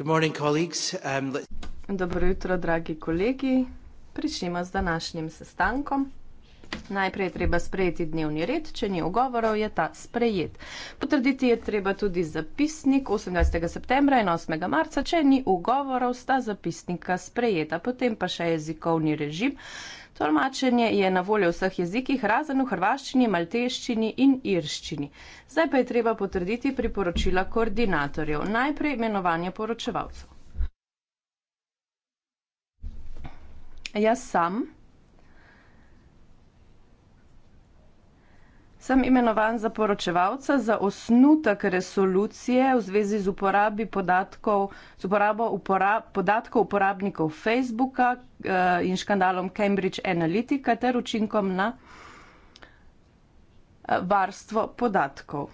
Um, Dobro jutro, dragi kolegi. Pričnimo z današnjim sestankom. Najprej je treba sprejeti dnevni red, če ni ogovorov, je ta sprejet. Potrditi je treba tudi zapisnik 18. septembra in 8. marca, če ni ugovorov, sta zapisnika sprejeta. Potem pa še jezikovni režim. Tolmačenje je na voljo v vseh jezikih, razen v hrvaščini, malteščini in irščini. Zdaj pa je treba potrditi priporočila koordinatorjev, najprej imenovanje poročevalcev. Jaz sam. Sem imenovan za poročevalca za osnutek resolucije v zvezi z, podatkov, z uporabo uporab, podatkov uporabnikov Facebooka eh, in škandalom Cambridge Analytica ter učinkom na eh, varstvo podatkov.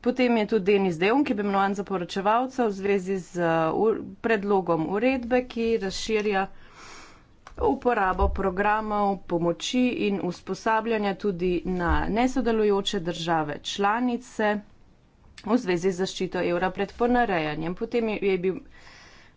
Potem je tudi Denis Deum, ki je imenovan za poročevalca v zvezi z uh, predlogom uredbe, ki razširja uporabo programov pomoči in usposabljanja tudi na nesodelujoče države članice v zvezi z zaščito evra pred ponarejanjem. Potem je bil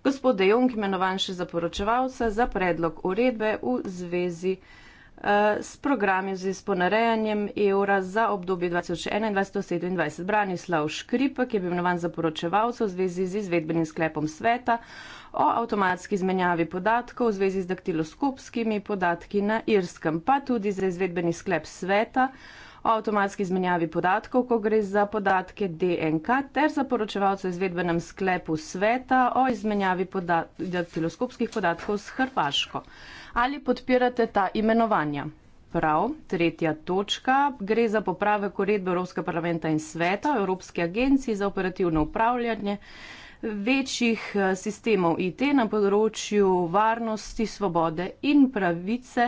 gospod De Jong imenovan še za poročevalca za predlog uredbe v zvezi eh, s programi z ponarejanjem evra za obdobje 2021-2027. Branislav Škripek je bil imenovan za poročevalca v zvezi z izvedbenim sklepom sveta o avtomatski izmenjavi podatkov v zvezi z daktiloskopskimi podatki na Irskem, pa tudi za izvedbeni sklep sveta o avtomatski izmenjavi podatkov, ko gre za podatke DNK, ter za poročevalce v izvedbenem sklepu sveta o izmenjavi podat daktiloskopskih podatkov s Hrvaško. Ali podpirate ta imenovanja? Prav, tretja točka gre za popravek uredbe Evropskega parlamenta in sveta o Evropski agenciji za operativno upravljanje večjih eh, sistemov IT na področju varnosti, svobode in pravice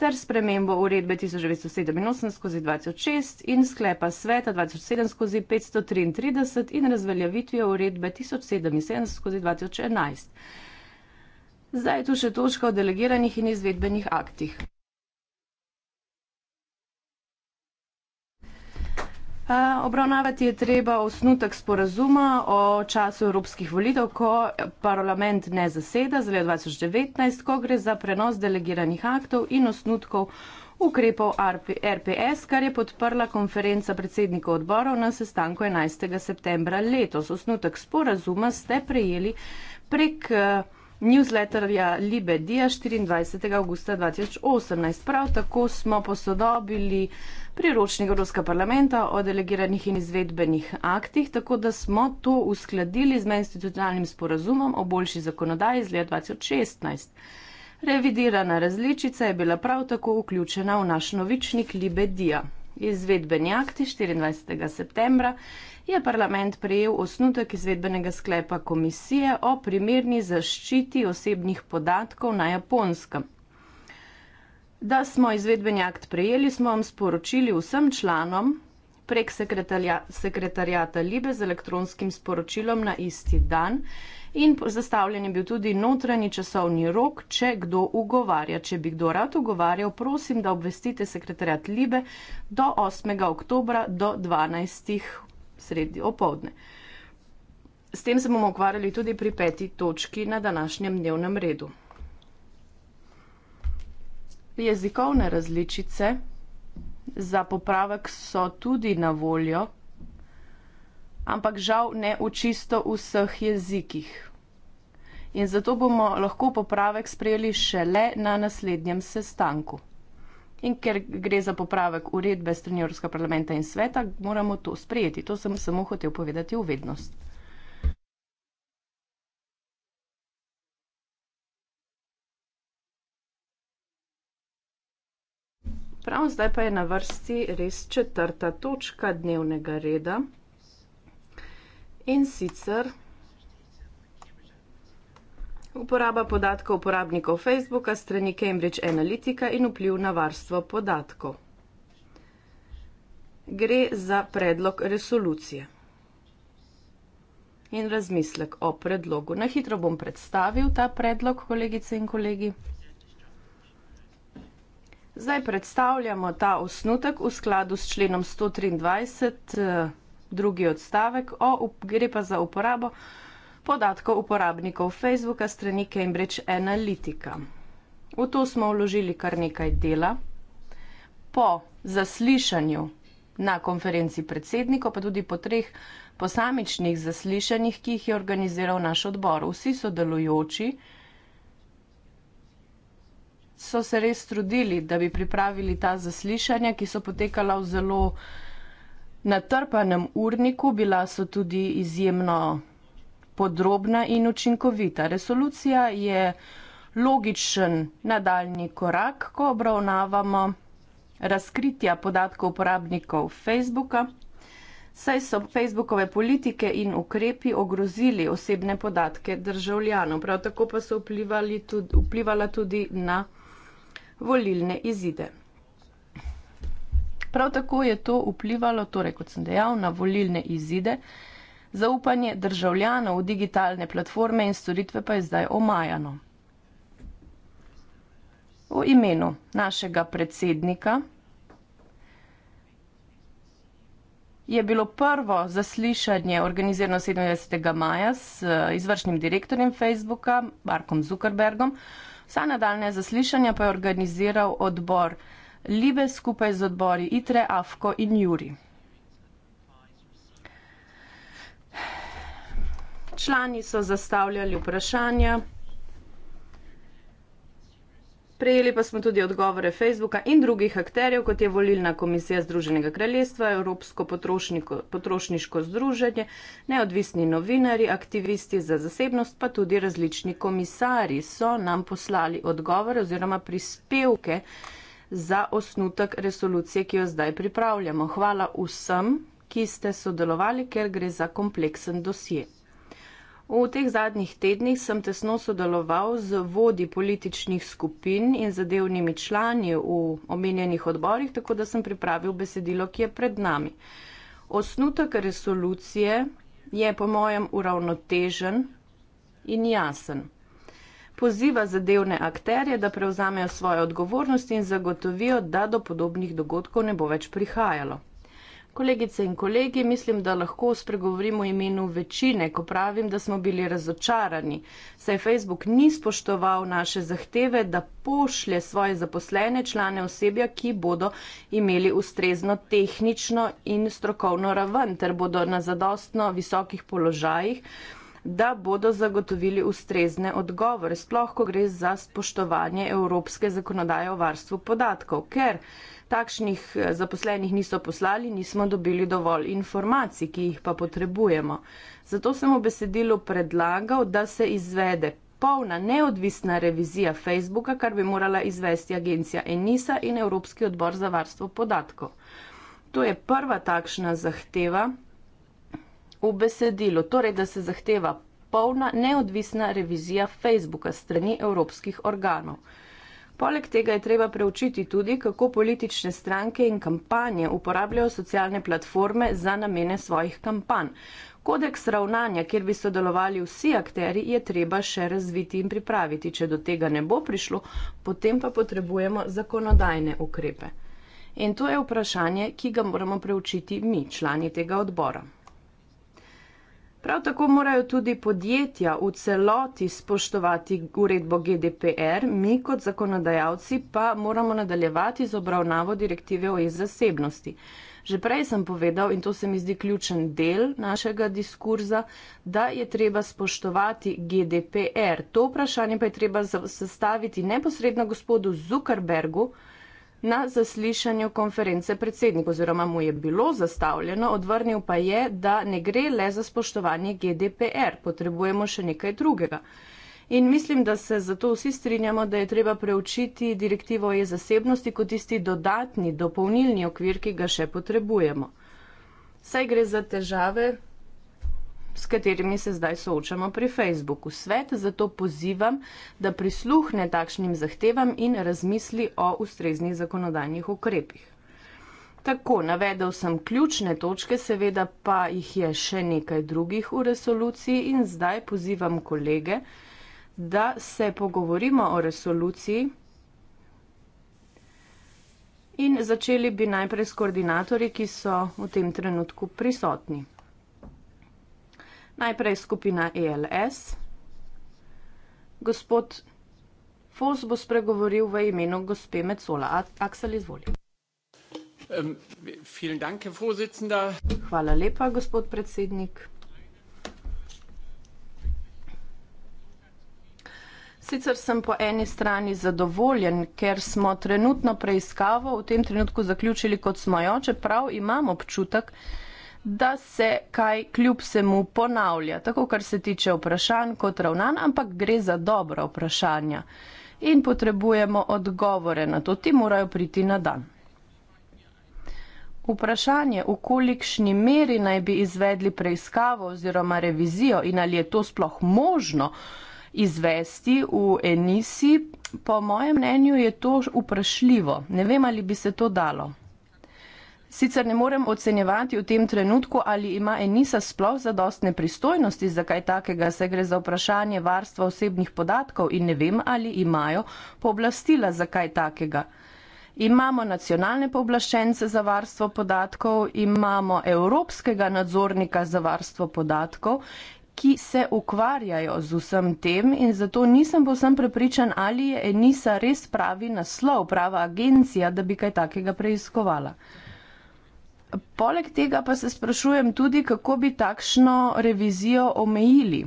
ter spremembo uredbe 1987-2006 in sklepa sveta 2007-533 in razveljavitvijo uredbe 1077-2011. Zdaj je tu še točka o delegiranih in izvedbenih aktih. Eh, obravnavati je treba osnutek sporazuma o času evropskih volitev, ko parlament ne zaseda za leto 2019, ko gre za prenos delegiranih aktov in osnutkov ukrepov RPS, kar je podprla konferenca predsednikov odborov na sestanku 11. septembra letos. Osnutek sporazuma ste prejeli prek eh, newsletterja Libedija 24. augusta 2018. Prav tako smo posodobili priročnik Evropskega parlamenta o delegiranih in izvedbenih aktih, tako da smo to uskladili z medinstitucionalnim sporazumom o boljši zakonodaji iz leta 2016. Revidirana različica je bila prav tako vključena v naš novičnik Libedija. Izvedbeni akti 24. septembra je parlament prejel osnutek izvedbenega sklepa komisije o primerni zaščiti osebnih podatkov na japonskem da smo izvedbeni akt prejeli, smo vam sporočili vsem članom prek sekretarjata Libe z elektronskim sporočilom na isti dan in zastavljen je bil tudi notranji časovni rok, če kdo ugovarja. Če bi kdo rad ugovarjal, prosim, da obvestite sekretarjat Libe do 8. oktobra do 12. sredi opovdne. S tem se bomo ukvarjali tudi pri peti točki na današnjem dnevnem redu. Jezikovne različice za popravek so tudi na voljo, ampak žal ne v čisto vseh jezikih. In zato bomo lahko popravek sprejeli šele na naslednjem sestanku. In ker gre za popravek uredbe strani Evropskega parlamenta in sveta, moramo to sprejeti. To sem samo hotel povedati v vednost. Prav zdaj pa je na vrsti res četrta točka dnevnega reda. In sicer uporaba podatkov uporabnikov Facebooka strani Cambridge Analytica in vpliv na varstvo podatkov. Gre za predlog resolucije. In razmislek o predlogu. Na hitro bom predstavil ta predlog, kolegice in kolegi. Zdaj predstavljamo ta osnutek v skladu s členom 123, eh, drugi odstavek, o, gre pa za uporabo podatkov uporabnikov Facebooka strani Cambridge Analytica. V to smo vložili kar nekaj dela. Po zaslišanju na konferenci predsednikov, pa tudi po treh posamičnih zaslišanjih, ki jih je organiziral naš odbor, vsi sodelujoči, so se res trudili, da bi pripravili ta zaslišanja, ki so potekala v zelo natrpanem urniku, bila so tudi izjemno podrobna in učinkovita. Resolucija je logičen nadaljni korak, ko obravnavamo razkritja podatkov uporabnikov Facebooka, saj so Facebookove politike in ukrepi ogrozili osebne podatke državljanov. Prav tako pa so vplivali tudi, vplivala tudi na volilne izide. Prav tako je to vplivalo, torej kot sem dejal, na volilne izide. Zaupanje državljanov v digitalne platforme in storitve pa je zdaj omajano. V imenu našega predsednika je bilo prvo zaslišanje organizirano 27. maja s eh, izvršnim direktorjem Facebooka Markom Zuckerbergom. Vsa nadaljne zaslišanja pa je organiziral odbor Libe skupaj z odbori Itre, Afko in Juri. Člani so zastavljali vprašanja. Prejeli pa smo tudi odgovore Facebooka in drugih akterjev, kot je volilna komisija Združenega kraljestva, Evropsko potrošniško združenje, neodvisni novinari, aktivisti za zasebnost, pa tudi različni komisari so nam poslali odgovore oziroma prispevke za osnutek resolucije, ki jo zdaj pripravljamo. Hvala vsem, ki ste sodelovali, ker gre za kompleksen dosje. V teh zadnjih tednih sem tesno sodeloval z vodi političnih skupin in zadevnimi člani v omenjenih odborih, tako da sem pripravil besedilo, ki je pred nami. Osnutek resolucije je po mojem uravnotežen in jasen. Poziva zadevne akterje, da prevzamejo svoje odgovornosti in zagotovijo, da do podobnih dogodkov ne bo več prihajalo. Kolegice in kolegi, mislim, da lahko spregovorimo v imenu večine, ko pravim, da smo bili razočarani, saj Facebook ni spoštoval naše zahteve, da pošlje svoje zaposlene člane osebja, ki bodo imeli ustrezno tehnično in strokovno raven, ter bodo na zadostno visokih položajih da bodo zagotovili ustrezne odgovore, sploh ko gre za spoštovanje evropske zakonodaje o varstvu podatkov, ker takšnih eh, zaposlenih niso poslali, nismo dobili dovolj informacij, ki jih pa potrebujemo. Zato sem v besedilu predlagal, da se izvede polna neodvisna revizija Facebooka, kar bi morala izvesti agencija Enisa in Evropski odbor za varstvo podatkov. To je prva takšna zahteva v besedilu, torej da se zahteva polna neodvisna revizija Facebooka strani evropskih organov. Poleg tega je treba preučiti tudi, kako politične stranke in kampanje uporabljajo socialne platforme za namene svojih kampanj. Kodeks ravnanja, kjer bi sodelovali vsi akteri, je treba še razviti in pripraviti. Če do tega ne bo prišlo, potem pa potrebujemo zakonodajne ukrepe. In to je vprašanje, ki ga moramo preučiti mi, člani tega odbora. Prav tako morajo tudi podjetja v celoti spoštovati uredbo GDPR, mi kot zakonodajalci pa moramo nadaljevati z obravnavo direktive o e-zasebnosti. Že prej sem povedal, in to se mi zdi ključen del našega diskurza, da je treba spoštovati GDPR. To vprašanje pa je treba sestaviti neposredno gospodu Zuckerbergu, na zaslišanju konference predsednik oziroma mu je bilo zastavljeno, odvrnil pa je, da ne gre le za spoštovanje GDPR, potrebujemo še nekaj drugega. In mislim, da se zato vsi strinjamo, da je treba preučiti direktivo o e-zasebnosti kot tisti dodatni, dopolnilni okvir, ki ga še potrebujemo. Saj gre za težave, s katerimi se zdaj soočamo pri Facebooku. Svet zato pozivam, da prisluhne takšnim zahtevam in razmisli o ustreznih zakonodajnih ukrepih. Tako, navedel sem ključne točke, seveda pa jih je še nekaj drugih v resoluciji in zdaj pozivam kolege, da se pogovorimo o resoluciji in začeli bi najprej s koordinatorji, ki so v tem trenutku prisotni. Najprej skupina ELS. Gospod Fos bo spregovoril v imenu gospe Mecola. Aksel, izvoli. Hvala lepa, gospod predsednik. Sicer sem po eni strani zadovoljen, ker smo trenutno preiskavo v tem trenutku zaključili, kot smo jo, čeprav imam občutek, da se kaj kljub vsemu ponavlja, tako kar se tiče vprašanj kot ravnan, ampak gre za dobra vprašanja in potrebujemo odgovore na to, ti morajo priti na dan. Vprašanje, v kolikšni meri naj bi izvedli preiskavo oziroma revizijo in ali je to sploh možno izvesti v enisi, po mojem mnenju je to vprašljivo. Ne vem, ali bi se to dalo. Sicer ne morem ocenjevati v tem trenutku, ali ima Enisa sploh zadostne pristojnosti za kaj takega, saj gre za vprašanje varstva osebnih podatkov in ne vem, ali imajo pooblastila za kaj takega. Imamo nacionalne pooblaščence za varstvo podatkov, imamo evropskega nadzornika za varstvo podatkov, ki se ukvarjajo z vsem tem in zato nisem povsem prepričan, ali je Enisa res pravi naslov, prava agencija, da bi kaj takega preiskovala. Poleg tega pa se sprašujem tudi, kako bi takšno revizijo omejili.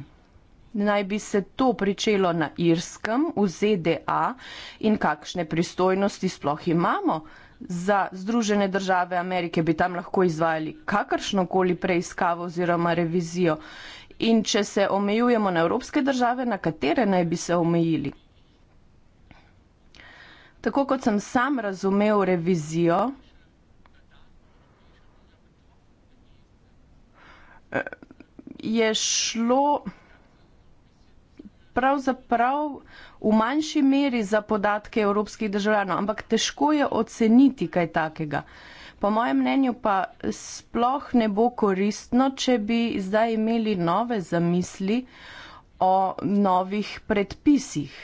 Naj bi se to pričelo na Irskem, v ZDA, in kakšne pristojnosti sploh imamo za Združene države Amerike, bi tam lahko izvajali kakršnokoli preiskavo oziroma revizijo. In če se omejujemo na evropske države, na katere naj bi se omejili? Tako kot sem sam razumel revizijo, je šlo pravzaprav v manjši meri za podatke evropskih državljanov, ampak težko je oceniti kaj takega. Po mojem mnenju pa sploh ne bo koristno, če bi zdaj imeli nove zamisli o novih predpisih.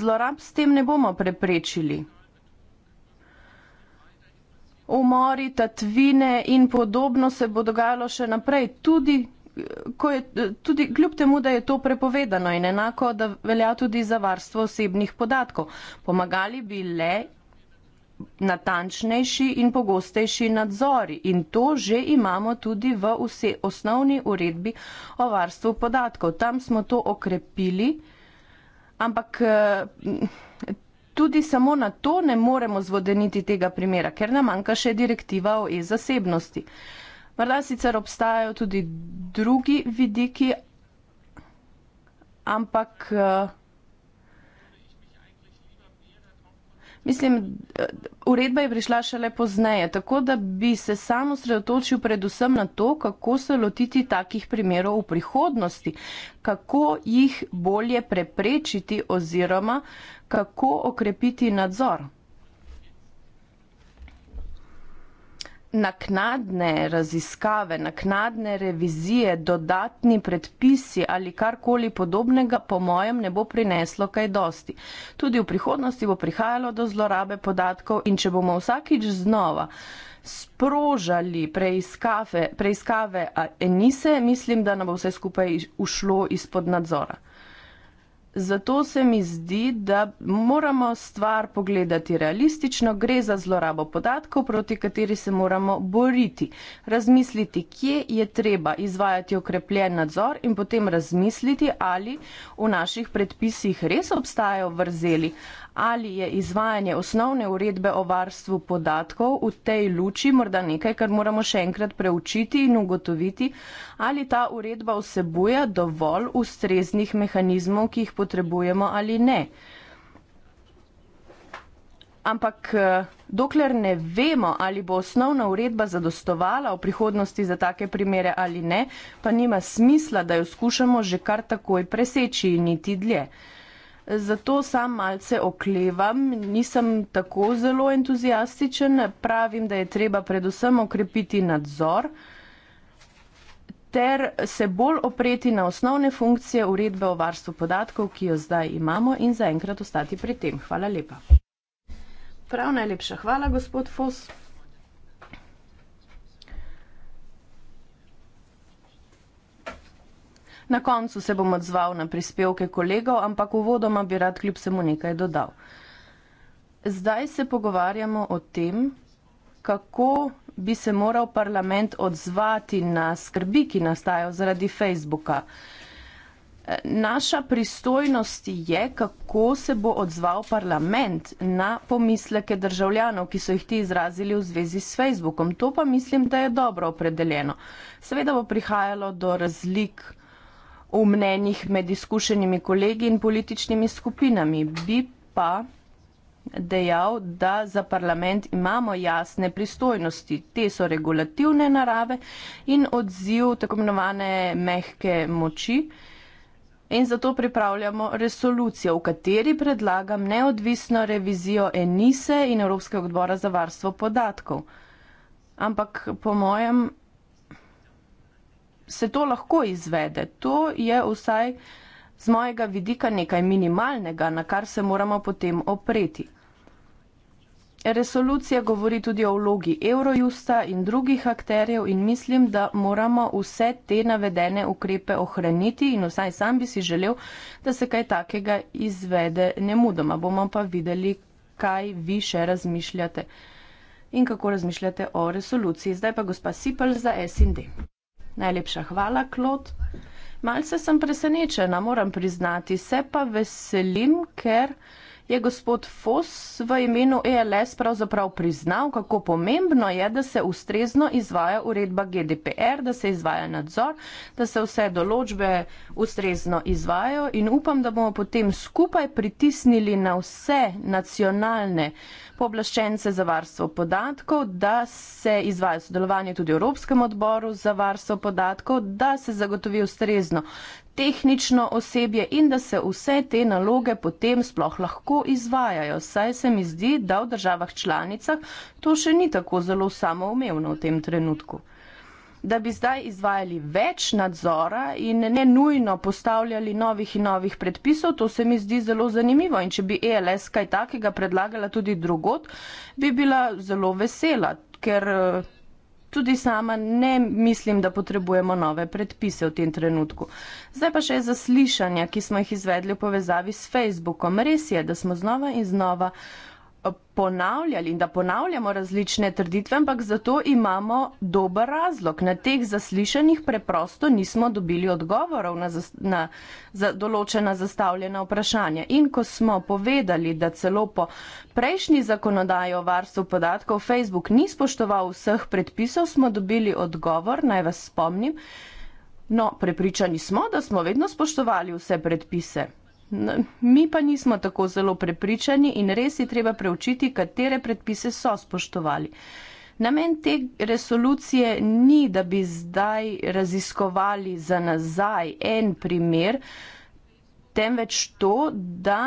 Zlorab s tem ne bomo preprečili umori, tatvine in podobno se bo dogajalo še naprej. Tudi Ko je tudi kljub temu, da je to prepovedano in enako, da velja tudi za varstvo osebnih podatkov, pomagali bi le natančnejši in pogostejši nadzori in to že imamo tudi v vse osnovni uredbi o varstvu podatkov. Tam smo to okrepili, ampak. Eh, tudi samo na to ne moremo zvodeniti tega primera, ker nam manjka še direktiva o e-zasebnosti. Morda sicer obstajajo tudi drugi vidiki, ampak. Uh, Mislim, uredba je prišla šele pozneje, tako da bi se samo sredotočil predvsem na to, kako se lotiti takih primerov v prihodnosti, kako jih bolje preprečiti oziroma kako okrepiti nadzor. naknadne raziskave, naknadne revizije, dodatni predpisi ali karkoli podobnega, po mojem, ne bo prineslo kaj dosti. Tudi v prihodnosti bo prihajalo do zlorabe podatkov in če bomo vsakič znova sprožali preiskave, preiskave enise, mislim, da nam bo vse skupaj ušlo izpod nadzora. Zato se mi zdi, da moramo stvar pogledati realistično, gre za zlorabo podatkov, proti kateri se moramo boriti. Razmisliti, kje je treba izvajati okrepljen nadzor in potem razmisliti, ali v naših predpisih res obstajajo vrzeli ali je izvajanje osnovne uredbe o varstvu podatkov v tej luči morda nekaj, kar moramo še enkrat preučiti in ugotoviti, ali ta uredba vsebuje dovolj ustreznih mehanizmov, ki jih potrebujemo ali ne. Ampak eh, dokler ne vemo, ali bo osnovna uredba zadostovala v prihodnosti za take primere ali ne, pa nima smisla, da jo skušamo že kar takoj preseči in niti dlje zato sam malce oklevam, nisem tako zelo entuzijastičen, pravim, da je treba predvsem okrepiti nadzor ter se bolj opreti na osnovne funkcije uredbe o varstvu podatkov, ki jo zdaj imamo in zaenkrat ostati pri tem. Hvala lepa. Prav najlepša hvala, gospod Fos. Na koncu se bom odzval na prispevke kolegov, ampak uvodoma bi rad kljub vsemu nekaj dodal. Zdaj se pogovarjamo o tem, kako bi se moral parlament odzvati na skrbi, ki nastajajo zaradi Facebooka. Naša pristojnost je, kako se bo odzval parlament na pomisleke državljanov, ki so jih ti izrazili v zvezi s Facebookom. To pa mislim, da je dobro opredeljeno. Seveda bo prihajalo do razlik v mnenjih med izkušenimi kolegi in političnimi skupinami. Bi pa dejal, da za parlament imamo jasne pristojnosti. Te so regulativne narave in odziv tako imenovane mehke moči. In zato pripravljamo resolucijo, v kateri predlagam neodvisno revizijo Enise in Evropskega odbora za varstvo podatkov. Ampak po mojem se to lahko izvede. To je vsaj z mojega vidika nekaj minimalnega, na kar se moramo potem opreti. Resolucija govori tudi o vlogi Eurojusta in drugih akterjev in mislim, da moramo vse te navedene ukrepe ohraniti in vsaj sam bi si želel, da se kaj takega izvede nemudoma. Bomo pa videli, kaj vi še razmišljate in kako razmišljate o resoluciji. Zdaj pa gospa Sipel za SND. Najlepša hvala, Klot. Malce sem presenečena, moram priznati. Se pa veselim, ker je gospod Fos v imenu ELS pravzaprav priznal, kako pomembno je, da se ustrezno izvaja uredba GDPR, da se izvaja nadzor, da se vse določbe ustrezno izvajo in upam, da bomo potem skupaj pritisnili na vse nacionalne pooblaščence za varstvo podatkov, da se izvaja sodelovanje tudi v Evropskem odboru za varstvo podatkov, da se zagotovi ustrezno tehnično osebje in da se vse te naloge potem sploh lahko izvajajo. Saj se mi zdi, da v državah članicah to še ni tako zelo samoumevno v tem trenutku da bi zdaj izvajali več nadzora in ne nujno postavljali novih in novih predpisov. To se mi zdi zelo zanimivo in če bi ELS kaj takega predlagala tudi drugot, bi bila zelo vesela, ker eh, tudi sama ne mislim, da potrebujemo nove predpise v tem trenutku. Zdaj pa še zaslišanja, ki smo jih izvedli v povezavi s Facebookom. Res je, da smo znova in znova ponavljali in da ponavljamo različne trditve, ampak zato imamo dober razlog. Na teh zaslišanjih preprosto nismo dobili odgovorov na, zas, na za, določena zastavljena vprašanja. In ko smo povedali, da celo po prejšnji zakonodaji o varstvu podatkov Facebook ni spoštoval vseh predpisov, smo dobili odgovor, naj vas spomnim. No, prepričani smo, da smo vedno spoštovali vse predpise. Mi pa nismo tako zelo prepričani in res je treba preučiti, katere predpise so spoštovali. Namen te resolucije ni, da bi zdaj raziskovali za nazaj en primer, temveč to, da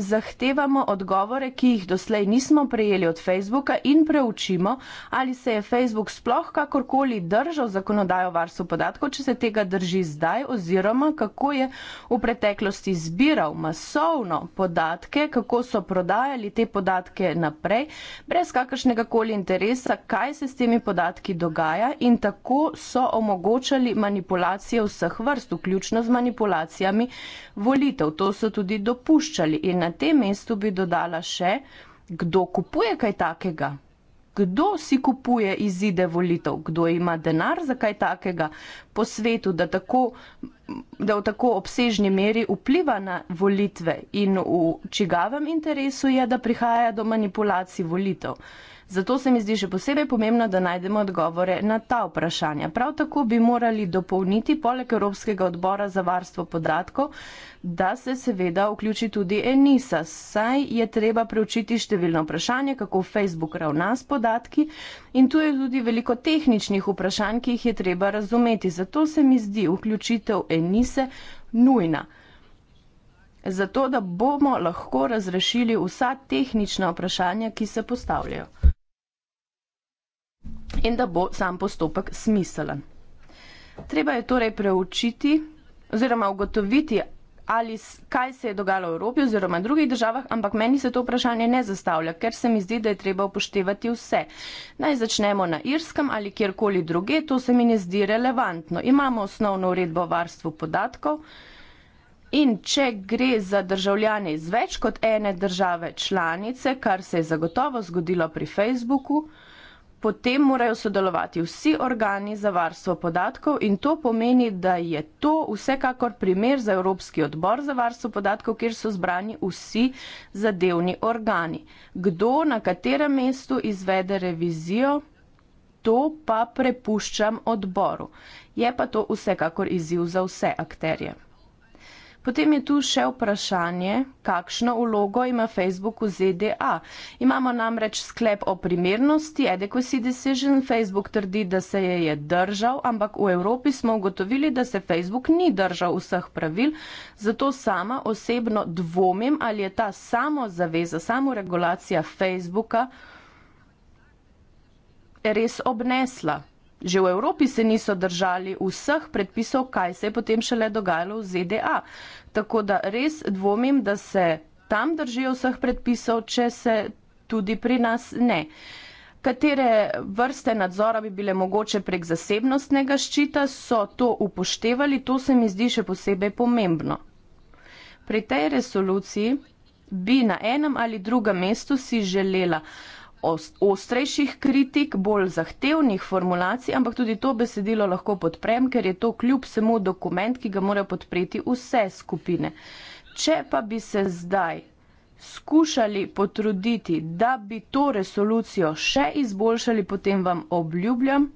zahtevamo odgovore, ki jih doslej nismo prejeli od Facebooka in preučimo, ali se je Facebook sploh kakorkoli držal zakonodajo varstvo podatkov, če se tega drži zdaj oziroma kako je v preteklosti zbiral masovno podatke, kako so prodajali te podatke naprej, brez kakršnega koli interesa, kaj se s temi podatki dogaja in tako so omogočali manipulacije vseh vrst, vključno z manipulacijami volitev. To so tudi dopuščali in na tem mestu bi dodala še, kdo kupuje kaj takega? Kdo si kupuje izide volitev? Kdo ima denar za kaj takega po svetu, da, tako, da v tako obsežni meri vpliva na volitve in v čigavem interesu je, da prihaja do manipulacij volitev? Zato se mi zdi še posebej pomembno, da najdemo odgovore na ta vprašanja. Prav tako bi morali dopolniti poleg Evropskega odbora za varstvo podatkov, da se seveda vključi tudi Enisa. Saj je treba preučiti številno vprašanje, kako Facebook ravna s podatki in tu je tudi veliko tehničnih vprašanj, ki jih je treba razumeti. Zato se mi zdi vključitev Enise nujna. Zato, da bomo lahko razrešili vsa tehnična vprašanja, ki se postavljajo in da bo sam postopek smiselen. Treba je torej preučiti oziroma ugotoviti, ali kaj se je dogajalo v Evropi oziroma v drugih državah, ampak meni se to vprašanje ne zastavlja, ker se mi zdi, da je treba upoštevati vse. Naj začnemo na Irskem ali kjerkoli druge, to se mi ne zdi relevantno. Imamo osnovno uredbo o varstvu podatkov in če gre za državljane iz več kot ene države članice, kar se je zagotovo zgodilo pri Facebooku, potem morajo sodelovati vsi organi za varstvo podatkov in to pomeni, da je to vsekakor primer za Evropski odbor za varstvo podatkov, kjer so zbrani vsi zadevni organi. Kdo na katerem mestu izvede revizijo, to pa prepuščam odboru. Je pa to vsekakor izziv za vse akterje. Potem je tu še vprašanje, kakšno vlogo ima Facebook v ZDA. Imamo namreč sklep o primernosti, adequacy decision, Facebook trdi, da se je, je držal, ampak v Evropi smo ugotovili, da se Facebook ni držal vseh pravil, zato sama osebno dvomim, ali je ta samo zaveza, samo regulacija Facebooka res obnesla že v Evropi se niso držali vseh predpisov, kaj se je potem šele dogajalo v ZDA. Tako da res dvomim, da se tam držijo vseh predpisov, če se tudi pri nas ne. Katere vrste nadzora bi bile mogoče prek zasebnostnega ščita, so to upoštevali, to se mi zdi še posebej pomembno. Pri tej resoluciji bi na enem ali drugem mestu si želela ostrejših kritik, bolj zahtevnih formulacij, ampak tudi to besedilo lahko podprem, ker je to kljub vsemu dokument, ki ga morajo podpreti vse skupine. Če pa bi se zdaj skušali potruditi, da bi to resolucijo še izboljšali, potem vam obljubljam,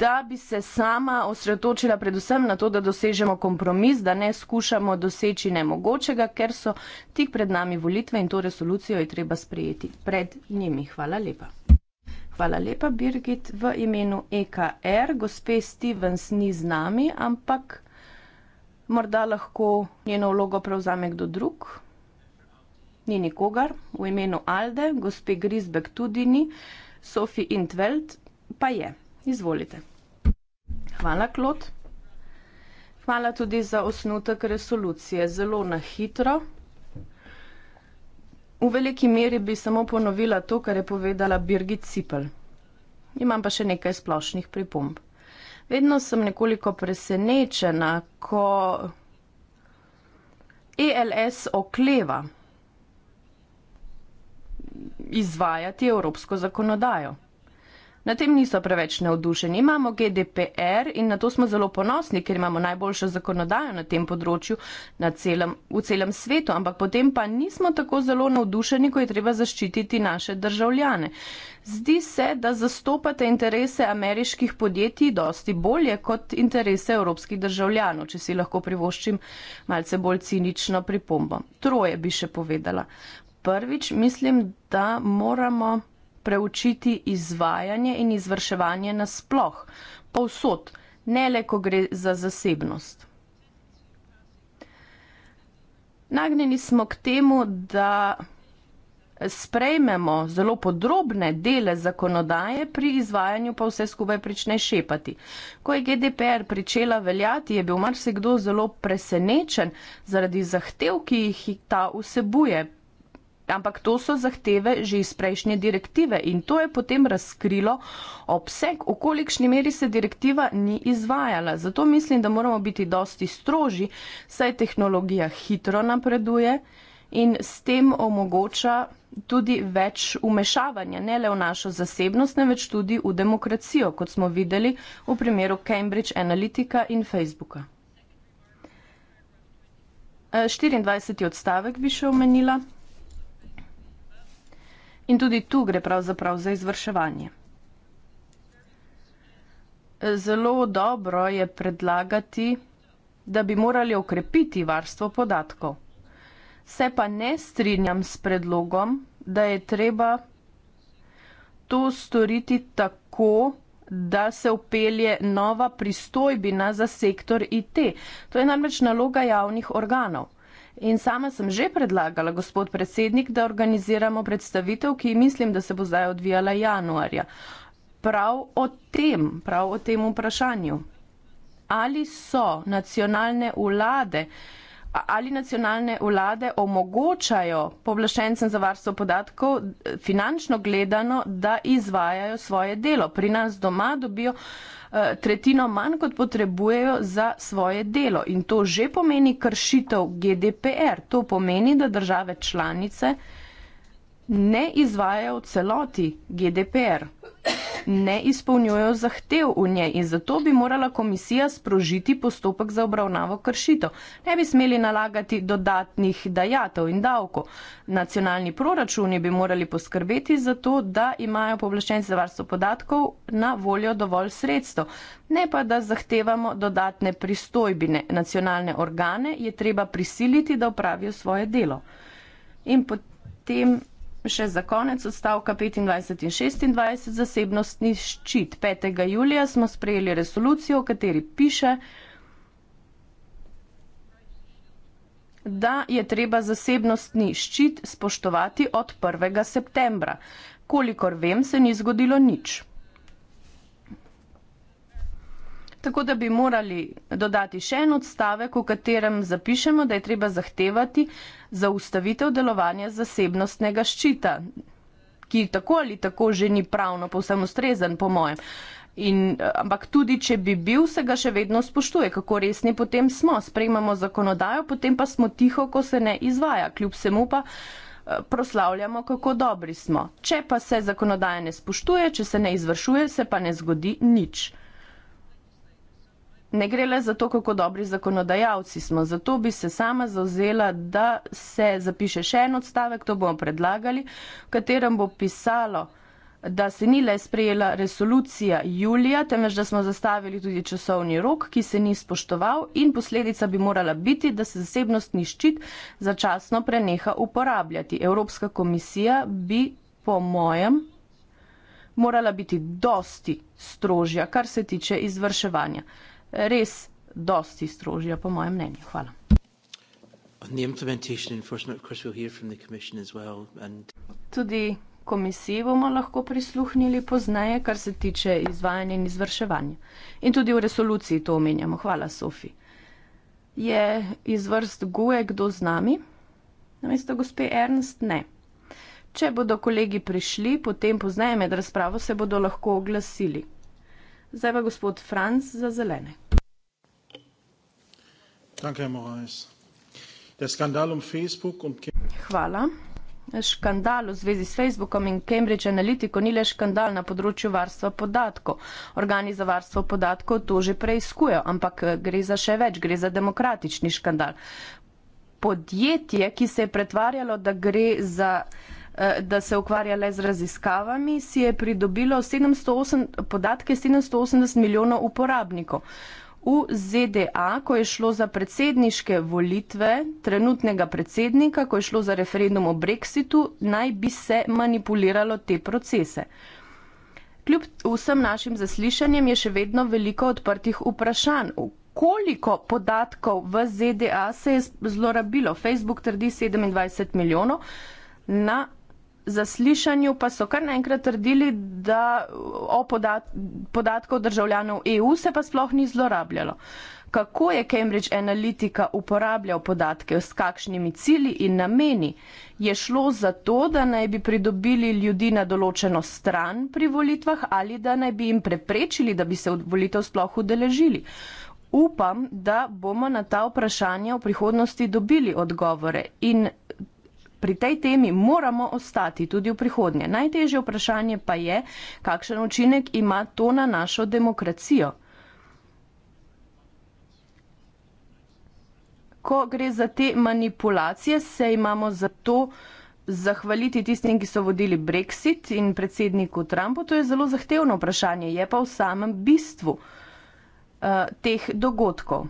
da bi se sama osredotočila predvsem na to, da dosežemo kompromis, da ne skušamo doseči nemogočega, ker so tik pred nami volitve in to resolucijo je treba sprejeti pred njimi. Hvala lepa. Hvala lepa, Birgit, v imenu EKR. Gospe Stevens ni z nami, ampak morda lahko njeno vlogo prevzame kdo drug. Ni nikogar. V imenu Alde, gospe Grisbek tudi ni, Sofi Intveld pa je. Izvolite. Hvala, Klot. Hvala tudi za osnutek resolucije. Zelo na hitro. V veliki meri bi samo ponovila to, kar je povedala Birgit Cipel. Imam pa še nekaj splošnih pripomb. Vedno sem nekoliko presenečena, ko ELS okleva izvajati evropsko zakonodajo. Na tem niso preveč navdušeni. Imamo GDPR in na to smo zelo ponosni, ker imamo najboljšo zakonodajo na tem področju na celem, v celem svetu, ampak potem pa nismo tako zelo navdušeni, ko je treba zaščititi naše državljane. Zdi se, da zastopate interese ameriških podjetij dosti bolje kot interese evropskih državljanov, če si lahko privoščim malce bolj cinično pripombo. Troje bi še povedala. Prvič, mislim, da moramo preučiti izvajanje in izvrševanje nasploh, povsod, ne le, ko gre za zasebnost. Nagnjeni smo k temu, da sprejmemo zelo podrobne dele zakonodaje, pri izvajanju pa vse skupaj prične šepati. Ko je GDPR pričela veljati, je bil marsikdo zelo presenečen zaradi zahtev, ki jih ta vsebuje, Ampak to so zahteve že iz prejšnje direktive in to je potem razkrilo obseg, v kolikšni meri se direktiva ni izvajala. Zato mislim, da moramo biti dosti stroži, saj tehnologija hitro napreduje in s tem omogoča tudi več umešavanja, ne le v našo zasebnost, ne več tudi v demokracijo, kot smo videli v primeru Cambridge Analytica in Facebooka. 24. Eh, odstavek bi še omenila. In tudi tu gre pravzaprav za izvrševanje. Zelo dobro je predlagati, da bi morali okrepiti varstvo podatkov. Se pa ne strinjam s predlogom, da je treba to storiti tako, da se upelje nova pristojbina za sektor IT. To je namreč naloga javnih organov. In sama sem že predlagala, gospod predsednik, da organiziramo predstavitev, ki mislim, da se bo zdaj odvijala januarja. Prav o tem, prav o tem vprašanju. Ali so nacionalne vlade ali nacionalne vlade omogočajo povlaščencem za varstvo podatkov eh, finančno gledano, da izvajajo svoje delo. Pri nas doma dobijo eh, tretjino manj, kot potrebujejo za svoje delo. In to že pomeni kršitev GDPR. To pomeni, da države članice ne izvajajo v celoti GDPR, ne izpolnjujo zahtev v njej in zato bi morala komisija sprožiti postopek za obravnavo kršitev. Ne bi smeli nalagati dodatnih dajatov in davkov. Nacionalni proračuni bi morali poskrbeti za to, da imajo povlaščenci za varstvo podatkov na voljo dovolj sredstev, ne pa da zahtevamo dodatne pristojbine. Nacionalne organe je treba prisiliti, da opravijo svoje delo. In potem Še za konec odstavka 25 in 26 zasebnostni ščit. 5. julija smo sprejeli resolucijo, v kateri piše, da je treba zasebnostni ščit spoštovati od 1. septembra. Kolikor vem, se ni zgodilo nič. Tako da bi morali dodati še en odstavek, v katerem zapišemo, da je treba zahtevati zaustavitev delovanja zasebnostnega ščita, ki tako ali tako že ni pravno povsem ustrezen, po mojem. In, ampak tudi, če bi bil, se ga še vedno spoštuje, kako resni potem smo. Sprejmamo zakonodajo, potem pa smo tiho, ko se ne izvaja. Kljub vsemu pa eh, proslavljamo, kako dobri smo. Če pa se zakonodaja ne spoštuje, če se ne izvršuje, se pa ne zgodi nič ne gre le za to, kako dobri zakonodajalci smo. Zato bi se sama zauzela, da se zapiše še en odstavek, to bomo predlagali, v katerem bo pisalo, da se ni le sprejela resolucija julija, temveč da smo zastavili tudi časovni rok, ki se ni spoštoval in posledica bi morala biti, da se zasebnostni ščit začasno preneha uporabljati. Evropska komisija bi po mojem morala biti dosti strožja, kar se tiče izvrševanja res dosti strožja, po mojem mnenju. Hvala. Tudi komisiji bomo lahko prisluhnili pozneje, kar se tiče izvajanja in izvrševanja. In tudi v resoluciji to omenjamo. Hvala, Sofi. Je iz vrst GUE kdo z nami? Namesto gospe Ernst? Ne. Če bodo kolegi prišli, potem pozneje med razpravo se bodo lahko oglasili. Zdaj pa gospod Franc za zelene. Um Hvala. Škandal v zvezi s Facebookom in Cambridge Analytico ni le škandal na področju varstva podatkov. Organi za varstvo podatkov to že preizkujejo, ampak eh, gre za še več, gre za demokratični škandal. Podjetje, ki se je pretvarjalo, da gre za Eh, da se ukvarja le z raziskavami, si je pridobilo 708, podatke 780 milijonov uporabnikov. V ZDA, ko je šlo za predsedniške volitve trenutnega predsednika, ko je šlo za referendum o Brexitu, naj bi se manipuliralo te procese. Kljub vsem našim zaslišanjem je še vedno veliko odprtih vprašanj. Koliko podatkov v ZDA se je zlorabilo? Facebook trdi 27 milijonov, na zaslišanju pa so kar naenkrat trdili, da o podat podatkov državljanov EU se pa sploh ni zlorabljalo. Kako je Cambridge Analytica uporabljal podatke, s kakšnimi cili in nameni? Je šlo za to, da naj bi pridobili ljudi na določeno stran pri volitvah ali da naj bi jim preprečili, da bi se volitev sploh udeležili? Upam, da bomo na ta vprašanja v prihodnosti dobili odgovore in pri tej temi moramo ostati tudi v prihodnje. Najtežje vprašanje pa je, kakšen učinek ima to na našo demokracijo. Ko gre za te manipulacije, se imamo za to zahvaliti tistim, ki so vodili Brexit in predsedniku Trumpu. To je zelo zahtevno vprašanje, je pa v samem bistvu uh, teh dogodkov.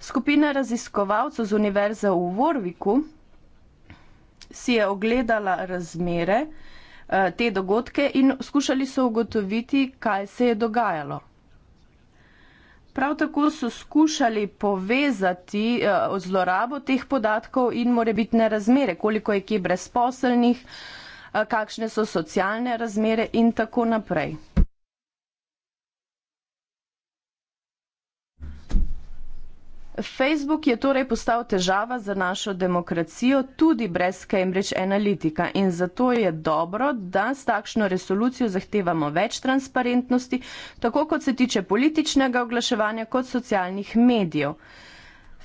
Skupina raziskovalcev z univerze v Vorviku si je ogledala razmere, eh, te dogodke in skušali so ugotoviti, kaj se je dogajalo. Prav tako so skušali povezati eh, zlorabo teh podatkov in morebitne razmere, koliko je kje brezposelnih, eh, kakšne so socialne razmere in tako naprej. Facebook je torej postal težava za našo demokracijo tudi brez Cambridge Analytica in zato je dobro, da s takšno resolucijo zahtevamo več transparentnosti, tako kot se tiče političnega oglaševanja kot socialnih medijev.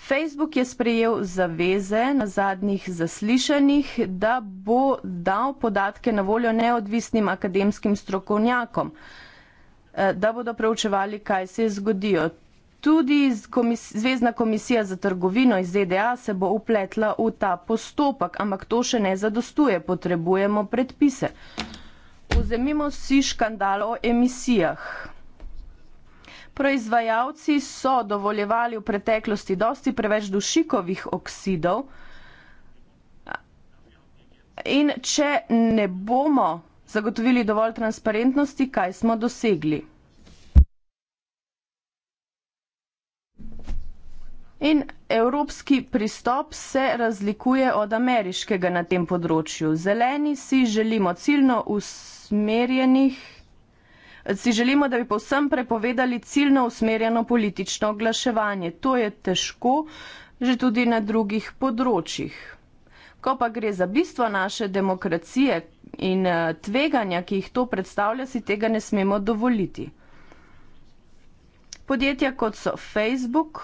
Facebook je sprejel zaveze na zadnjih zaslišanjih, da bo dal podatke na voljo neodvisnim akademskim strokovnjakom, eh, da bodo preučevali, kaj se je zgodilo tudi komis Zvezdna komisija za trgovino iz ZDA se bo upletla v ta postopek, ampak to še ne zadostuje, potrebujemo predpise. Vzemimo si škandal o emisijah. Proizvajalci so dovoljevali v preteklosti dosti preveč dušikovih oksidov in če ne bomo zagotovili dovolj transparentnosti, kaj smo dosegli? In evropski pristop se razlikuje od ameriškega na tem področju. Zeleni si želimo ciljno usmerjenih, si želimo, da bi povsem prepovedali ciljno usmerjeno politično oglaševanje. To je težko že tudi na drugih področjih. Ko pa gre za bistvo naše demokracije in eh, tveganja, ki jih to predstavlja, si tega ne smemo dovoliti. Podjetja kot so Facebook,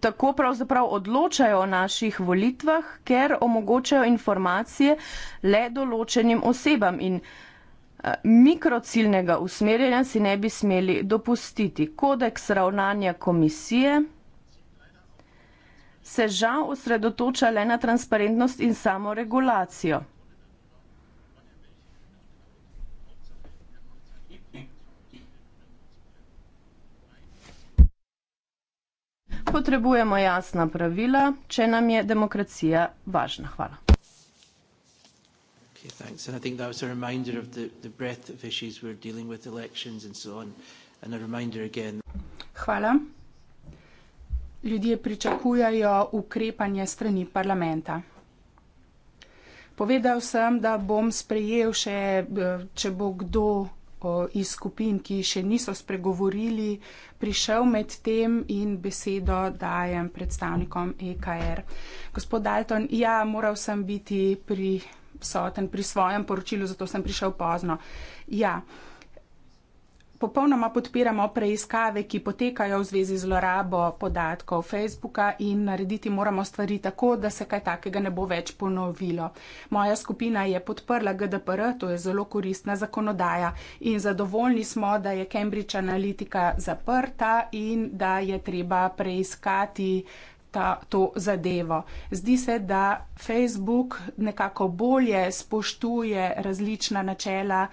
tako pravzaprav odločajo o naših volitvah, ker omogočajo informacije le določenim osebam in eh, mikrociljnega usmerjanja si ne bi smeli dopustiti. Kodeks ravnanja komisije se žal osredotoča le na transparentnost in samoregulacijo. potrebujemo jasna pravila, če nam je demokracija važna. Hvala. Okay, thanks. And I think that was a reminder of the, the breadth of issues we're dealing with, elections and so on. And a reminder again. Hvala. Ljudje pričakujajo ukrepanje strani parlamenta. Povedal sem, da bom sprejel še, eh, če bo kdo iz skupin, ki še niso spregovorili, prišel med tem in besedo dajem predstavnikom EKR. Gospod Dalton, ja, moral sem biti prisoten pri svojem poročilu, zato sem prišel pozno. Ja popolnoma podpiramo preiskave, ki potekajo v zvezi z zlorabo podatkov Facebooka in narediti moramo stvari tako, da se kaj takega ne bo več ponovilo. Moja skupina je podprla GDPR, to je zelo koristna zakonodaja in zadovoljni smo, da je Cambridge Analytica zaprta in da je treba preiskati. Ta, to zadevo. Zdi se, da Facebook nekako bolje spoštuje različna načela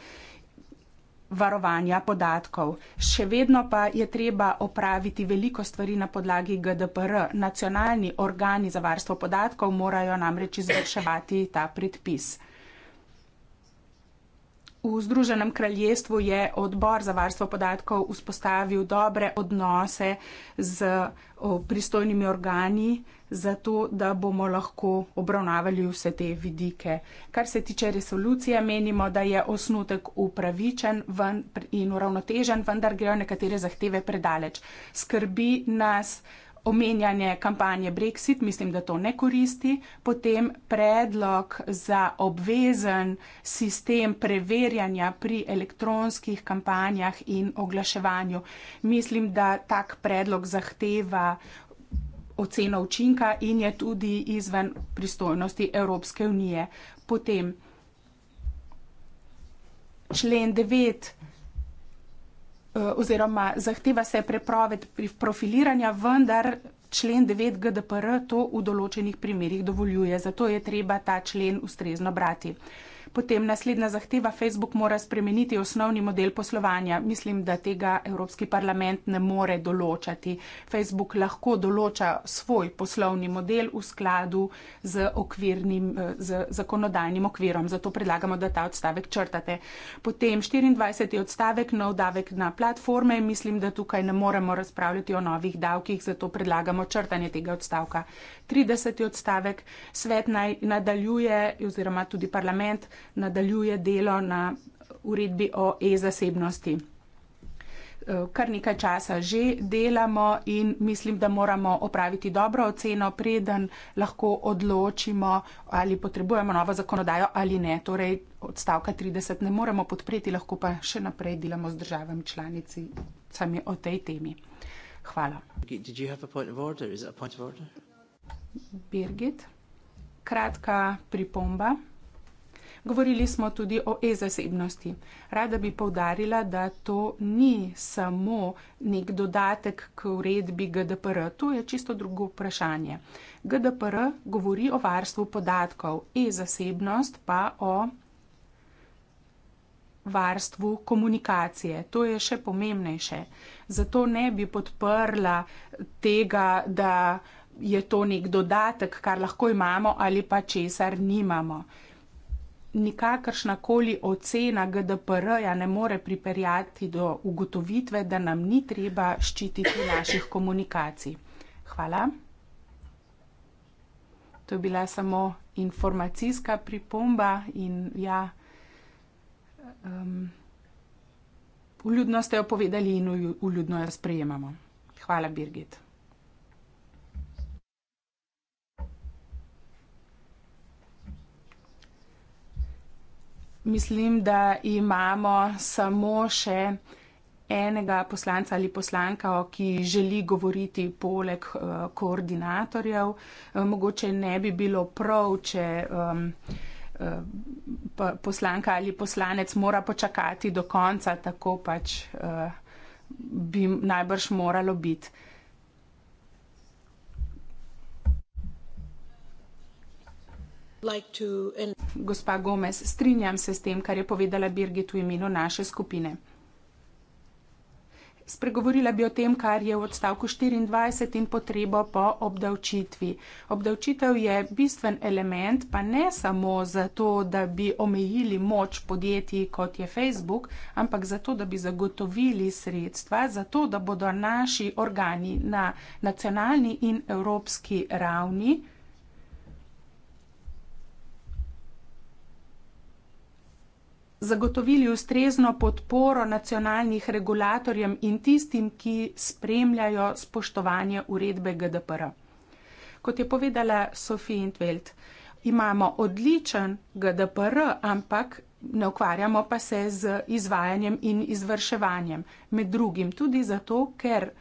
varovanja podatkov. Še vedno pa je treba opraviti veliko stvari na podlagi GDPR. Nacionalni organi za varstvo podatkov morajo namreč izvrševati ta predpis. V Združenem kraljestvu je odbor za varstvo podatkov vzpostavil dobre odnose z pristojnimi organi, zato da bomo lahko obravnavali vse te vidike. Kar se tiče resolucije, menimo, da je osnutek upravičen in uravnotežen, vendar grejo nekatere zahteve predaleč. Skrbi nas omenjanje kampanje Brexit, mislim, da to ne koristi, potem predlog za obvezen sistem preverjanja pri elektronskih kampanjah in oglaševanju. Mislim, da tak predlog zahteva oceno učinka in je tudi izven pristojnosti Evropske unije. Potem člen 9. Eh, oziroma zahteva se prepoved profiliranja, vendar člen 9 GDPR to v določenih primerjih dovoljuje. Zato je treba ta člen ustrezno brati potem naslednja zahteva, Facebook mora spremeniti osnovni model poslovanja. Mislim, da tega Evropski parlament ne more določati. Facebook lahko določa svoj poslovni model v skladu z, okvirnim, eh, z zakonodajnim okvirom. Zato predlagamo, da ta odstavek črtate. Potem 24. odstavek, nov davek na platforme. Mislim, da tukaj ne moremo razpravljati o novih davkih, zato predlagamo črtanje tega odstavka. 30. odstavek, svet naj nadaljuje oziroma tudi parlament nadaljuje delo na uredbi o e-zasebnosti. E, kar nekaj časa že delamo in mislim, da moramo opraviti dobro oceno, preden lahko odločimo, ali potrebujemo novo zakonodajo ali ne. Torej, odstavka 30 ne moremo podpreti, lahko pa še naprej delamo z državami članicami o tej temi. Hvala. Birgit, kratka pripomba. Govorili smo tudi o e-zasebnosti. Rada bi povdarila, da to ni samo nek dodatek k uredbi GDPR, to je čisto drugo vprašanje. GDPR govori o varstvu podatkov, e-zasebnost pa o varstvu komunikacije. To je še pomembnejše. Zato ne bi podprla tega, da je to nek dodatek, kar lahko imamo ali pa česar nimamo nikakršna koli ocena GDPR-ja ne more pripeljati do ugotovitve, da nam ni treba ščititi naših komunikacij. Hvala. To je bila samo informacijska pripomba in ja, um, vljudno ste jo povedali in vljudno jo sprejemamo. Hvala, Birgit. mislim, da imamo samo še enega poslanca ali poslanka, ki želi govoriti poleg eh, koordinatorjev. Eh, mogoče ne bi bilo prav, če eh, poslanka ali poslanec mora počakati do konca, tako pač bi najbrž moralo biti. Gospa Gomez, strinjam se s tem, kar je povedala Birgit v imenu naše skupine. Spregovorila bi o tem, kar je v odstavku 24 in potrebo po obdavčitvi. Obdavčitev je bistven element, pa ne samo zato, da bi omejili moč podjetij, kot je Facebook, ampak zato, da bi zagotovili sredstva, zato, da bodo naši organi na nacionalni in evropski ravni. zagotovili ustrezno podporo nacionalnih regulatorjem in tistim, ki spremljajo spoštovanje uredbe GDPR. Kot je povedala Sofija Intveld, imamo odličen GDPR, ampak ne ukvarjamo pa se z izvajanjem in izvrševanjem. Med drugim tudi zato, ker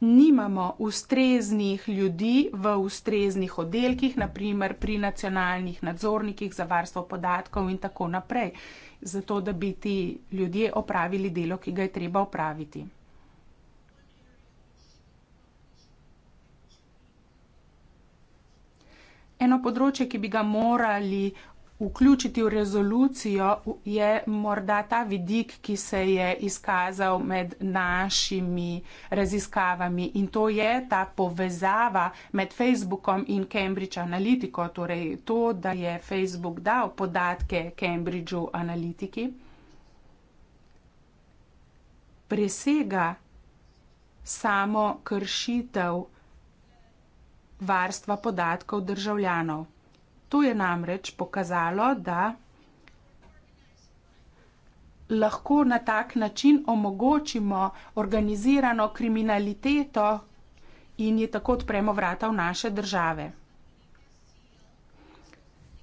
nimamo ustreznih ljudi v ustreznih oddelkih, naprimer pri nacionalnih nadzornikih za varstvo podatkov in tako naprej, zato da bi ti ljudje opravili delo, ki ga je treba opraviti. Eno področje, ki bi ga morali vključiti v rezolucijo, je morda ta vidik, ki se je izkazal med našimi raziskavami in to je ta povezava med Facebookom in Cambridge Analytico, torej to, da je Facebook dal podatke Cambridgeu Analytiki, presega samo kršitev varstva podatkov državljanov. To je namreč pokazalo, da lahko na tak način omogočimo organizirano kriminaliteto in je tako odpremo vrata v naše države.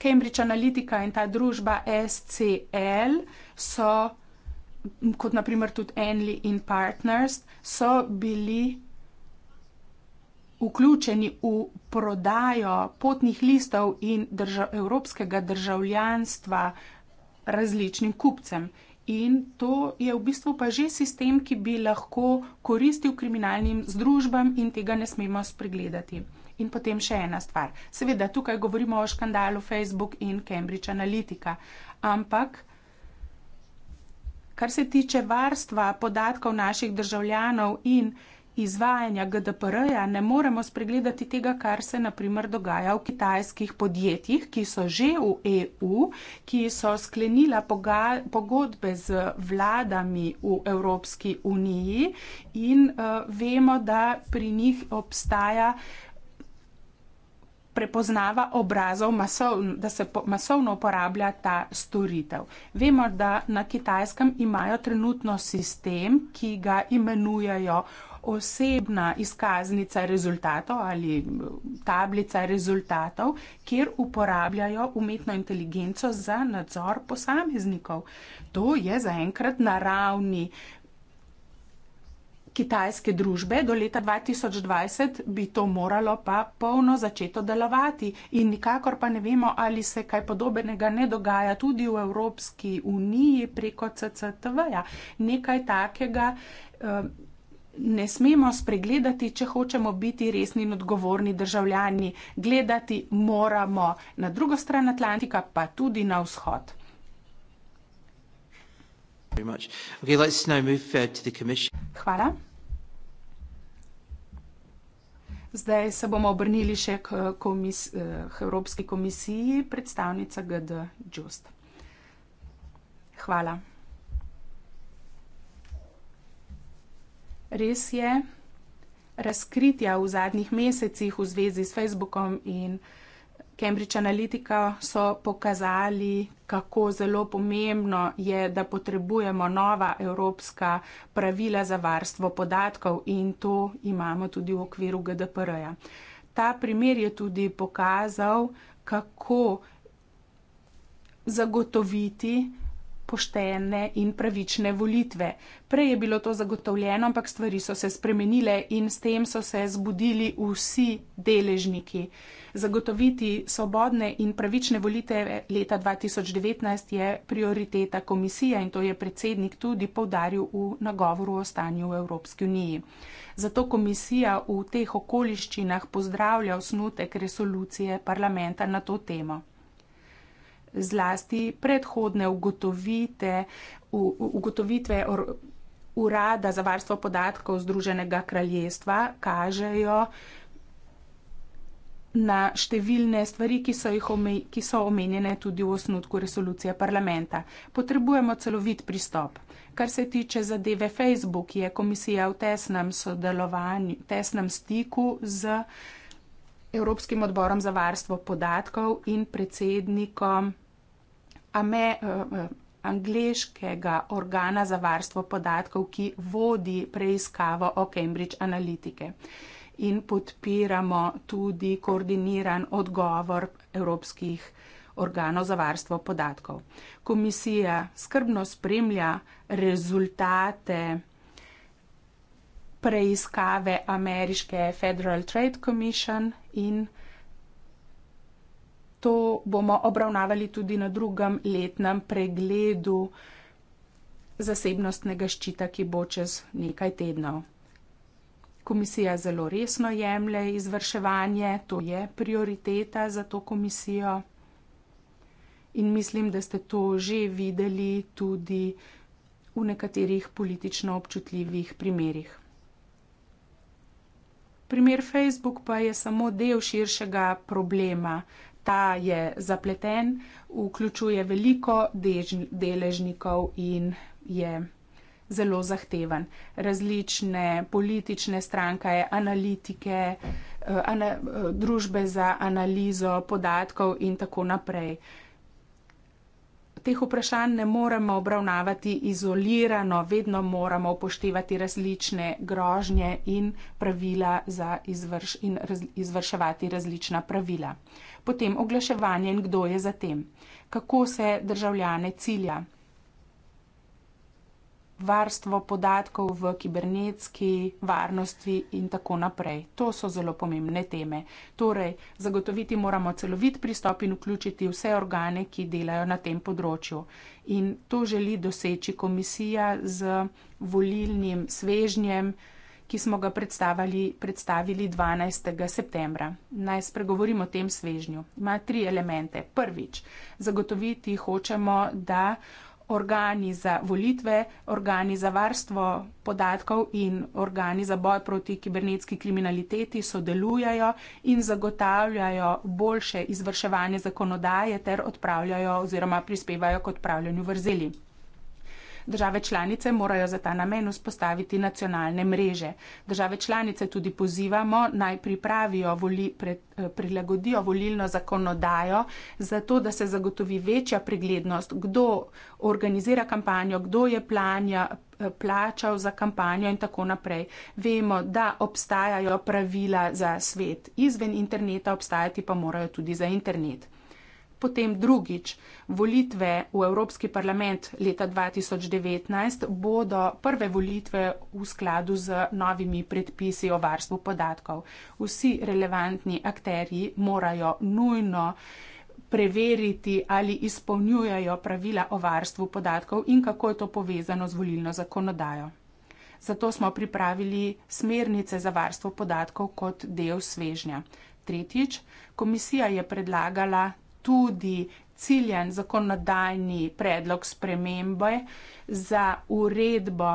Cambridge Analytica in ta družba SCL so, kot na primer tudi Henley in Partners, so bili vključeni v prodajo potnih listov in držav, evropskega državljanstva različnim kupcem. In to je v bistvu pa že sistem, ki bi lahko koristil kriminalnim združbam in tega ne smemo spregledati. In potem še ena stvar. Seveda, tukaj govorimo o škandalu Facebook in Cambridge Analytica, ampak kar se tiče varstva podatkov naših državljanov in izvajanja GDPR-ja ne moremo spregledati tega, kar se naprimer dogaja v kitajskih podjetjih, ki so že v EU, ki so sklenila pogodbe z vladami v Evropski uniji in uh, vemo, da pri njih obstaja prepoznava obrazov, masovno, da se po, masovno uporablja ta storitev. Vemo, da na kitajskem imajo trenutno sistem, ki ga imenujajo osebna izkaznica rezultatov ali eh, tablica rezultatov, kjer uporabljajo umetno inteligenco za nadzor posameznikov. To je zaenkrat na ravni kitajske družbe, do leta 2020 bi to moralo pa polno začeto delovati in nikakor pa ne vemo, ali se kaj podobenega ne dogaja tudi v Evropski uniji preko CCTV-ja. Nekaj takega. Uh, ne smemo spregledati, če hočemo biti resni in odgovorni državljani. Gledati moramo na drugo stran Atlantika, pa tudi na vzhod. Uh, Hvala. Zdaj se bomo obrnili še k, komis, k eh, Evropski komisiji, predstavnica GD Just. Hvala. res je, razkritja v zadnjih mesecih v zvezi s Facebookom in Cambridge Analytica so pokazali, kako zelo pomembno je, da potrebujemo nova evropska pravila za varstvo podatkov in to imamo tudi v okviru GDPR-ja. Ta primer je tudi pokazal, kako zagotoviti poštene in pravične volitve. Prej je bilo to zagotovljeno, ampak stvari so se spremenile in s tem so se zbudili vsi deležniki. Zagotoviti svobodne in pravične volitve leta 2019 je prioriteta komisije in to je predsednik tudi povdaril v nagovoru o stanju v Evropski uniji. Zato komisija v teh okoliščinah pozdravlja osnutek resolucije parlamenta na to temo zlasti predhodne ugotovite, u, ugotovitve or, Urada za varstvo podatkov Združenega kraljestva kažejo na številne stvari, ki so, ome, ki so omenjene tudi v osnutku resolucije parlamenta. Potrebujemo celovit pristop. Kar se tiče zadeve Facebook, je komisija v tesnem sodelovanju, tesnem stiku z Evropskim odborom za varstvo podatkov in predsednikom Eh, eh, angleškega organa za varstvo podatkov, ki vodi preiskavo o Cambridge Analytike. In podpiramo tudi koordiniran odgovor evropskih organov za varstvo podatkov. Komisija skrbno spremlja rezultate preiskave ameriške Federal Trade Commission in to bomo obravnavali tudi na drugem letnem pregledu zasebnostnega ščita, ki bo čez nekaj tednov. Komisija zelo resno jemlje izvrševanje, to je prioriteta za to komisijo. In mislim, da ste to že videli tudi v nekaterih politično občutljivih primerih. Primer Facebook pa je samo del širšega problema ta je zapleten, vključuje veliko deležnikov in je zelo zahteven. Različne politične stranke, analitike, eh, ana, eh, družbe za analizo podatkov in tako naprej teh vprašanj ne moremo obravnavati izolirano, vedno moramo upoštevati različne grožnje in pravila za izvrš in raz izvrševati različna pravila. Potem oglaševanje in kdo je za tem. Kako se državljane cilja? varstvo podatkov v kibernetski varnosti in tako naprej. To so zelo pomembne teme. Torej, zagotoviti moramo celovit pristop in vključiti vse organe, ki delajo na tem področju. In to želi doseči komisija z volilnim svežnjem, ki smo ga predstavili, predstavili 12. septembra. Naj spregovorim o tem svežnju. Ima tri elemente. Prvič, zagotoviti hočemo, da organi za volitve, organi za varstvo podatkov in organi za boj proti kibernetski kriminaliteti sodelujajo in zagotavljajo boljše izvrševanje zakonodaje ter odpravljajo oziroma prispevajo k odpravljanju vrzeli. Države članice morajo za ta namen vzpostaviti nacionalne mreže. Države članice tudi pozivamo naj pripravijo voli, pred, eh, prilagodijo volilno zakonodajo, zato da se zagotovi večja preglednost, kdo organizira kampanjo, kdo je planja eh, plačal za kampanjo in tako naprej. Vemo, da obstajajo pravila za svet izven interneta, obstajati pa morajo tudi za internet. Potem drugič, volitve v Evropski parlament leta 2019 bodo prve volitve v skladu z novimi predpisi o varstvu podatkov. Vsi relevantni akteri morajo nujno preveriti, ali izpolnjujejo pravila o varstvu podatkov in kako je to povezano z volilno zakonodajo. Zato smo pripravili smernice za varstvo podatkov kot del svežnja. Tretjič, komisija je predlagala tudi ciljen zakonodajni predlog spremembe za uredbo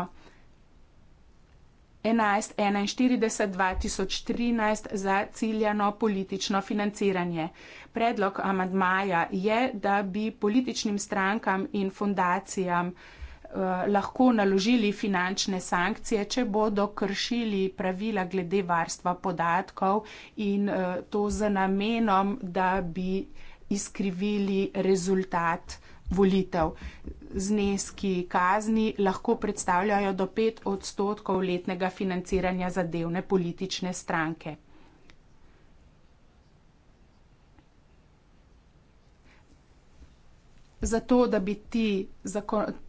1141-2013 za ciljano politično financiranje. Predlog amadmaja je, da bi političnim strankam in fundacijam eh, lahko naložili finančne sankcije, če bodo kršili pravila glede varstva podatkov in eh, to z namenom, da bi izkrivili rezultat volitev. Zneski kazni lahko predstavljajo do 5 odstotkov letnega financiranja zadevne politične stranke. Zato, da bi ti,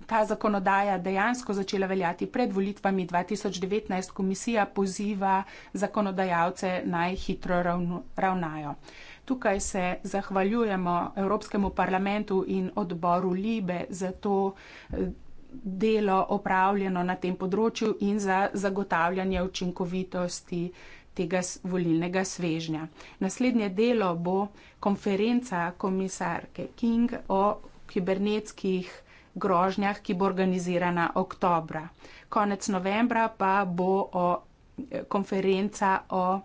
ta zakonodaja dejansko začela veljati pred volitvami 2019, komisija poziva zakonodajalce naj hitro ravnajo. Tukaj se zahvaljujemo Evropskemu parlamentu in odboru Libe za to eh, delo opravljeno na tem področju in za zagotavljanje učinkovitosti tega volilnega svežnja. Naslednje delo bo konferenca komisarke King o kibernetskih grožnjah, ki bo organizirana oktobra. Konec novembra pa bo o, eh, konferenca o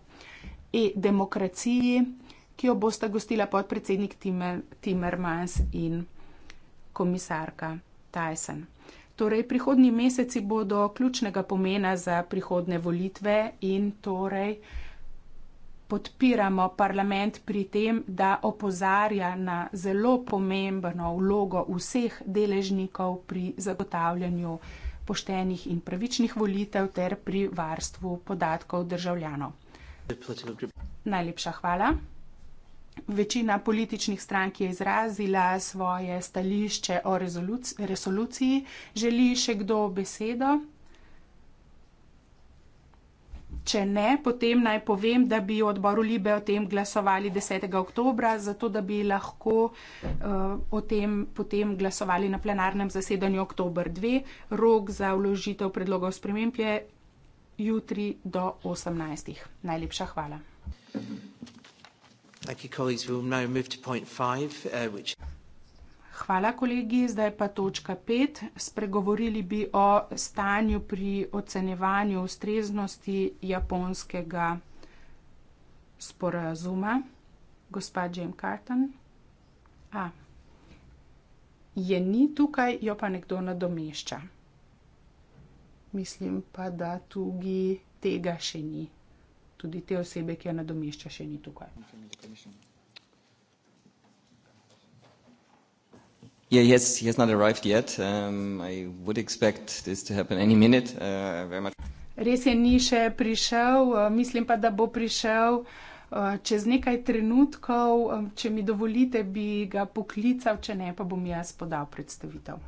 e-demokraciji ki jo bosta gostila podpredsednik Timmer, Timmermans in komisarka Tyson. Torej, prihodnji meseci bodo ključnega pomena za prihodne volitve in torej podpiramo parlament pri tem, da opozarja na zelo pomembno vlogo vseh deležnikov pri zagotavljanju poštenih in pravičnih volitev ter pri varstvu podatkov državljanov. Najlepša hvala. Večina političnih strank je izrazila svoje stališče o rezoluc resoluciji. Želi še kdo besedo? Če ne, potem naj povem, da bi odboru Libe o tem glasovali 10. oktobra, zato da bi lahko uh, o tem potem glasovali na plenarnem zasedanju oktober 2. Rok za vložitev predlogov sprememb je jutri do 18. Najlepša hvala. Mhm. Thank you, colleagues. We will now move to point five, uh, which Hvala kolegi, zdaj pa točka pet. Spregovorili bi o stanju pri ocenjevanju ustreznosti japonskega sporazuma. Gospa Jim Carton. A. Je ni tukaj, jo pa nekdo nadomešča. Mislim pa, da tudi tega še ni tudi te osebe, ki jo nadomešča, še ni tukaj. Yeah, he, has, he has not arrived yet. Um, I would expect this to happen any minute. Uh, very much. Res je, ni še prišel, uh, mislim pa, da bo prišel uh, čez nekaj trenutkov. Um, če mi dovolite, bi ga poklical, če ne, pa bom jaz podal predstavitev.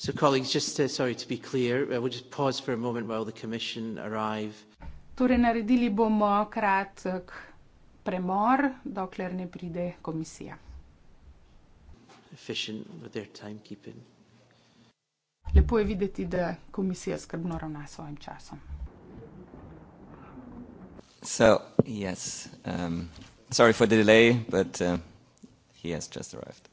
So colleagues, just to, sorry to be clear, uh, we'll just pause for a moment while the commission arrive. Torej, naredili bomo kratek eh, premor, dokler ne pride komisija. Efficient with their timekeeping. Lepo je videti, da komisija skrbno ravna s svojim časom. So, yes, um, sorry for the delay, but uh, he has just arrived.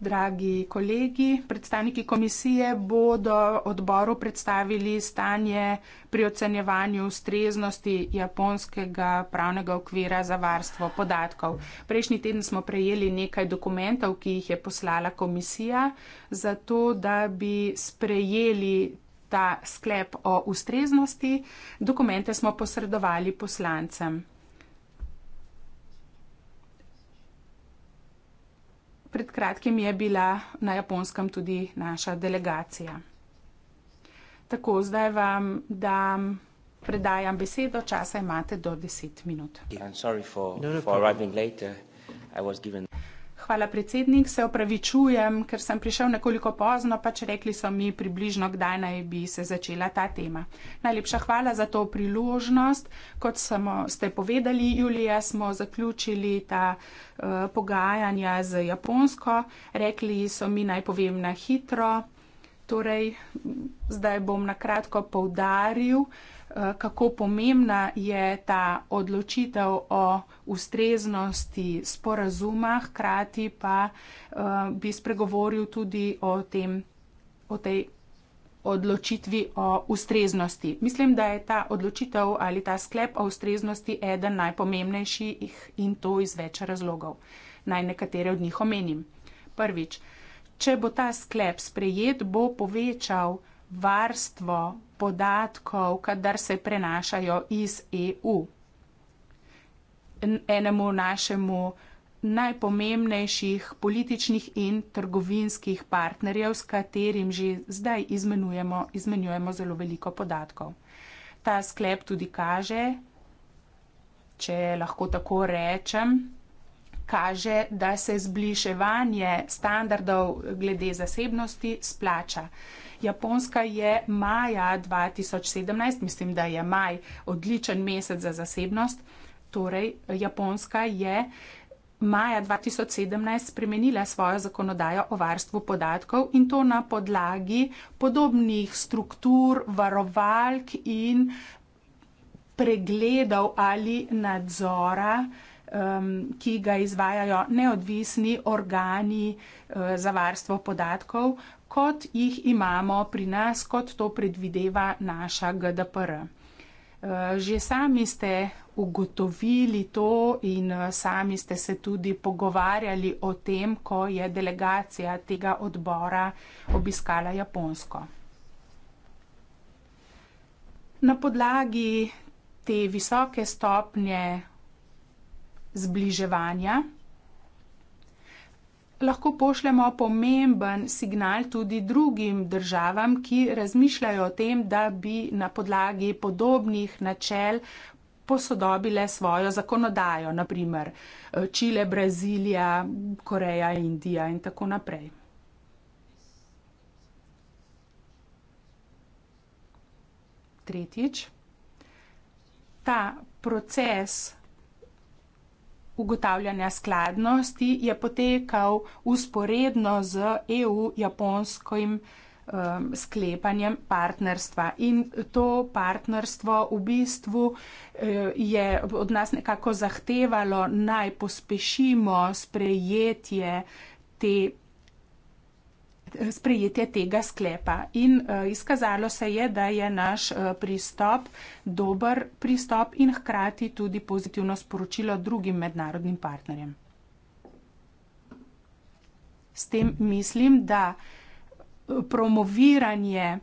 Dragi kolegi, predstavniki komisije bodo odboru predstavili stanje pri ocenjevanju ustreznosti japonskega pravnega okvira za varstvo podatkov. Prejšnji teden smo prejeli nekaj dokumentov, ki jih je poslala komisija, zato da bi sprejeli ta sklep o ustreznosti. Dokumente smo posredovali poslancem. Pred kratkim je bila na japonskem tudi naša delegacija. Tako, zdaj vam dam. Predajam besedo, časa imate do 10 minut. Hvala, predsednik. Se opravičujem, ker sem prišel nekoliko pozno, pač rekli so mi približno, kdaj naj bi se začela ta tema. Najlepša hvala za to priložnost. Kot smo, ste povedali, Julija, smo zaključili ta uh, pogajanja z Japonsko. Rekli so mi naj povem na hitro. Torej, zdaj bom na kratko povdaril, uh, eh, kako pomembna je ta odločitev o ustreznosti sporazuma, hkrati pa eh, bi spregovoril tudi o tem, o tej odločitvi o ustreznosti. Mislim, da je ta odločitev ali ta sklep o ustreznosti eden najpomembnejših in to iz več razlogov. Naj nekatere od njih omenim. Prvič, če bo ta sklep sprejet, bo povečal varstvo podatkov, kadar se prenašajo iz EU enemu našemu najpomembnejših političnih in trgovinskih partnerjev, s katerim že zdaj izmenujemo, izmenjujemo zelo veliko podatkov. Ta sklep tudi kaže, če lahko tako rečem, kaže, da se zbliševanje standardov glede zasebnosti splača. Japonska je maja 2017, mislim, da je maj odličen mesec za zasebnost, torej Japonska je maja 2017 spremenila svojo zakonodajo o varstvu podatkov in to na podlagi podobnih struktur, varovalk in pregledov ali nadzora, um, ki ga izvajajo neodvisni organi uh, za varstvo podatkov, kot jih imamo pri nas, kot to predvideva naša GDPR. Že sami ste ugotovili to in eh, sami ste se tudi pogovarjali o tem, ko je delegacija tega odbora obiskala Japonsko. Na podlagi te visoke stopnje zbliževanja, lahko pošljemo pomemben signal tudi drugim državam, ki razmišljajo o tem, da bi na podlagi podobnih načel posodobile svojo zakonodajo, naprimer eh, Čile, Brazilija, Koreja, Indija in tako naprej. Tretjič, ta proces ugotavljanja skladnosti je potekal usporedno z EU-japonskim um, sklepanjem partnerstva. In to partnerstvo v bistvu eh, je od nas nekako zahtevalo, naj pospešimo sprejetje te sprejetje tega sklepa. In uh, izkazalo se je, da je naš uh, pristop dober pristop in hkrati tudi pozitivno sporočilo drugim mednarodnim partnerjem. S tem mislim, da eh, promoviranje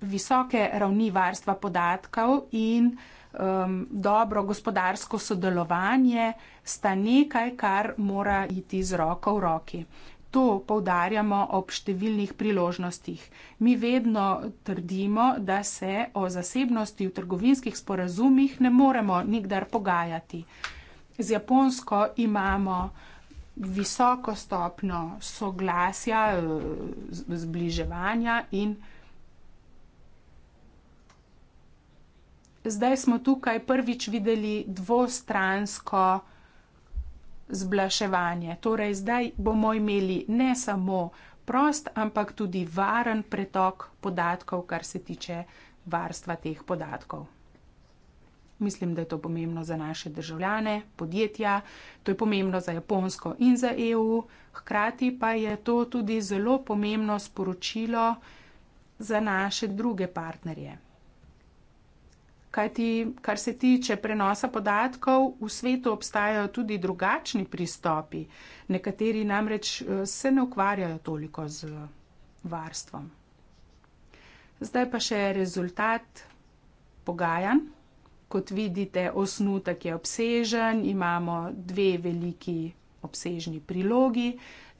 visoke ravni varstva podatkov in um, dobro gospodarsko sodelovanje sta nekaj, kar mora iti z roko v roki. Uh, to poudarjamo ob številnih priložnostih. Mi vedno trdimo, da se o zasebnosti v trgovinskih sporazumih ne moremo nikdar pogajati. Z Japonsko imamo visoko stopno soglasja, zbliževanja in zdaj smo tukaj prvič videli dvostransko zblaševanje. Torej, zdaj bomo imeli ne samo prost, ampak tudi varen pretok podatkov, kar se tiče varstva teh podatkov. Mislim, da je to pomembno za naše državljane, podjetja, to je pomembno za Japonsko in za EU, hkrati pa je to tudi zelo pomembno sporočilo za naše druge partnerje kajti kar se tiče prenosa podatkov, v svetu obstajajo tudi drugačni pristopi. Nekateri namreč eh, se ne ukvarjajo toliko z varstvom. Zdaj pa še rezultat pogajanj. Kot vidite, osnutek je obsežen, imamo dve veliki obsežni prilogi.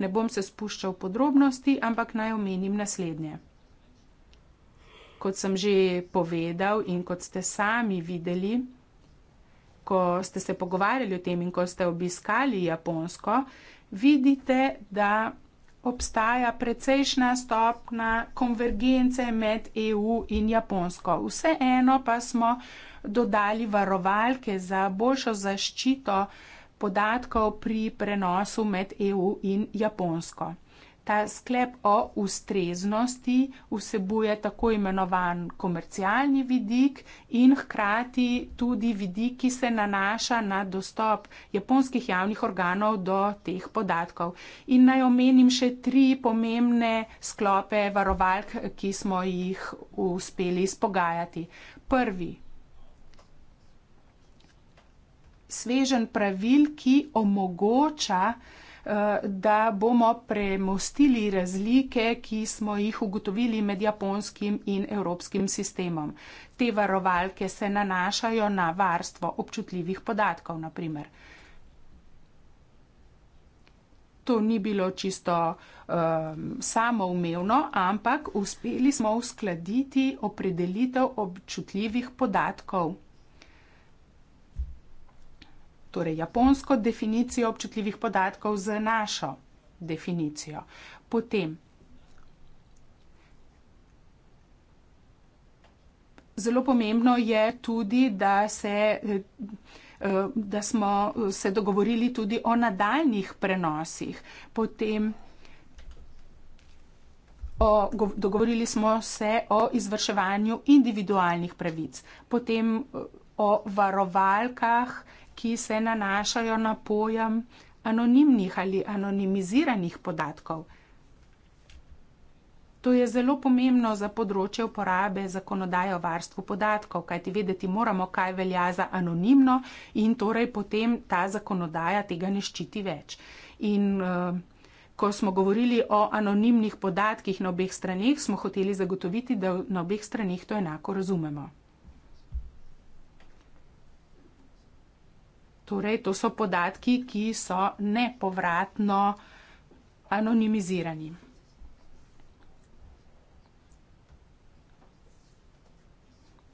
Ne bom se spuščal v podrobnosti, ampak naj omenim naslednje kot sem že povedal in kot ste sami videli, ko ste se pogovarjali o tem in ko ste obiskali Japonsko, vidite, da obstaja precejšna stopna konvergence med EU in Japonsko. Vseeno pa smo dodali varovalke za boljšo zaščito podatkov pri prenosu med EU in Japonsko. Ta sklep o ustreznosti vsebuje tako imenovan komercialni vidik in hkrati tudi vidik, ki se nanaša na dostop japonskih javnih organov do teh podatkov. In naj omenim še tri pomembne sklope varovalk, ki smo jih uspeli spogajati. Prvi. Svežen pravil, ki omogoča, Eh, da bomo premostili razlike, ki smo jih ugotovili med japonskim in evropskim sistemom. Te varovalke se nanašajo na varstvo občutljivih podatkov, naprimer. To ni bilo čisto um, samoumevno, ampak uspeli smo uskladiti opredelitev občutljivih podatkov torej japonsko definicijo občutljivih podatkov z našo definicijo. Potem zelo pomembno je tudi, da se eh, eh, da smo se dogovorili tudi o nadaljnih prenosih. Potem o, dogovorili smo se o izvrševanju individualnih pravic, potem eh, o varovalkah ki se nanašajo na pojem anonimnih ali anonimiziranih podatkov. To je zelo pomembno za področje uporabe zakonodaje o varstvu podatkov, kajti vedeti moramo, kaj velja za anonimno in torej potem ta zakonodaja tega ne ščiti več. In eh, ko smo govorili o anonimnih podatkih na obeh stranih, smo hoteli zagotoviti, da na obeh stranih to enako razumemo. Torej, to so podatki, ki so nepovratno anonimizirani.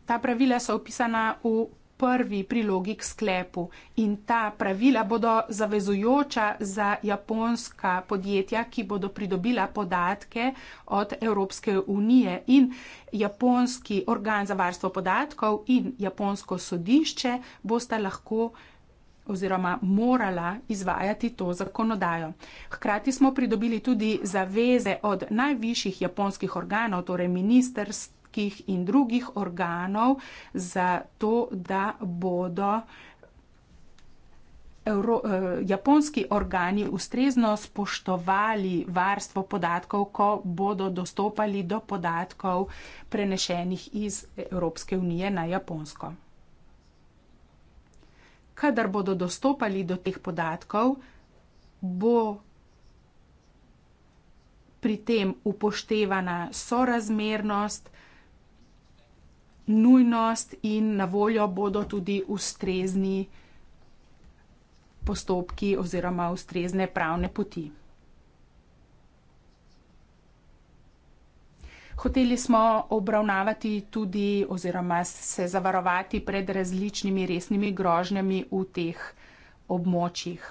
Ta pravila so opisana v prvi prilogi k sklepu in ta pravila bodo zavezujoča za japonska podjetja, ki bodo pridobila podatke od Evropske unije in japonski organ za varstvo podatkov in japonsko sodišče bosta lahko pridobila oziroma morala izvajati to zakonodajo. Hkrati smo pridobili tudi zaveze od najvišjih japonskih organov, torej ministerskih in drugih organov, za to, da bodo Evro, eh, japonski organi ustrezno spoštovali varstvo podatkov, ko bodo dostopali do podatkov prenešenih iz Evropske unije na Japonsko kadar bodo dostopali do teh podatkov, bo pri tem upoštevana sorazmernost, nujnost in na voljo bodo tudi ustrezni postopki oziroma ustrezne pravne poti. Hoteli smo obravnavati tudi oziroma se zavarovati pred različnimi resnimi grožnjami v teh območjih.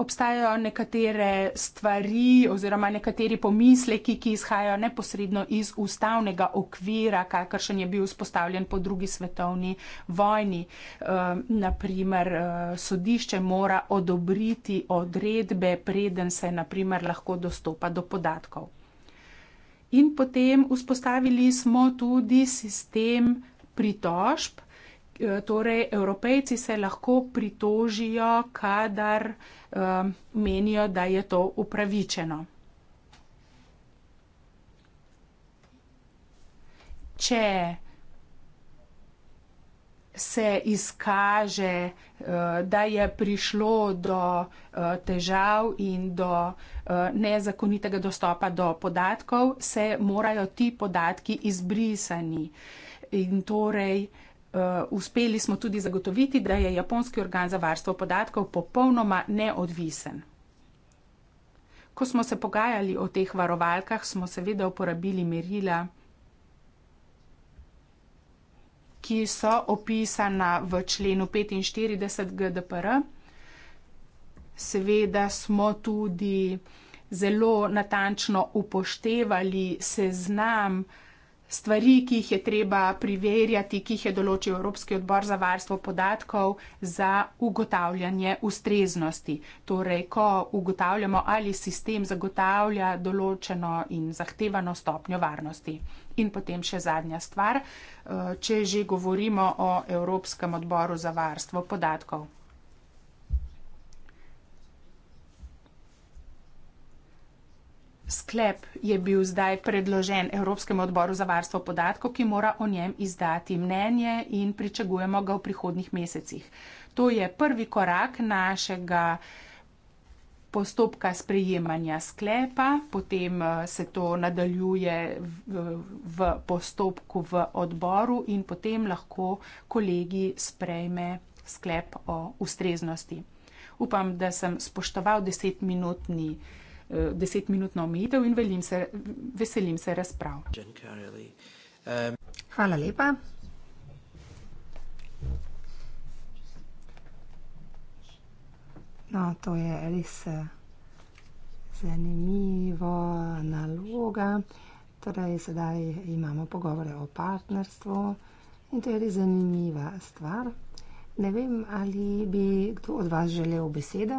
obstajajo nekatere stvari oziroma nekateri pomisleki, ki izhajajo neposredno iz ustavnega okvira, kakršen je bil vzpostavljen po drugi svetovni vojni. E, eh, naprimer, eh, sodišče mora odobriti odredbe, preden se naprimer, lahko dostopa do podatkov. In potem vzpostavili smo tudi sistem pritožb, Eh, torej, evropejci se lahko pritožijo, kadar eh, menijo, da je to upravičeno. Če se izkaže, eh, da je prišlo do težav in do nezakonitega dostopa do podatkov, se morajo ti podatki izbrisani. In torej, Eh, uspeli smo tudi zagotoviti, da je japonski organ za varstvo podatkov popolnoma neodvisen. Ko smo se pogajali o teh varovalkah, smo seveda uporabili merila, ki so opisana v členu 45 GDPR. Seveda smo tudi zelo natančno upoštevali seznam uh, stvari, ki jih je treba priverjati, ki jih je določil Evropski odbor za varstvo podatkov za ugotavljanje ustreznosti. Torej, ko ugotavljamo, ali sistem zagotavlja določeno in zahtevano stopnjo varnosti. In potem še zadnja stvar, eh, če že govorimo o Evropskem odboru za varstvo podatkov. Sklep je bil zdaj predložen Evropskemu odboru za varstvo podatkov, ki mora o njem izdati mnenje in pričakujemo ga v prihodnih mesecih. To je prvi korak našega postopka sprejemanja sklepa, potem eh, se to nadaljuje v, v postopku v odboru in potem lahko kolegi sprejme sklep o ustreznosti. Upam, da sem spoštoval desetminutni minutni desetminutno omejitev in veselim se, veselim se razprav. Hvala lepa. No, to je res eh, zanimivo naloga. Torej, sedaj imamo pogovore o partnerstvu in to je res zanimiva stvar. Ne vem, ali bi kdo od vas želel besedo.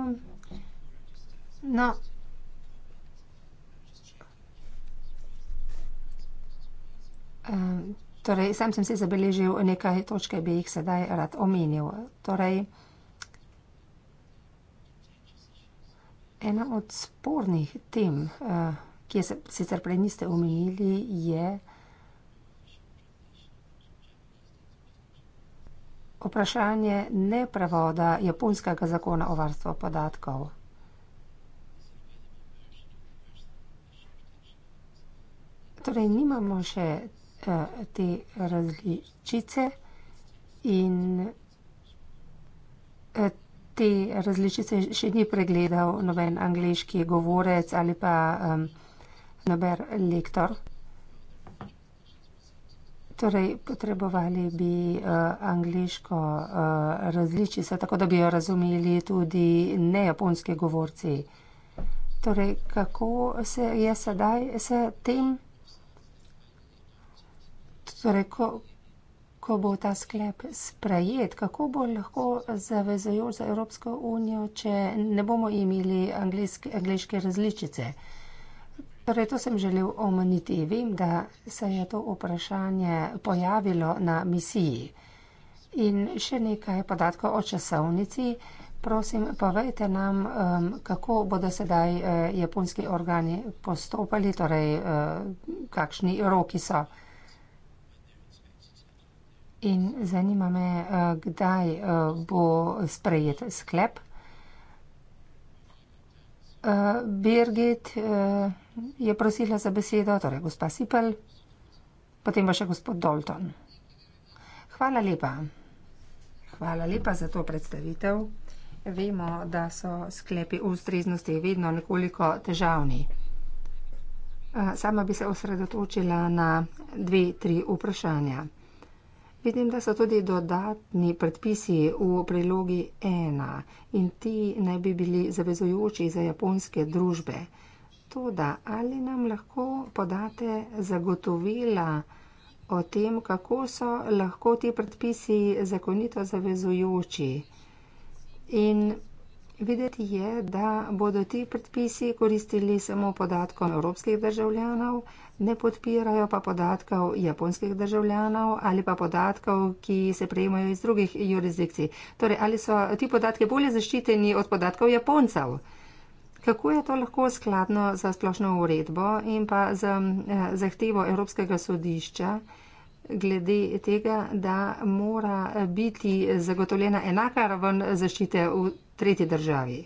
No, Eh, torej, sam sem si zabeležil nekaj točke, bi jih sedaj rad omenil. Torej, ena od spornih tem, eh, ki je sicer prej niste omenili, je vprašanje neprevoda japonskega zakona o varstvu podatkov. Torej, nimamo še te različice in eh, te različice še ni pregledal noben angliški govorec ali pa um, noben lektor. Torej, potrebovali bi uh, angliško uh, različico, tako da bi jo razumeli tudi ne japonski govorci. Torej, kako se je sedaj s tem? Torej, ko, ko bo ta sklep sprejet, kako bo lahko zavezojoč za Evropsko unijo, če ne bomo imeli angliske, angliške različice? Torej, to sem želel omeniti. Vem, da se je to vprašanje pojavilo na misiji. In še nekaj podatkov o časovnici. Prosim, povejte nam, um, kako bodo sedaj uh, japonski organi postopali, torej uh, kakšni roki so. In zanima me, eh, kdaj eh, bo sprejet sklep. Eh, Birgit je prosila za besedo, torej gospa Sipel, potem pa še gospod Dalton. Hvala lepa. Hvala lepa za to predstavitev. Vemo, da so sklepi o ustreznosti vedno nekoliko težavni. Sama bi se osredotočila na dve, tri vprašanja. Vidim, da so tudi dodatni predpisi v prilogi ena in ti naj bi bili zavezujoči za japonske družbe. Toda ali nam lahko podate zagotovila o tem, kako so lahko ti predpisi zakonito zavezujoči? In videti je, da bodo ti predpisi koristili samo podatkom evropskih državljanov, ne podpirajo pa podatkov japonskih državljanov ali pa podatkov, ki se prejemajo iz drugih jurisdikcij. Torej, ali so ti podatki bolje zaščiteni od podatkov Japoncev? Kako je to lahko skladno za splošno uredbo in pa z eh, zahtevo Evropskega sodišča glede tega, da mora biti zagotovljena enaka raven zaščite v tretji državi?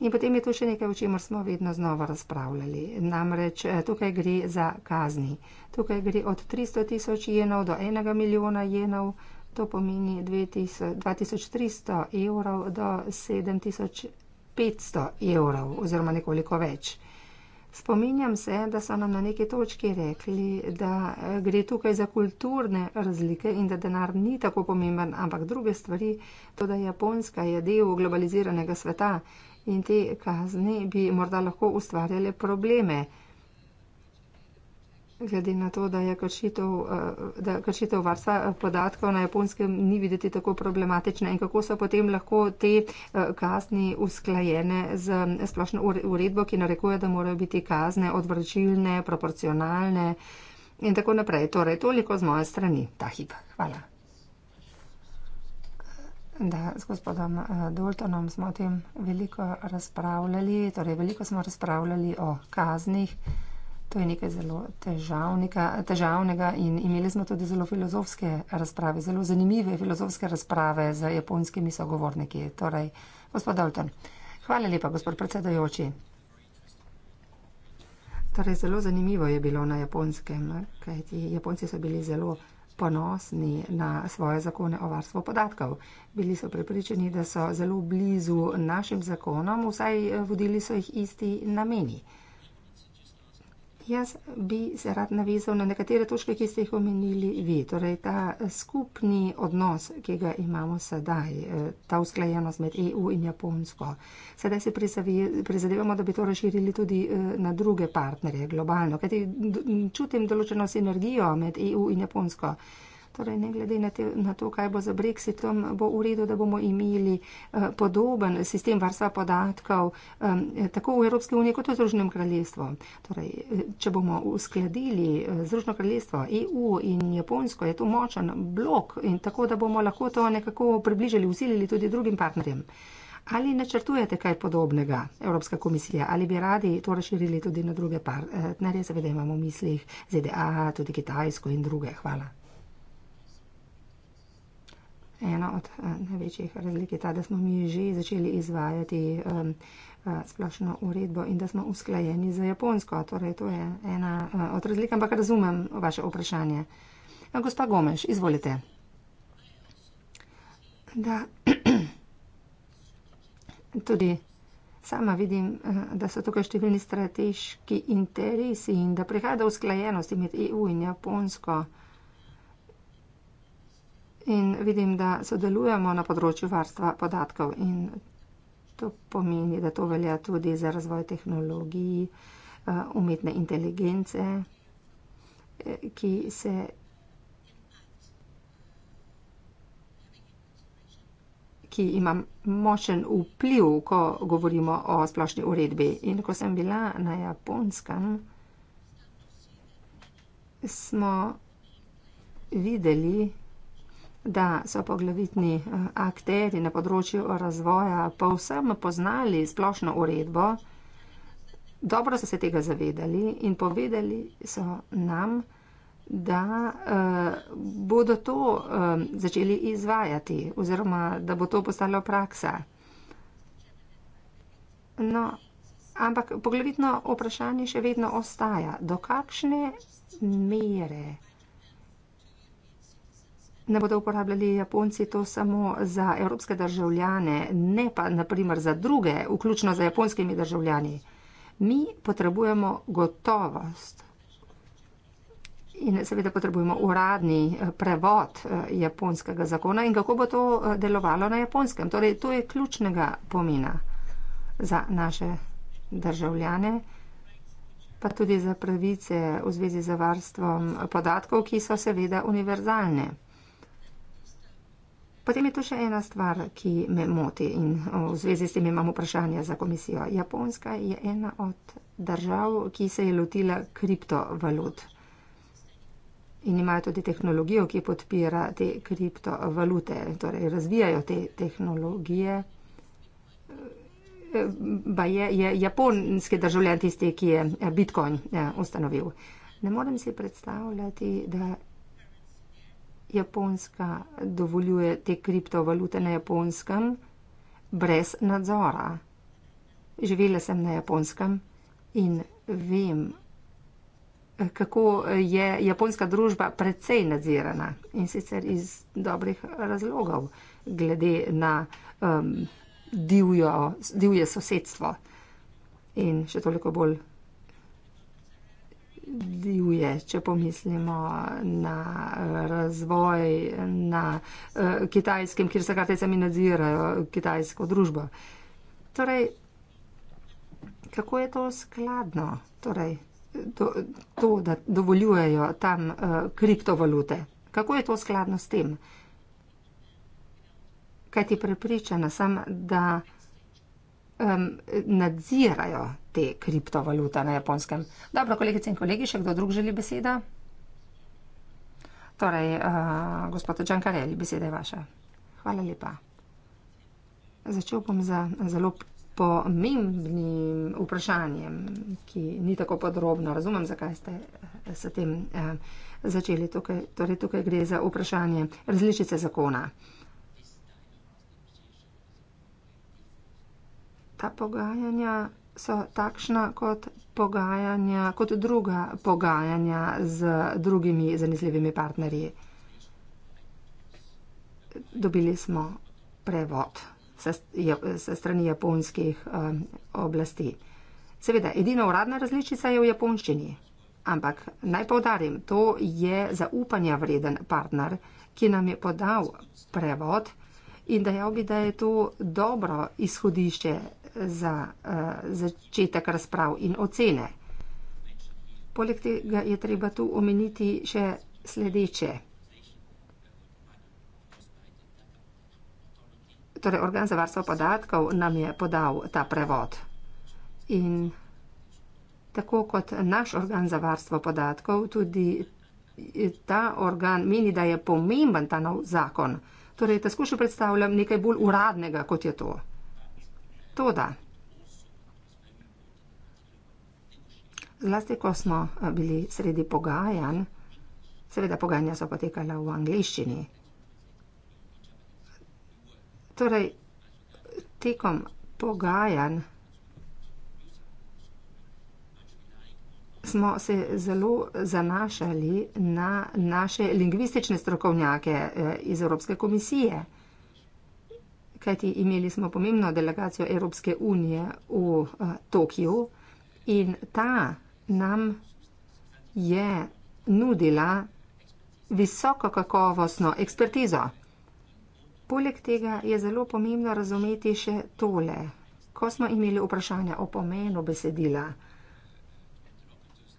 In potem je to še nekaj, o čemer smo vedno znova razpravljali. Namreč eh, tukaj gre za kazni. Tukaj gre od 300 tisoč jenov do 1 milijona jenov, to pomeni 2300 evrov do 7500 evrov oziroma nekoliko več. Spominjam se, da so nam na neki točki rekli, da eh, gre tukaj za kulturne razlike in da denar ni tako pomemben, ampak druge stvari, to da Japonska je del globaliziranega sveta in te kazni bi morda lahko ustvarjale probleme. Glede na to, da je kršitev eh, varstva eh, podatkov na japonskem ni videti tako problematična in kako so potem lahko te eh, kazni usklajene z splošno uredbo, ki narekuje, da morajo biti kazne odvrčilne, proporcionalne in tako naprej. Torej, toliko z moje strani. Ta hip. Hvala. Da, s gospodom Doltonom smo o tem veliko razpravljali, torej veliko smo razpravljali o kaznih. To je nekaj zelo težavnega in imeli smo tudi zelo filozofske razprave, zelo zanimive filozofske razprave z japonskimi sogovorniki. Torej, gospod Dalton, hvala lepa, gospod predsedajoči. Torej, zelo zanimivo je bilo na japonskem, kajti Japonci so bili zelo ponosni na svoje zakone o varstvu podatkov. Bili so prepričani, da so zelo blizu našim zakonom, vsaj vodili so jih isti nameni. Jaz bi se rad navezal na nekatere točke, ki ste jih omenili vi. Torej, ta skupni odnos, ki ga imamo sedaj, eh, ta usklajenost med EU in Japonsko. Sedaj se prizadevamo, da bi to razširili tudi eh, na druge partnerje globalno, kajti čutim določeno sinergijo med EU in Japonsko. Torej, ne glede na, te, na to, kaj bo za Brexitom, bo v redu, da bomo imeli eh, podoben sistem varstva podatkov eh, tako v Evropski uniji kot v Združenem kraljestvu. Torej, eh, če bomo uskladili eh, Združeno kraljestvo, EU in Japonsko, je to močen blok in tako, da bomo lahko to nekako približali, usilili tudi drugim partnerjem. Ali načrtujete kaj podobnega, Evropska komisija, ali bi radi to razširili tudi na druge partnerje, eh, seveda imamo v mislih ZDA, tudi Kitajsko in druge. Hvala. Ena od eh, največjih razlik je ta, da smo mi že začeli izvajati eh, splošno uredbo in da smo usklajeni za Japonsko. Torej, to je ena eh, od razlik, ampak razumem vaše vprašanje. Gospa Gomeš, izvolite. Da, tudi sama vidim, da so tukaj številni strateški interesi in da prihaja do usklajenosti med EU in Japonsko in vidim, da sodelujemo na področju varstva podatkov in to pomeni, da to velja tudi za razvoj tehnologij, eh, umetne inteligence, eh, ki se ki ima močen vpliv, ko govorimo o splošni uredbi. In ko sem bila na Japonskem, smo videli, da je to, da so poglavitni eh, akteri na področju razvoja povsem poznali splošno uredbo, dobro so se tega zavedali in povedali so nam, da eh, bodo to eh, začeli izvajati oziroma, da bo to postalo praksa. No, ampak poglavitno vprašanje še vedno ostaja, do kakšne mere vprašanje, ne bodo uporabljali Japonci to samo za evropske državljane, ne pa naprimer za druge, vključno za japonskimi državljani. Mi potrebujemo gotovost in seveda potrebujemo uradni eh, prevod eh, japonskega zakona in kako bo to eh, delovalo na japonskem. Torej, to je ključnega pomena za naše državljane, pa tudi za pravice v zvezi z varstvom podatkov, ki so seveda univerzalne. Potem je tu še ena stvar, ki me moti in v zvezi s tem imam vprašanje za komisijo. Japonska je ena od držav, ki se je lotila kriptovalut in imajo tudi tehnologijo, ki podpira te kriptovalute, torej razvijajo te tehnologije. Pa e, je, je japonski državljan tisti, ki je e, Bitcoin e, ustanovil. Ne morem si predstavljati, da Japonska dovoljuje te kriptovalute na japonskem brez nadzora. Živela sem na japonskem in vem, kako je japonska družba precej nadzirana in sicer iz dobrih razlogov glede na um, divjo, divje sosedstvo in še toliko bolj. Divje, če pomislimo na razvoj na uh, kitajskem, kjer se kartecami nadzirajo kitajsko družbo. Torej, kako je to skladno, torej, do, to, da dovoljujejo tam uh, kriptovalute? Kako je to skladno s tem? Kaj ti prepričana sem, da um, nadzirajo te kriptovalute na japonskem. Dobro, kolegice in kolegi, še kdo drug želi beseda? Torej, uh, gospod Čankareli, beseda je vaša. Hvala lepa. Začel bom z za zelo pomembnim vprašanjem, ki ni tako podrobno. Razumem, zakaj ste uh, s tem uh, začeli. Tukaj, torej, tukaj gre za vprašanje različice zakona. ta pogajanja so takšna kot pogajanja, kot druga pogajanja z drugimi zanesljivimi partnerji. Dobili smo prevod se strani japonskih um, oblasti. Seveda, edina uradna različica je v japonščini, ampak naj povdarim, to je zaupanja vreden partner, ki nam je podal prevod in dejal bi, da je to dobro izhodišče za eh, začetek razprav in ocene. Poleg tega je treba tu omeniti še sledeče. Torej, organ za varstvo podatkov nam je podal ta prevod. In tako kot naš organ za varstvo podatkov, tudi ta organ meni, da je pomemben ta nov zakon. Torej, te skušam predstavljam nekaj bolj uradnega, kot je to. Toda zlasti ko smo eh, bili sredi pogajanj, seveda pogajanja so potekala v angleščini, torej tekom pogajanj smo se zelo zanašali na naše lingvistične strokovnjake eh, iz Evropske komisije kajti imeli smo pomembno delegacijo Evropske unije v uh, Tokiju in ta nam je nudila visoko kakovostno ekspertizo. Poleg tega je zelo pomembno razumeti še tole. Ko smo imeli vprašanja o pomenu besedila,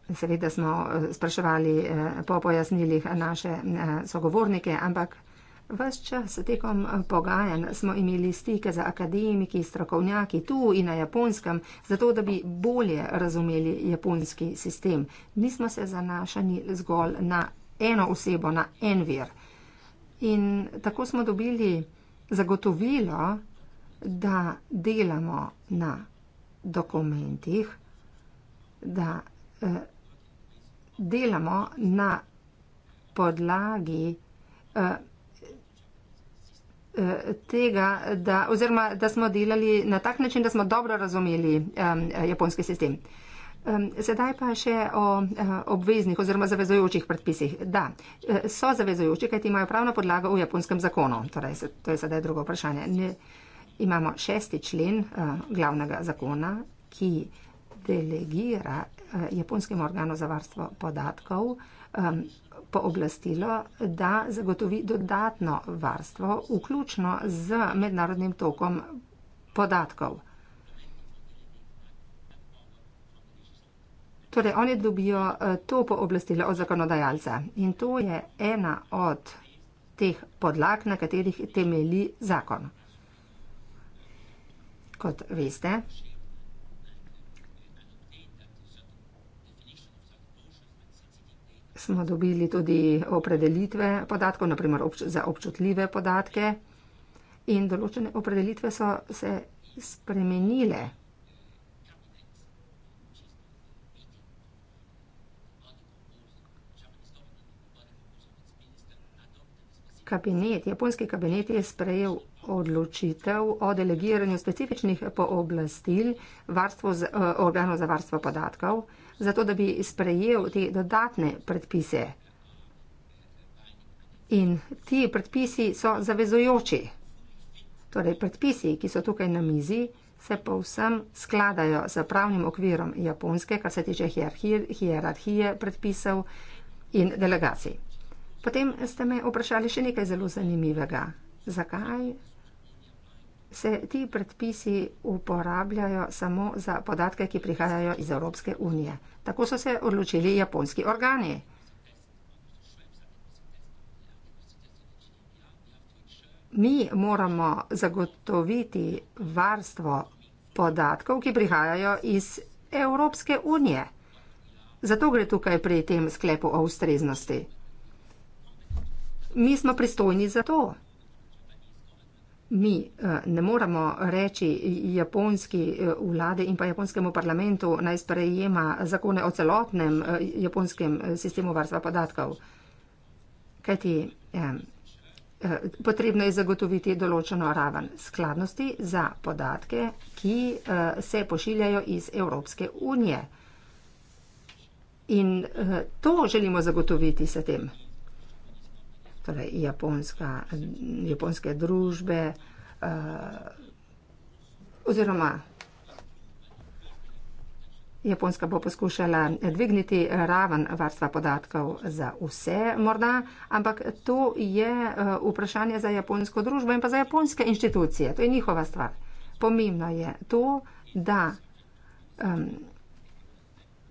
seveda smo eh, spraševali eh, po pojasnilih naše sogovornike, ampak Ves čas tekom eh, pogajanj smo imeli stike z akademiki, strokovnjaki tu in na japonskem, zato da bi bolje razumeli japonski sistem. Nismo se zanašali zgolj na eno osebo, na en vir. In tako smo dobili zagotovilo, da delamo na dokumentih, da eh, delamo na podlagi eh, tega, da, oziroma da smo delali na tak način, da smo dobro razumeli um, japonski sistem. Um, sedaj pa še o uh, obveznih oziroma zavezojočih predpisih. Da, eh, so zavezojoči, kajti imajo pravno podlago v japonskem zakonu. Torej, to je sedaj drugo vprašanje. Ne, imamo šesti člen uh, glavnega zakona, ki delegira uh, japonskim organom za varstvo podatkov. Um, pooblastilo, da zagotovi dodatno varstvo, vključno z mednarodnim tokom podatkov. Torej, oni dobijo eh, to pooblastilo od zakonodajalca in to je ena od teh podlag, na katerih temelji zakon. Kot veste, smo dobili tudi opredelitve podatkov, naprimer obč za občutljive podatke. In določene opredelitve so se spremenile. Kabinet, japonski kabinet je sprejel odločitev o delegiranju specifičnih pooblastil varstvo z, eh, organov za varstvo podatkov zato da bi sprejel te dodatne predpise. In ti predpisi so zavezojoči. Torej, predpisi, ki so tukaj na mizi, se povsem skladajo z pravnim okvirom japonske, kar se tiče hierarhije, hierarhije predpisov in delegacij. Potem ste me vprašali še nekaj zelo zanimivega. Zakaj se ti predpisi uporabljajo samo za podatke, ki prihajajo iz Evropske unije. Tako so se odločili japonski organi. Mi moramo zagotoviti varstvo podatkov, ki prihajajo iz Evropske unije. Zato gre tukaj pri tem sklepu o ustreznosti. Mi smo pristojni za to mi eh, ne moremo reči japonski eh, vlade in pa japonskemu parlamentu naj sprejema zakone o celotnem eh, japonskem sistemu varstva podatkov. Kajti potrebno je zagotoviti določeno raven skladnosti za podatke, ki se pošiljajo iz Evropske unije. In to želimo zagotoviti s tem torej japonska, japonske družbe uh, oziroma Japonska bo poskušala dvigniti raven varstva podatkov za vse morda, ampak to je eh, vprašanje za japonsko družbo in pa za japonske inštitucije. To je njihova stvar. Pomembno je to, da um,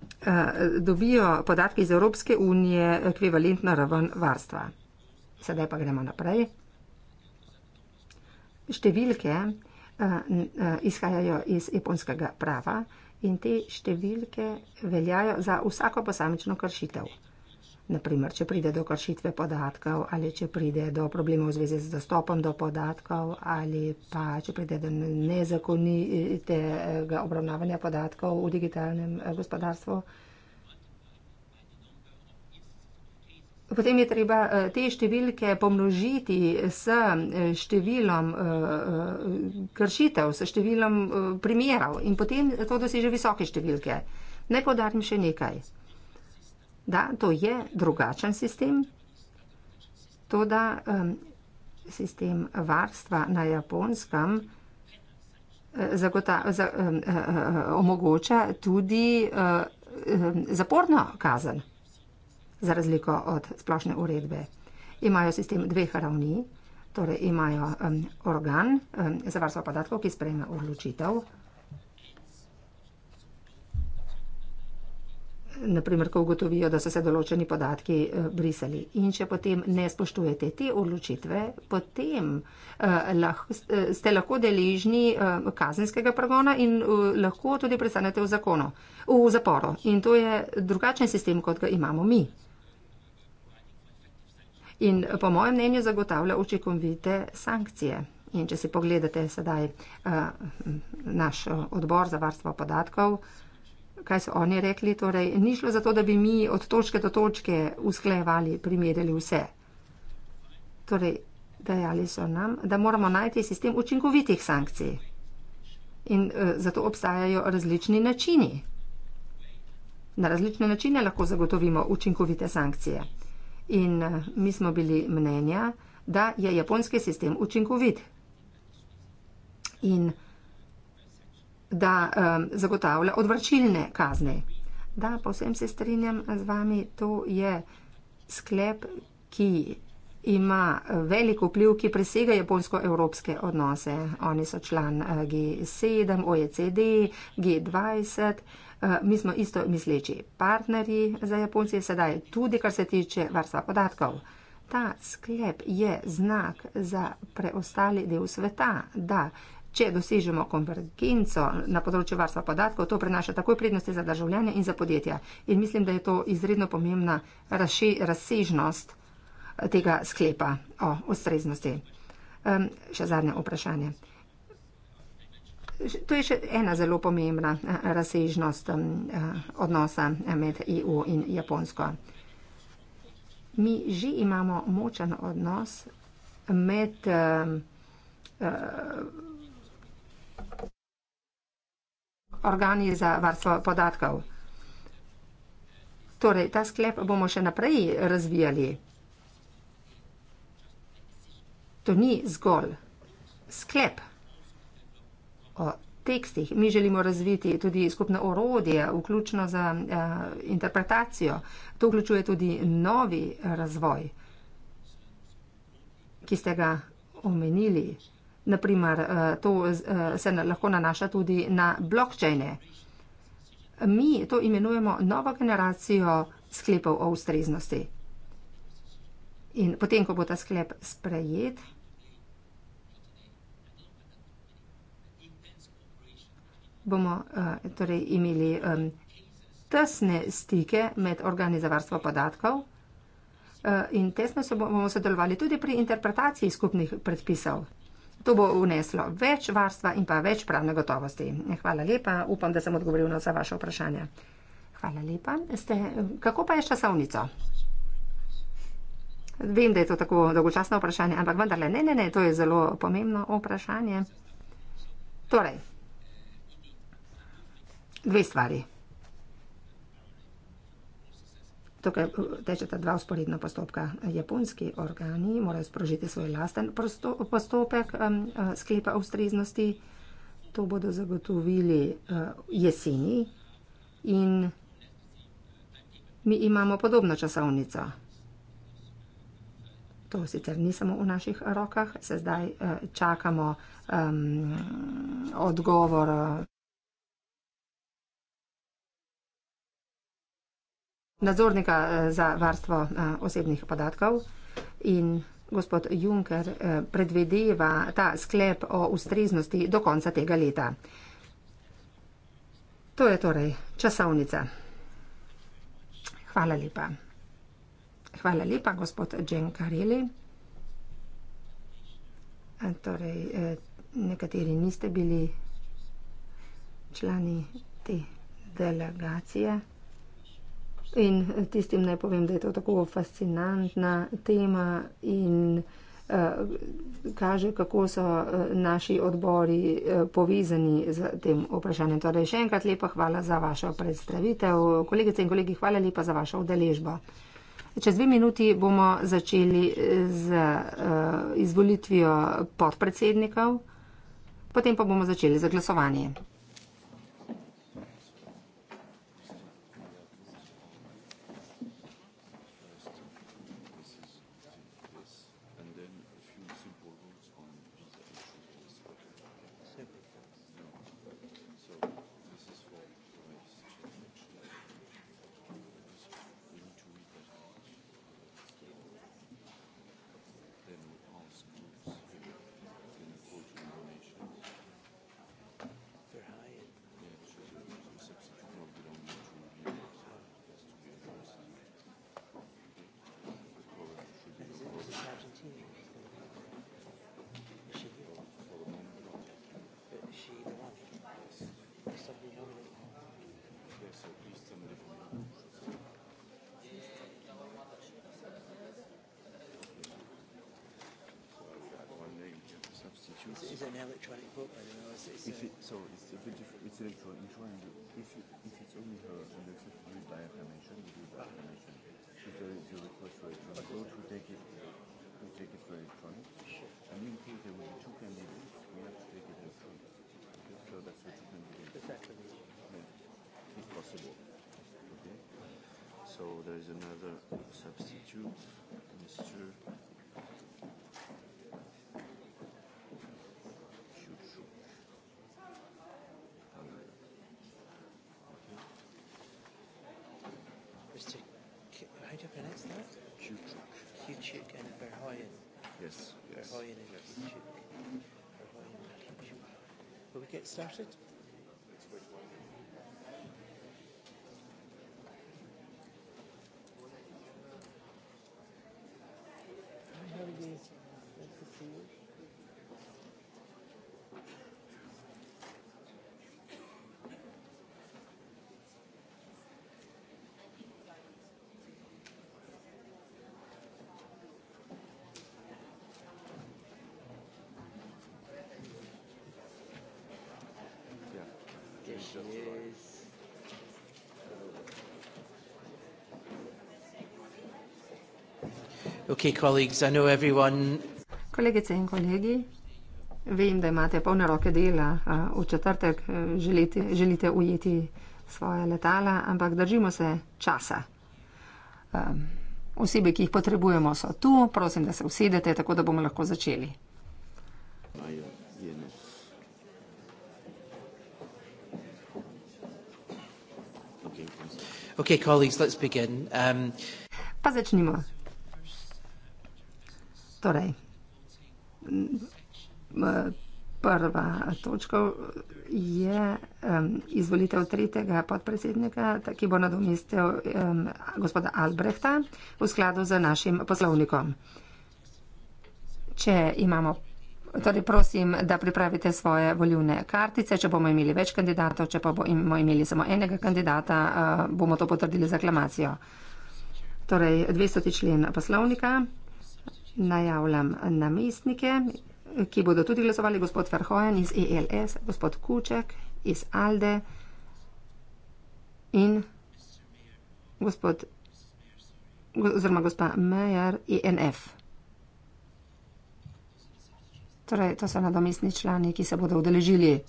uh, dobijo podatki iz Evropske unije ekvivalentno raven varstva. Sedaj pa gremo naprej. Številke uh, uh, izhajajo iz japonskega prava in te številke veljajo za vsako posamično kršitev. Naprimer, če pride do kršitve podatkov ali če pride do problemov v zvezi z dostopom do podatkov ali pa če pride do nezakonitega obravnavanja podatkov v digitalnem eh, gospodarstvu. Uh, Potem je treba eh, te številke pomnožiti s eh, številom eh, kršitev, s številom primerov in potem to doseže visoke številke. Naj podarim še nekaj. Da, to je drugačen sistem. To, da sistem varstva na japonskem omogoča tudi zaporno kazen za razliko od splošne uredbe. Imajo sistem dveh ravni, torej imajo um, organ um, za varstvo podatkov, ki sprejme odločitev. Naprimer, ko ugotovijo, da so se določeni podatki e, brisali in če potem ne spoštujete te odločitve, potem eh, lahko, e, ste lahko deližni eh, kazenskega pragona in eh, lahko tudi prestanete v, zakonu, v zaporu. In to je drugačen sistem, kot ga imamo mi in eh, po mojem mnenju zagotavlja učinkovite sankcije. In če si pogledate sedaj uh, naš eh, odbor za varstvo podatkov, kaj so oni rekli, torej ni šlo za to, da bi mi od točke do točke usklejevali, primerjali vse. Torej, dejali so nam, da moramo najti sistem učinkovitih sankcij. In uh, zato obstajajo različni načini. Na različne načine lahko zagotovimo učinkovite sankcije in eh, mi smo bili mnenja, da je japonski sistem učinkovit in da um, zagotavlja odvračilne kazne. Da, pa vsem se strinjam z vami, to je sklep, ki ima velik vpliv, ki presega japonsko-evropske odnose. Oni so član G7, OECD, G20 Eh, mi smo isto misleči partnerji za Japonce, sedaj tudi, kar se tiče varstva podatkov. Ta sklep je znak za preostali del sveta, da če dosežemo konvergenco na področju varstva podatkov, to prenaša takoj prednosti za državljane in za podjetja. In mislim, da je to izredno pomembna razsežnost eh, tega sklepa o ustreznosti. Um, še zadnje vprašanje. To je še ena zelo pomembna eh, razsežnost eh, odnosa eh, med EU in Japonsko. Mi že imamo močan odnos med organi za varstvo podatkov. Torej, ta sklep bomo še naprej razvijali. To ni zgolj sklep o tekstih. Mi želimo razviti tudi skupno orodje, vključno za uh, interpretacijo. To vključuje tudi novi razvoj, ki ste ga omenili. Naprimer, uh, eh, to uh, se na, lahko nanaša tudi na blokčene. Mi to imenujemo novo generacijo sklepov o ustreznosti. In potem, ko bo ta sklep sprejet, bomo uh, torej imeli um, tesne stike med organi za varstvo podatkov uh, in tesno so bomo sodelovali tudi pri interpretaciji skupnih predpisov. To bo uneslo več varstva in pa več pravne gotovosti. Hvala lepa, upam, da sem odgovoril na vaše vprašanje. Hvala lepa. Ste, kako pa je s časovnico? Vem, da je to tako dolgočasno vprašanje, ampak vendarle, ne, ne, ne, to je zelo pomembno vprašanje. Torej, dve stvari. Tukaj tečeta dva usporedna postopka. Japonski organi morajo sprožiti svoj lasten postopek um, uh, sklepa ustreznosti. To bodo zagotovili uh, jeseni in mi imamo podobno časovnico. To sicer ni samo v naših rokah, se zdaj uh, čakamo um, odgovor. nadzornika eh, za varstvo eh, osebnih podatkov in gospod Juncker eh, predvedeva ta sklep o ustreznosti do konca tega leta. To je torej časovnica. Hvala lepa. Hvala lepa, gospod Dženkareli. Torej, nekateri niste bili člani te delegacije. In tistim naj povem, da je to tako fascinantna tema in uh, kaže, kako so uh, naši odbori uh, povezani z tem vprašanjem. Torej, še enkrat lepa hvala za vašo predstavitev. Kolegice in kolegi, hvala lepa za vašo udeležbo. Čez dve minuti bomo začeli z uh, izvolitvijo podpredsednikov, potem pa bomo začeli z glasovanjem. is, is it an electronic book? I don't know. It's, it's if a, it, so it's a bit different. It's electronic. And if, you, if it's only her and it's only by affirmation, you do by affirmation. If there is a request for electronic book, we take it. We take it for electronic. Sure. And in case there will be two candidates, we have to take it electronic. Okay? So that's what you can do. Yeah. If possible. Okay. So there is another substitute, Mr. started. Kolegice in kolegi, vem, da imate polne roke dela, v četrtek e, želite, želite ujeti svoje letala, ampak držimo se časa. Osebe, ki jih potrebujemo, so tu. Prosim, da se usedete, tako da bomo lahko začeli. Okay, colleagues, let's begin. Um... Pa začnimo. Torej, prva točka je um, izvolitev tretjega podpredsednika, ki bo nadomestil um, gospoda Albrehta v skladu z našim poslovnikom. Če imamo Torej, prosim, da pripravite svoje voljivne kartice. Če bomo imeli več kandidatov, če pa bomo imeli samo enega kandidata, eh, bomo to potrdili z aklamacijo. Torej, 200. člen poslovnika. Najavljam namestnike, ki bodo tudi glasovali gospod Verhojen iz ELS, gospod Kuček iz ALDE in gospod oziroma gospa Mejer INF. Torej, to so nadomestni člani, ki se bodo odeležili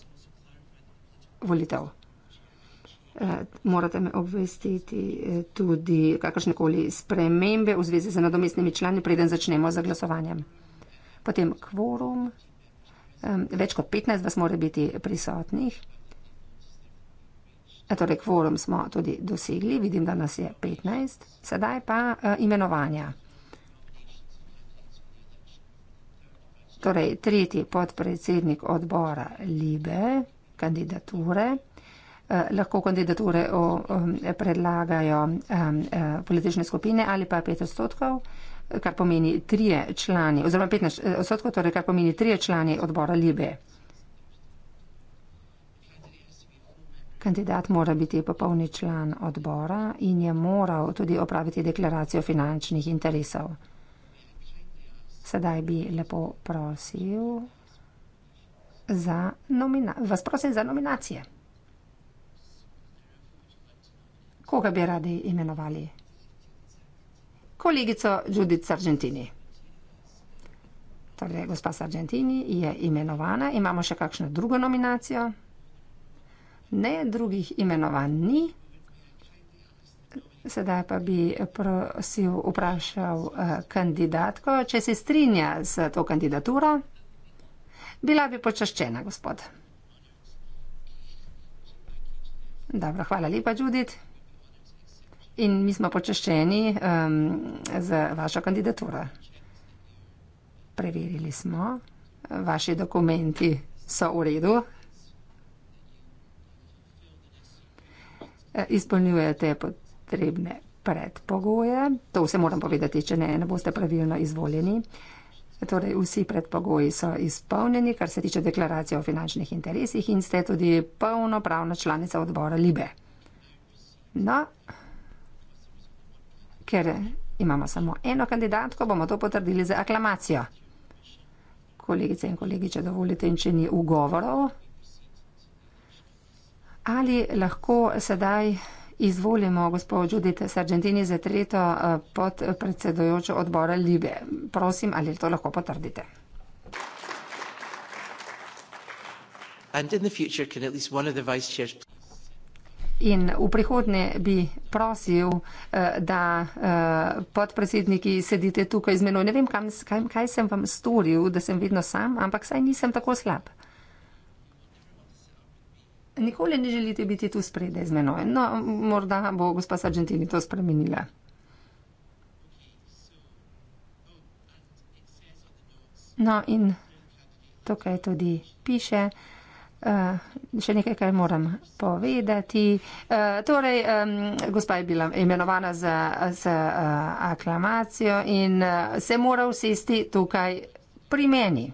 volitev. Eh, morate me obvestiti eh, tudi kakršnekoli spremembe v zvezi z nadomestnimi člani, preden začnemo z glasovanjem. Potem kvorum. Več kot 15 vas mora biti prisotnih. E, torej, kvorum smo tudi dosegli, vidim, da nas je 15. Sedaj pa eh, imenovanja. torej tretji podpredsednik odbora Libe, kandidature. Eh, lahko kandidature predlagajo eh, politične skupine ali pa pet odstotkov kar pomeni trije člani, oziroma 15 eh, odstotkov, torej kar pomeni trije člani odbora Libe. Kandidat mora biti popolni član odbora in je moral tudi opraviti deklaracijo finančnih interesov. Sedaj bi lepo prosil za vas prosim za nominacije. Koga bi radi imenovali? Kolegico Judith Sargentini. Torej, gospa Sargentini je imenovana. Imamo še kakšno drugo nominacijo? Ne, drugih imenovanj ni. Sedaj pa bi prosil vprašal eh, kandidatko, če se strinja z to kandidaturo. Bila bi počaščena, gospod. Dobro, hvala lepa, Judith. In mi smo počaščeni um, z vašo kandidaturo. Preverili smo, vaši dokumenti so v redu. Eh, izpolnjujete pod potrebne predpogoje. To vse moram povedati, če ne, ne boste pravilno izvoljeni. Torej, vsi predpogoji so izpolnjeni, kar se tiče deklaracije o finančnih interesih in ste tudi polnopravna članica odbora Libe. No, ker imamo samo eno kandidatko, bomo to potrdili z aklamacijo. Kolegice in kolegi, če dovolite in če ni ugovorov, ali lahko sedaj Izvolimo gospod Judith Sargentini za tretjo eh, podpredsedojočo odbora Libe. Prosim, ali to lahko potrdite? In v prihodnje bi prosil, eh, da eh, podpredsedniki sedite tukaj z menoj. Ne vem, kam, kaj sem vam storil, da sem vedno sam, ampak saj nisem tako slab. Nikoli ne želite biti tu spredaj z menoj. No, morda bo gospa Sargentini to spremenila. No, in tukaj tudi piše. Uh, še nekaj, kaj moram povedati. Uh, torej, um, gospa je bila imenovana z, z uh, eh, aklamacijo in uh, se mora usesti tukaj pri meni.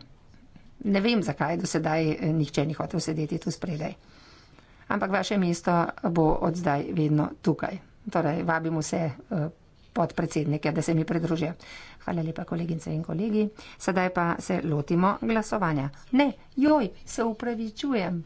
Ne vem, zakaj do sedaj nihče ni hotel sedeti tu spredaj ampak vaše mesto bo od zdaj vedno tukaj. Torej, vabim vse eh, podpredsednike, da se mi pridružijo. Hvala lepa, kolegice in kolegi. Sedaj pa se lotimo glasovanja. Ne, joj, se upravičujem.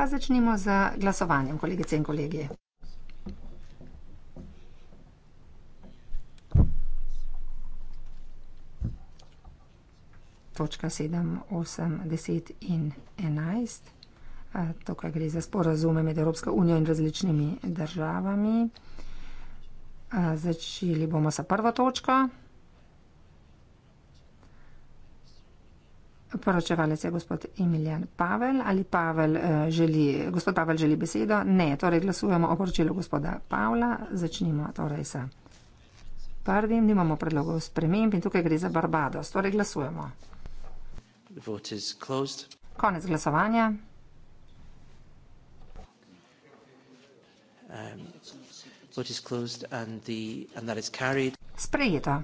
pa začnimo z glasovanjem, kolegice in kolegi. Točka sedem, osem, deset in enajst. Tukaj gre za sporazume med Evropsko unijo in različnimi državami. Začeli bomo sa prvo točko. Poročevalec je gospod Emiljan Pavel. Ali Pavel eh, želi, gospod Pavel želi besedo? Ne, torej glasujemo o poročilu gospoda Pavla. Začnimo torej sa prvim, nimamo predlogov sprememb in tukaj gre za Barbados. Torej glasujemo. Konec glasovanja. Um, Sprejeto.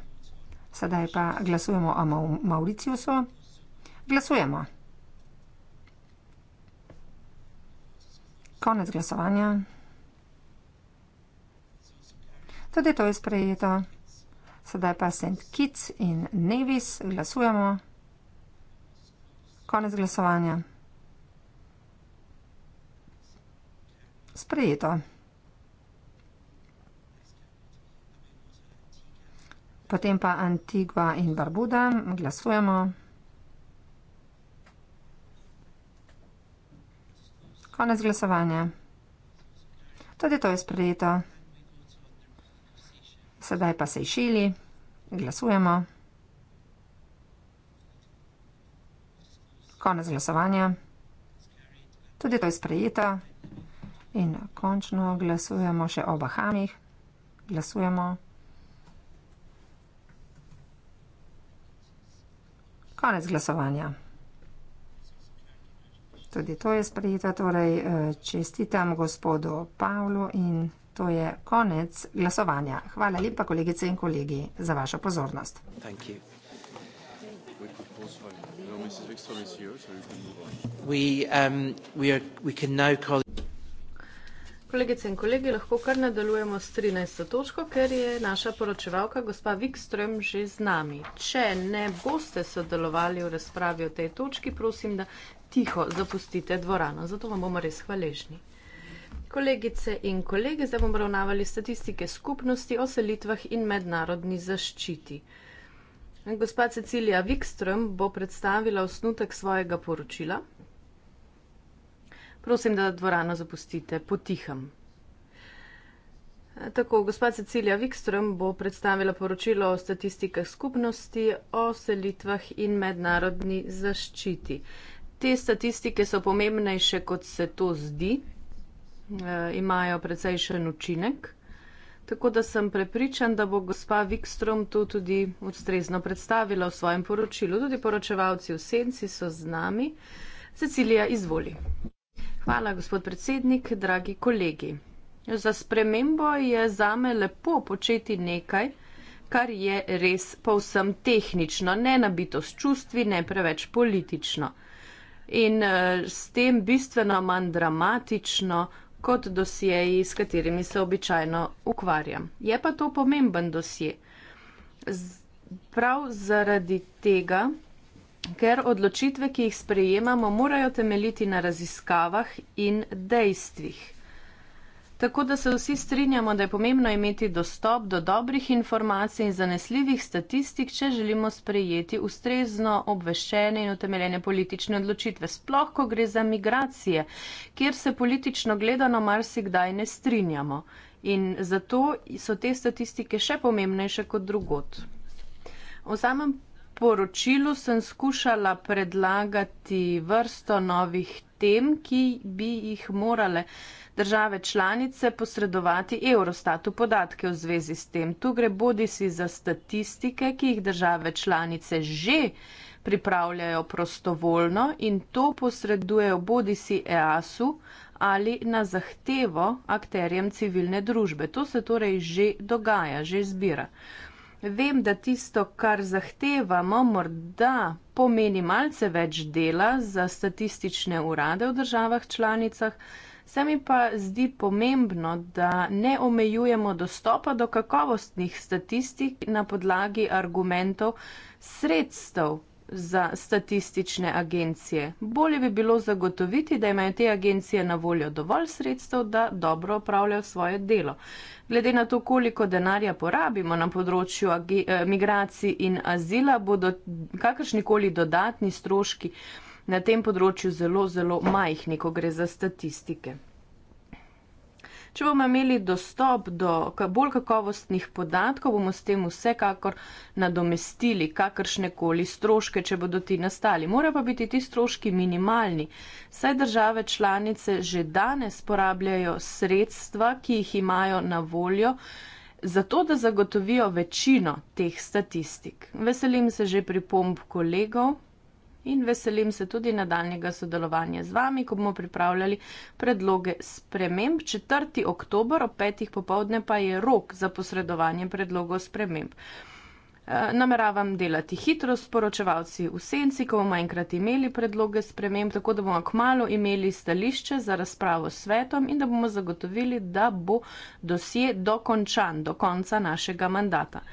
Sedaj pa glasujemo o Mauriciusu. Glasujemo. Konec glasovanja. Tudi to je sprejeto. Sedaj pa St. Kitts in Nevis glasujemo. Konec glasovanja. Sprejeto. Potem pa Antigua in Barbuda glasujemo. Konec glasovanja. Tudi to je sprejeto. Sedaj pa se išili. Glasujemo. Konec glasovanja. Tudi to je sprejeto. In končno glasujemo še o Bahamih. Glasujemo. Konec glasovanja. Tudi to je sprejeto, torej eh, čestitam gospodu Pavlu in to je konec glasovanja. Hvala lepa, kolegice in kolegi, za vašo pozornost. Um, kolegice in kolegi, lahko kar nadaljujemo s 13. točko, ker je naša poročevalka gospa Vikström že z nami. Če ne boste sodelovali v razpravi o tej točki, prosim, da tiho zapustite dvorano, zato vam bomo res hvaležni. Kolegice in kolegi, zdaj bomo obravnavali statistike skupnosti o selitvah in mednarodni zaščiti. Gospa Cecilija Wikström bo predstavila osnutek svojega poročila. Prosim, da dvorano zapustite potihem. Tako, gospa Cecilija Wikström bo predstavila poročilo o statistikah skupnosti o selitvah in mednarodni zaščiti te statistike so pomembnejše, kot se to zdi, e, imajo precejšen učinek. Tako da sem prepričan, da bo gospa Wikström to tudi ustrezno predstavila v svojem poročilu. Tudi poročevalci v senci so z nami. Cecilija, izvoli. Hvala, gospod predsednik, dragi kolegi. Za spremembo je zame lepo početi nekaj, kar je res povsem tehnično, ne nabito s čustvi, ne preveč politično in eh, s tem bistveno manj dramatično kot dosjeji, s katerimi se običajno ukvarjam. Je pa to pomemben dosje. Prav zaradi tega, ker odločitve, ki jih sprejemamo, morajo temeljiti na raziskavah in dejstvih. Tako da se vsi strinjamo, da je pomembno imeti dostop do dobrih informacij in zanesljivih statistik, če želimo sprejeti ustrezno obveščene in utemeljene politične odločitve, sploh ko gre za migracije, kjer se politično gledano marsikdaj ne strinjamo. In zato so te statistike še pomembnejše kot drugot. V samem poročilu sem skušala predlagati vrsto novih tem, ki bi jih morale države članice posredovati Eurostatu podatke v zvezi s tem. Tu gre bodi si za statistike, ki jih države članice že pripravljajo prostovoljno in to posredujejo bodi si EASU ali na zahtevo akterjem civilne družbe. To se torej že dogaja, že zbira vem, da tisto, kar zahtevamo, morda pomeni malce več dela za statistične urade v državah članicah, se mi pa zdi pomembno, da ne omejujemo dostopa do kakovostnih statistik na podlagi argumentov sredstev, za statistične agencije. Bolje bi bilo zagotoviti, da imajo te agencije na voljo dovolj sredstev, da dobro opravljajo svoje delo. Glede na to, koliko denarja porabimo na področju eh, migracij in azila, bodo kakršnikoli dodatni stroški na tem področju zelo, zelo majhni, ko gre za statistike. Če bomo imeli dostop do bolj kakovostnih podatkov, bomo s tem vsekakor nadomestili kakršne koli stroške, če bodo ti nastali. Morajo pa biti ti stroški minimalni. Saj države članice že danes porabljajo sredstva, ki jih imajo na voljo. Zato, da zagotovijo večino teh statistik. Veselim se že pripomb kolegov, in veselim se tudi nadaljnjega sodelovanja z vami, ko bomo pripravljali predloge sprememb. 4. oktober ob 5. popovdne pa je rok za posredovanje predlogov sprememb. Eh, nameravam delati hitro s poročevalci v senci, ko bomo enkrat imeli predloge sprememb, tako da bomo kmalo imeli stališče za razpravo s svetom in da bomo zagotovili, da bo dosje dokončan do konca našega mandata.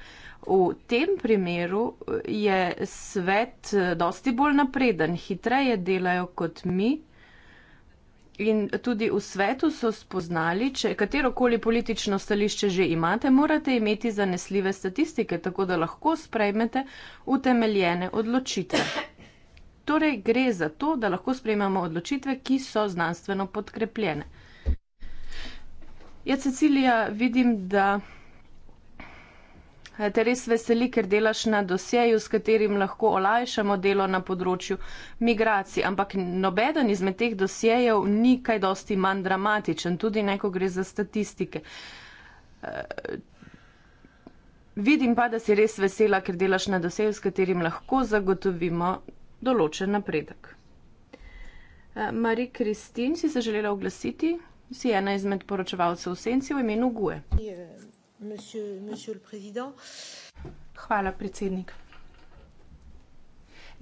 V tem primeru eh, je svet eh, dosti bolj napreden, hitreje delajo kot mi. In tudi v svetu so spoznali, če katerokoli politično stališče že imate, morate imeti zanesljive statistike, tako da lahko sprejmete utemeljene odločitve. Torej gre za to, da lahko sprejmemo odločitve, ki so znanstveno podkrepljene. Ja, Cecilija, vidim, da Eh, te res veseli, ker delaš na dosjeju, s katerim lahko olajšamo delo na področju migracij, ampak nobeden izmed teh dosjejev ni kaj dosti manj dramatičen, tudi neko gre za statistike. Eh, vidim pa, da si res vesela, ker delaš na dosjeju, s katerim lahko zagotovimo določen napredek. Eh, Marie Kristin, si se želela oglasiti? Si ena izmed poročevalcev v senci v imenu Gue. Yeah. Hvala, predsednik.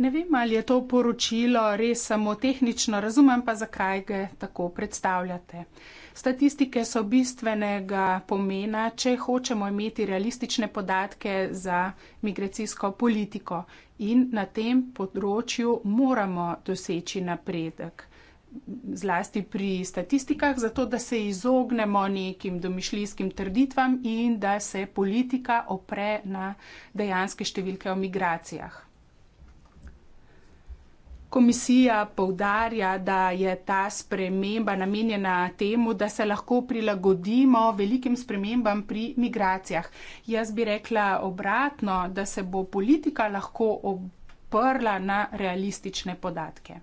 Ne vem, ali je to poročilo res samo tehnično, razumem pa, zakaj ga tako predstavljate. Statistike so bistvenega pomena, če hočemo imeti realistične podatke za migracijsko politiko in na tem področju moramo doseči napredek zlasti pri statistikah, zato da se izognemo nekim domišljijskim trditvam in da se politika opre na dejanske številke o migracijah. Komisija povdarja, da je ta sprememba namenjena temu, da se lahko prilagodimo velikim spremembam pri migracijah. Jaz bi rekla obratno, da se bo politika lahko oprla na realistične podatke.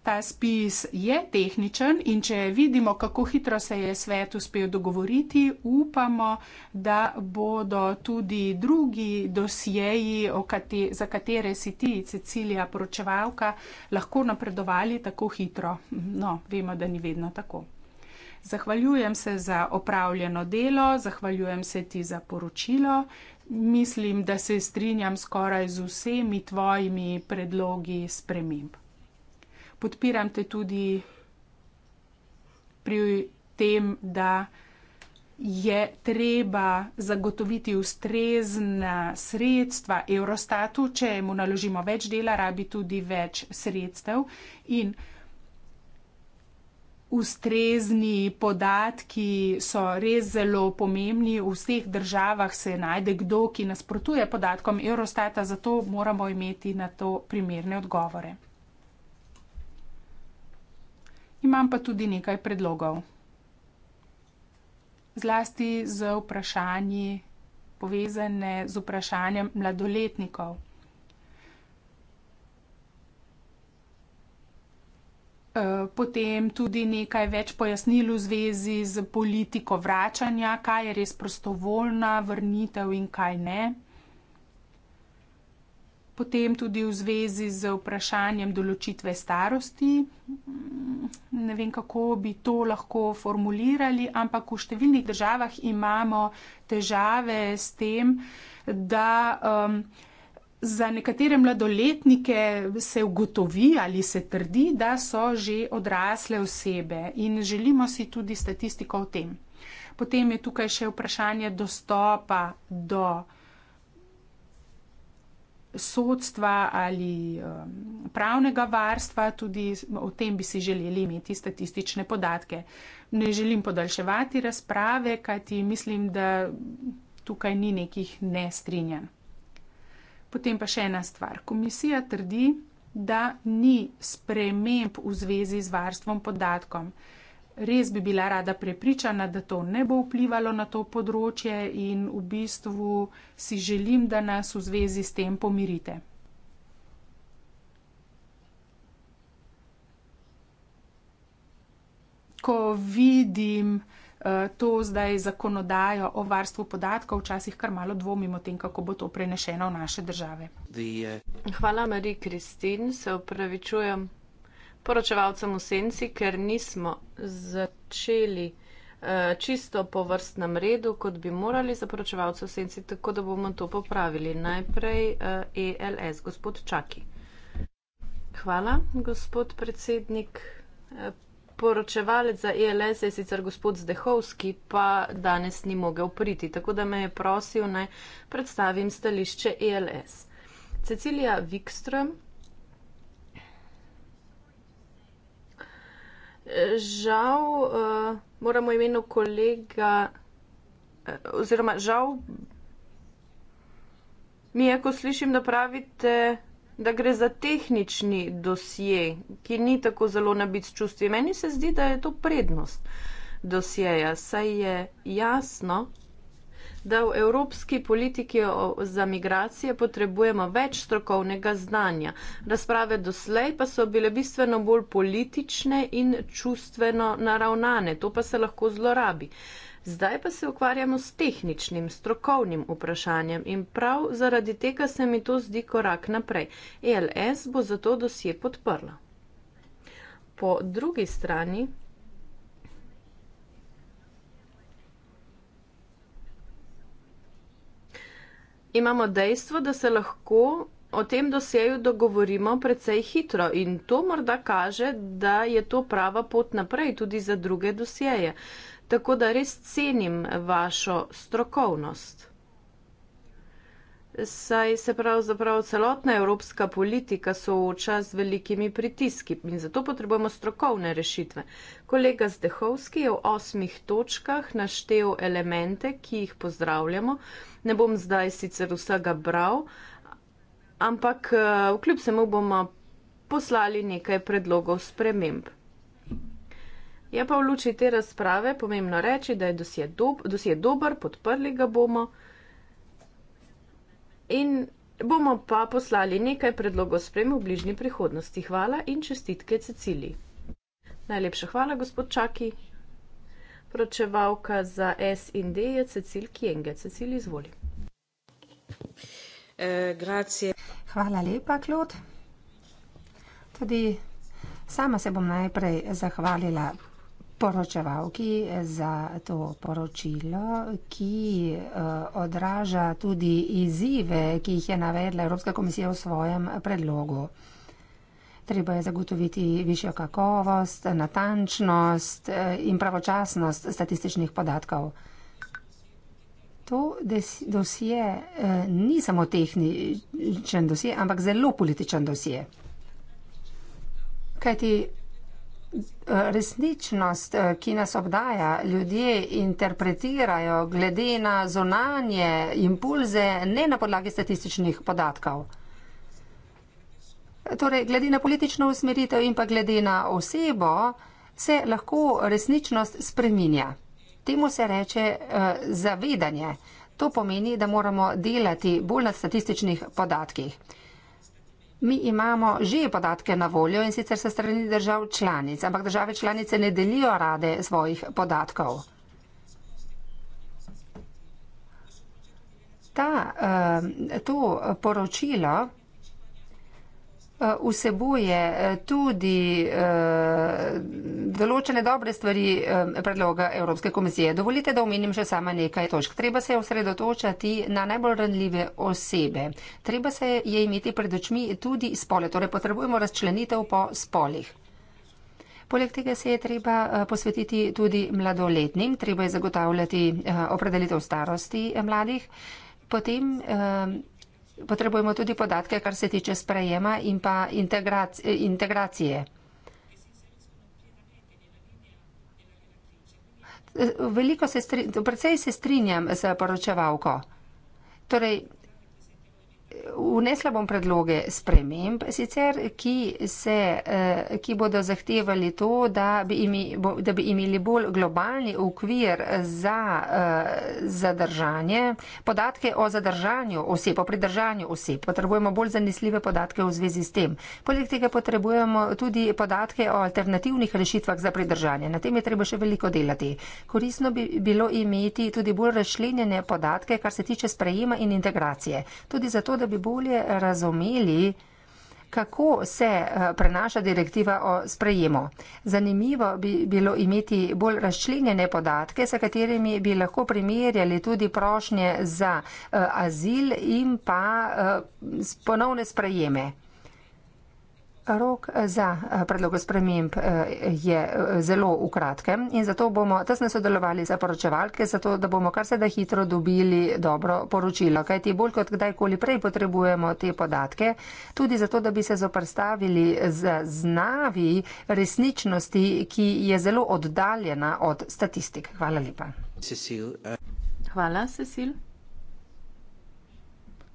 Ta spis je tehničen in če vidimo, kako hitro se je svet uspel dogovoriti, upamo, da bodo tudi drugi dosjeji, kate, za katere si ti, Cecilija, poročevalka, lahko napredovali tako hitro. No, vemo, da ni vedno tako. Zahvaljujem se za opravljeno delo, zahvaljujem se ti za poročilo. Mislim, da se strinjam skoraj z vsemi tvojimi predlogi sprememb podpiram te tudi pri tem, da je treba zagotoviti ustrezna sredstva Eurostatu, če mu naložimo več dela, rabi tudi več sredstev in ustrezni podatki so res zelo pomembni. V vseh državah se najde kdo, ki nasprotuje podatkom Eurostata, zato moramo imeti na to primerne odgovore imam pa tudi nekaj predlogov. Zlasti z vprašanji, povezane z vprašanjem mladoletnikov. E, potem tudi nekaj več pojasnil v zvezi s politiko vračanja, kaj je res prostovoljna vrnitev in kaj ne. Potem tudi v zvezi z vprašanjem določitve starosti. Ne vem, kako bi to lahko formulirali, ampak v številnih državah imamo težave s tem, da um, za nekatere mladoletnike se ugotovi ali se trdi, da so že odrasle osebe in želimo si tudi statistiko o tem. Potem je tukaj še vprašanje dostopa do sodstva ali um, pravnega varstva, tudi o tem bi si želeli imeti statistične podatke. Ne želim podaljševati razprave, kajti mislim, da tukaj ni nekih nestrinjanj. Potem pa še ena stvar. Komisija trdi, da ni sprememb v zvezi z varstvom podatkom res bi bila rada prepričana, da to ne bo vplivalo na to področje in v bistvu si želim, da nas v zvezi s tem pomirite. Ko vidim eh, to zdaj zakonodajo o varstvu podatkov, včasih kar malo dvomimo o tem, kako bo to prenešeno v naše države. Eh, Hvala, Marija Kristin, se opravičujem poročevalcem v senci, ker nismo začeli eh, čisto po vrstnem redu, kot bi morali za poročevalce v senci, tako da bomo to popravili. Najprej ELS, eh, e gospod Čaki. Hvala, gospod predsednik. Eh, poročevalec za ELS je sicer gospod Zdehovski, pa danes ni mogel priti, tako da me je prosil, naj predstavim stališče ELS. Cecilija Wikström, žal uh, moramo imeno kolega, uh, oziroma žal mi je, ko slišim, da pravite, da gre za tehnični dosje, ki ni tako zelo nabit s čustvi. Meni se zdi, da je to prednost dosjeja, saj je jasno, da v evropski politiki za migracije potrebujemo več strokovnega znanja. Razprave doslej pa so bile bistveno bolj politične in čustveno naravnane, to pa se lahko zlorabi. Zdaj pa se ukvarjamo s tehničnim, strokovnim vprašanjem in prav zaradi tega se mi to zdi korak naprej. ELS bo zato dosje podprla. Po drugi strani imamo dejstvo, da se lahko o tem dosjeju dogovorimo precej hitro in to morda kaže, da je to prava pot naprej tudi za druge dosjeje. Tako da res cenim vašo strokovnost saj se pravzaprav celotna evropska politika sooča z velikimi pritiski in zato potrebujemo strokovne rešitve. Kolega Zdehovski je v osmih točkah naštel elemente, ki jih pozdravljamo. Ne bom zdaj sicer vsega bral, ampak vkljub eh, semu bomo poslali nekaj predlogov sprememb. Je pa v luči te razprave pomembno reči, da je dosje dob, dobar, podprli ga bomo in bomo pa poslali nekaj predlogov sprem v bližnji prihodnosti. Hvala in čestitke Cecili. Najlepša hvala, gospod Čaki. Pročevalka za S in D je Cecil Kienge. Cecil, izvoli. E, hvala lepa, Klod. Tudi sama se bom najprej zahvalila poročevalki za to poročilo, ki eh, odraža tudi izzive, ki jih je navedla Evropska komisija v svojem predlogu. Treba je zagotoviti višjo kakovost, natančnost eh, in pravočasnost statističnih podatkov. To dosje eh, ni samo tehničen dosje, ampak zelo političen dosje. Kajti resničnost, eh, ki nas obdaja, ljudje interpretirajo glede na zonanje impulze, ne na podlagi statističnih podatkov. Torej, glede na politično usmeritev in pa glede na osebo, se lahko resničnost spreminja. Temu se reče uh, zavedanje. To pomeni, da moramo delati bolj na statističnih podatkih. Mi imamo že podatke na voljo in sicer se strani držav članic, ampak države članice ne delijo rade svojih podatkov. Ta, eh, to poročilo vsebuje eh, tudi eh, določene dobre stvari eh, predloga Evropske komisije. Dovolite, da omenim še sama nekaj točk. Treba se je osredotočati na najbolj ranljive osebe. Treba se je imeti pred očmi tudi spole, torej potrebujemo razčlenitev po spolih. Poleg tega se je treba posvetiti tudi mladoletnim, treba je zagotavljati opredelitev starosti mladih. Potem potrebujemo tudi podatke, kar se tiče sprejema in pa integracije. Veliko se strinjam, predvsej se strinjam s poročevalko. Torej, Vnesla bom predloge sprememb, sicer, ki, se, eh, ki bodo zahtevali to, da bi, imi, da bi imeli bolj globalni ukvir za eh, zadržanje, podatke o zadržanju oseb, o pridržanju oseb. Potrebujemo bolj zanesljive podatke v zvezi s tem. Poleg tega potrebujemo tudi podatke o alternativnih rešitvah za pridržanje. Na tem je treba še veliko delati. Korisno bi bilo imeti tudi bolj razšlenjene podatke, kar se tiče sprejema in integracije. Tudi zato, da bi bolje razumeli, kako se eh, prenaša direktiva o sprejemu. Zanimivo bi bilo imeti bolj razčlenjene podatke, s katerimi bi lahko primerjali tudi prošnje za eh, azil in pa eh, ponovne sprejeme rok za eh, predlogo sprememb eh, je eh, zelo ukratke in zato bomo tesno sodelovali za poročevalke, zato da bomo kar se da hitro dobili dobro poročilo, kajti bolj kot kdajkoli prej potrebujemo te podatke, tudi zato, da bi se zoprstavili z znavi resničnosti, ki je zelo oddaljena od statistik. Hvala lepa. Cecil, uh... Hvala, Cecil.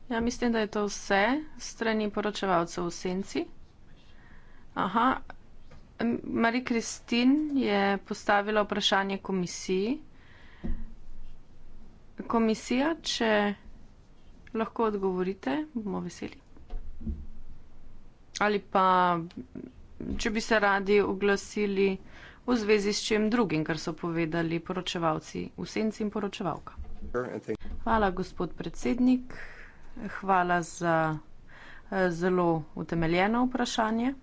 Ja, mislim, da je to vse strani poročevalcev v senci. Aha. Marija Kristin je postavila vprašanje komisiji. Komisija, če lahko odgovorite, bomo veseli. Ali pa, če bi se radi oglasili v zvezi s čem drugim, kar so povedali poročevalci v senci in poročevalka. Hvala, gospod predsednik. Hvala za eh, zelo utemeljeno vprašanje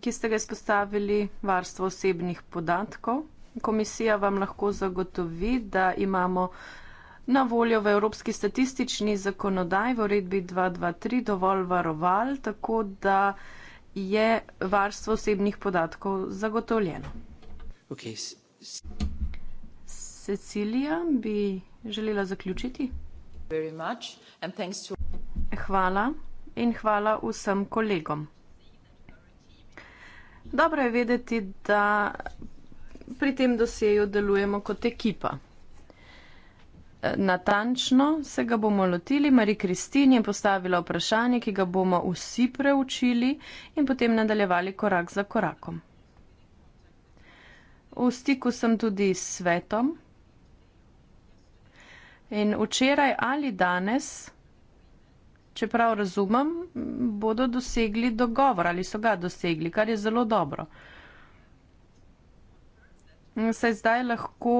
ki ste ga izpostavili, varstvo osebnih podatkov. Komisija vam lahko zagotovi, da imamo na voljo v evropski statistični zakonodaj v redbi 223 dovolj varoval, tako da je varstvo osebnih podatkov zagotovljeno. Okay. Cecilija bi želela zaključiti. Hvala in hvala vsem kolegom. Dobro je vedeti, da pri tem dosjeju delujemo kot ekipa. E, natančno se ga bomo lotili. Marija Kristin je postavila vprašanje, ki ga bomo vsi preučili in potem nadaljevali korak za korakom. V stiku sem tudi s svetom. In včeraj ali danes čeprav razumem, bodo dosegli dogovor ali so ga dosegli, kar je zelo dobro. Saj zdaj lahko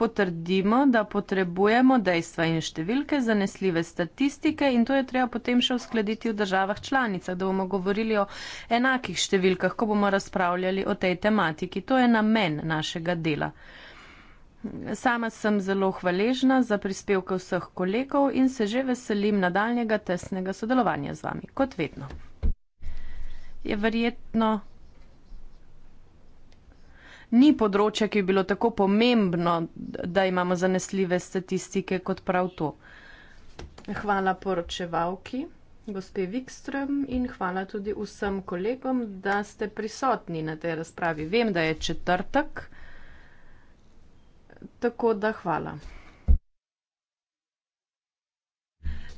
potrdimo, da potrebujemo dejstva in številke, zanesljive statistike in to je treba potem še uskladiti v državah članicah, da bomo govorili o enakih številkah, ko bomo razpravljali o tej tematiki. To je namen našega dela. Sama sem zelo hvaležna za prispevke vseh kolegov in se že veselim nadaljnjega tesnega sodelovanja z vami, kot vedno. Je verjetno. Ni področja, ki je bilo tako pomembno, da imamo zanesljive statistike kot prav to. Hvala poročevalki, gospe Wikström, in hvala tudi vsem kolegom, da ste prisotni na tej razpravi. Vem, da je četrtek tako da hvala.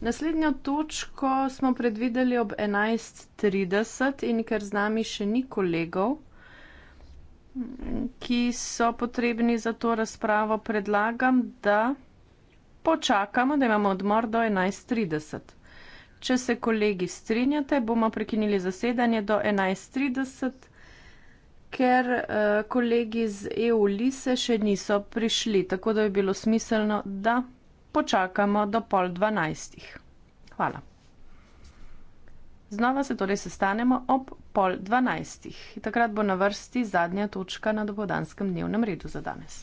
Naslednjo točko smo predvideli ob 11.30 in ker z nami še ni kolegov, ki so potrebni za to razpravo, predlagam, da počakamo, da imamo odmor do 11.30. Če se kolegi strinjate, bomo prekinili zasedanje do 11.30 ker uh, kolegi iz EU Lise še niso prišli, tako da je bilo smiselno, da počakamo do pol dvanajstih. Hvala. Znova se torej sestanemo ob pol dvanajstih. Takrat bo na vrsti zadnja točka na dobodanskem dnevnem redu za danes.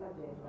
Grazie.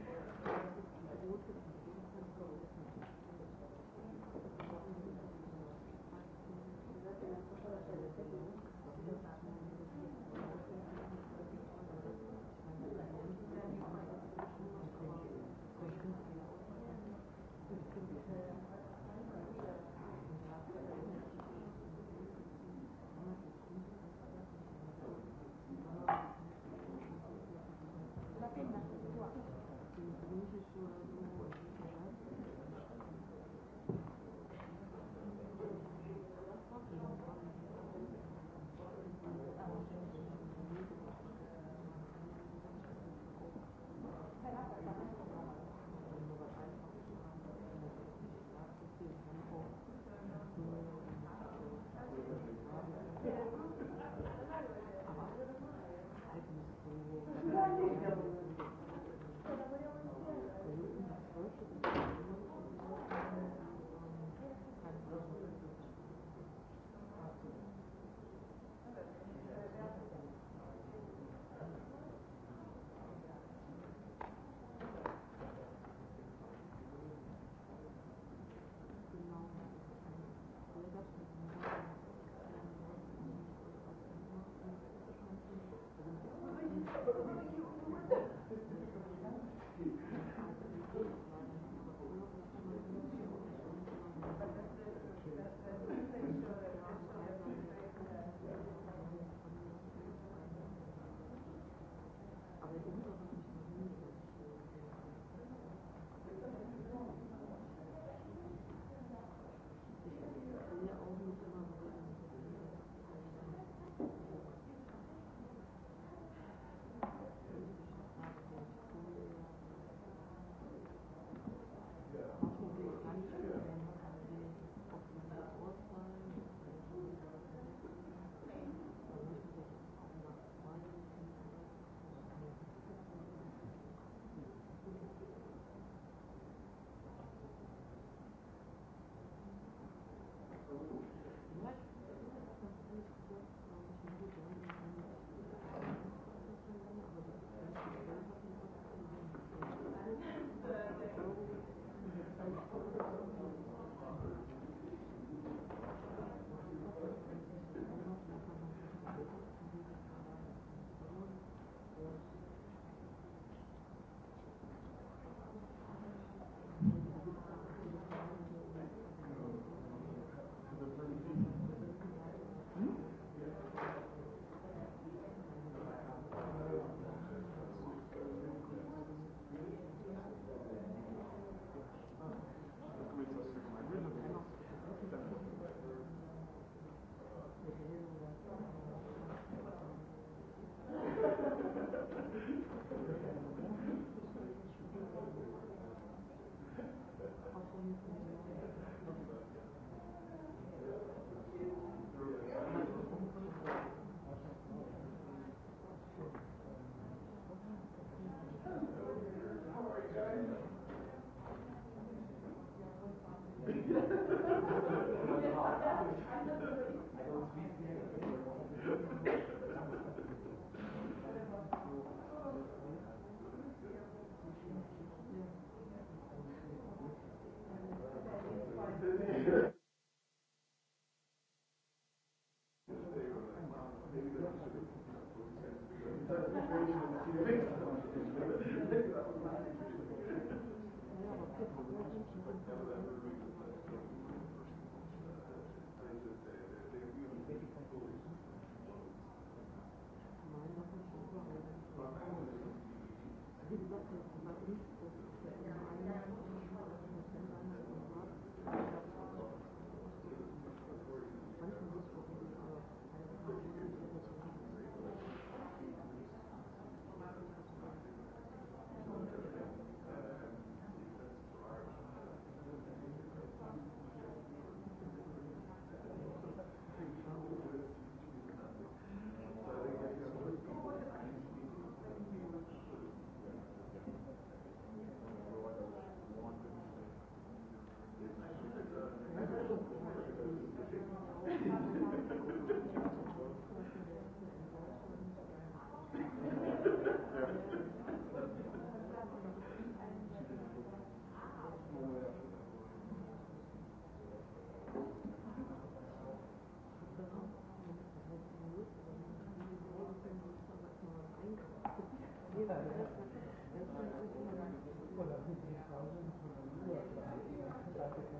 Thank you.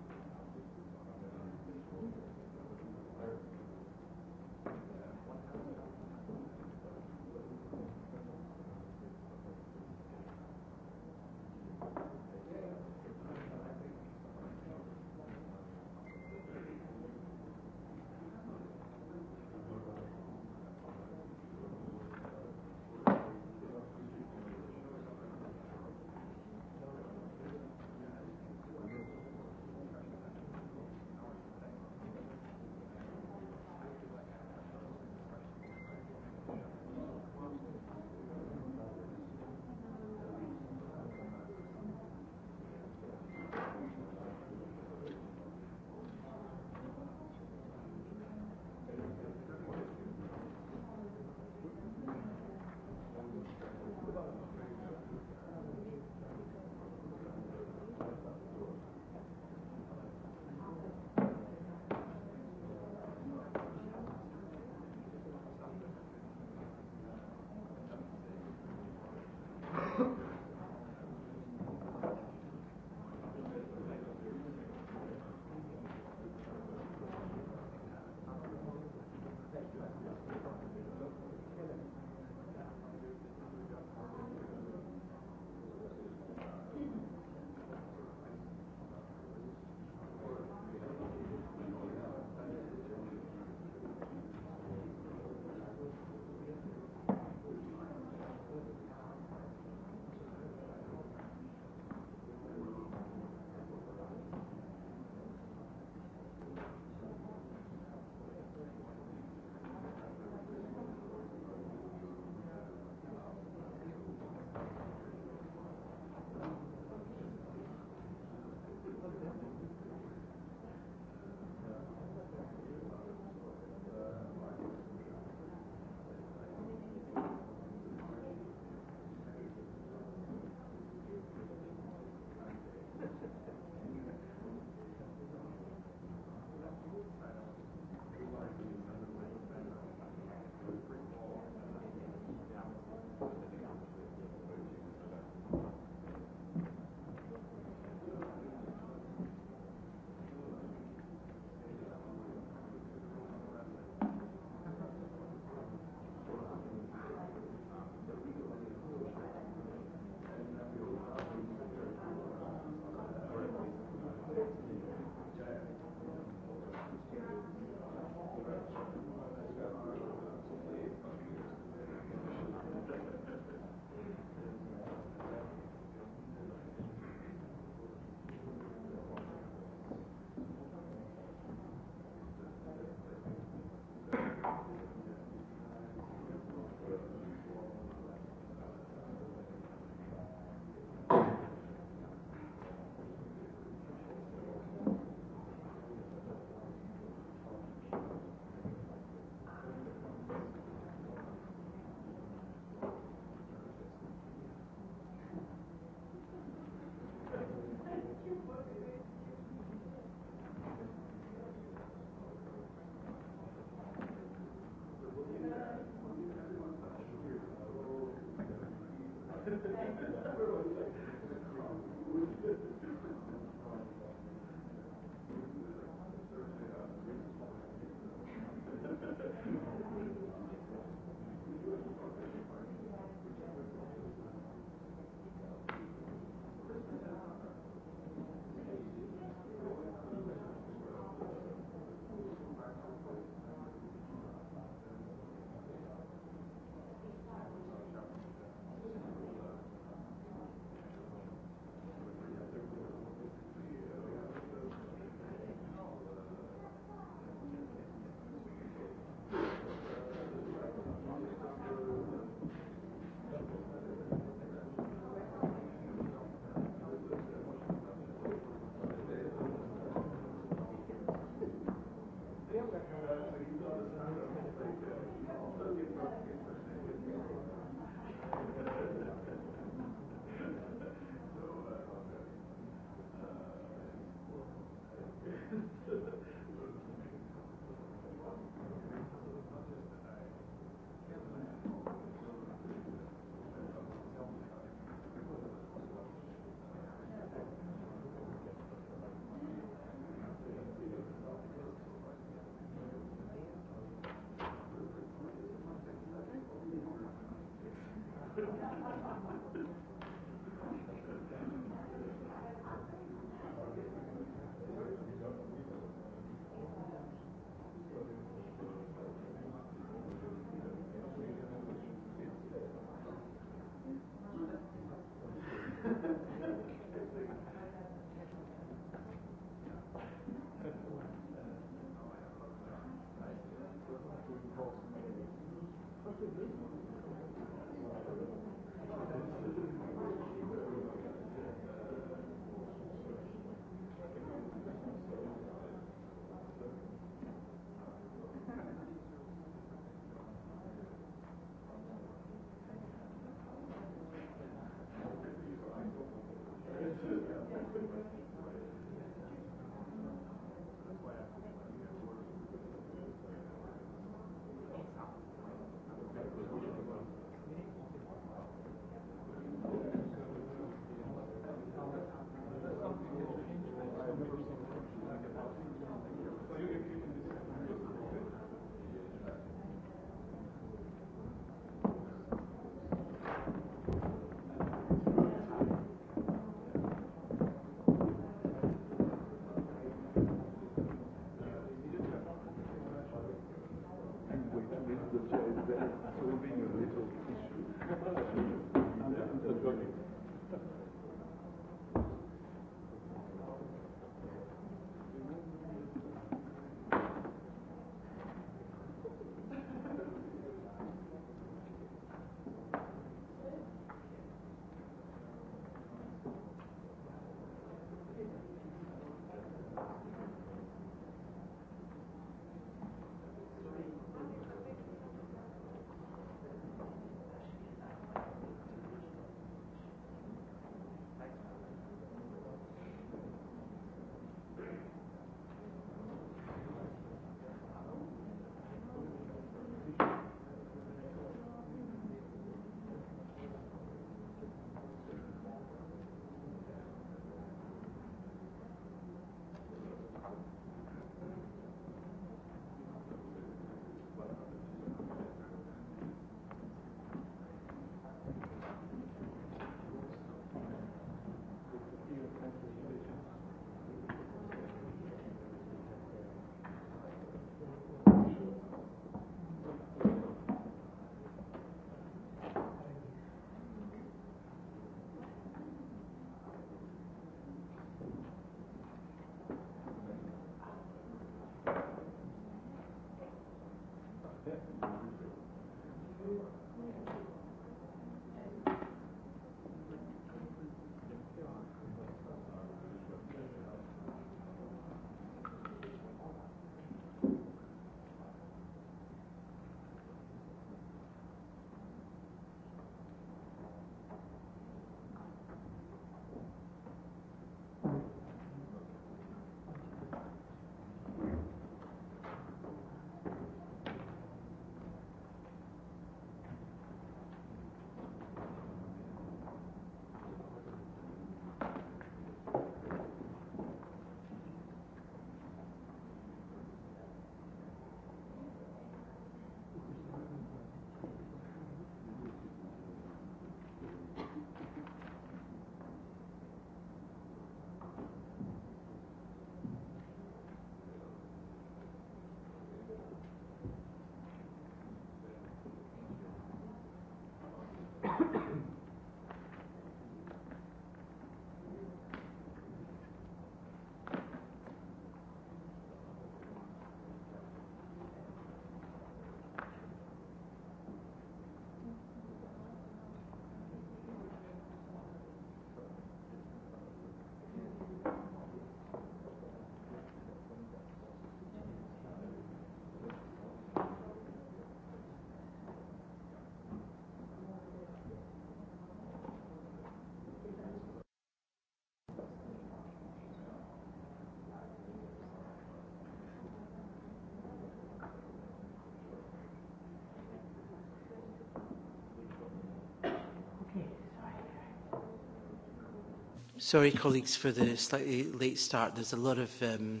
sorry, colleagues, for the slightly late start. There's a lot of um,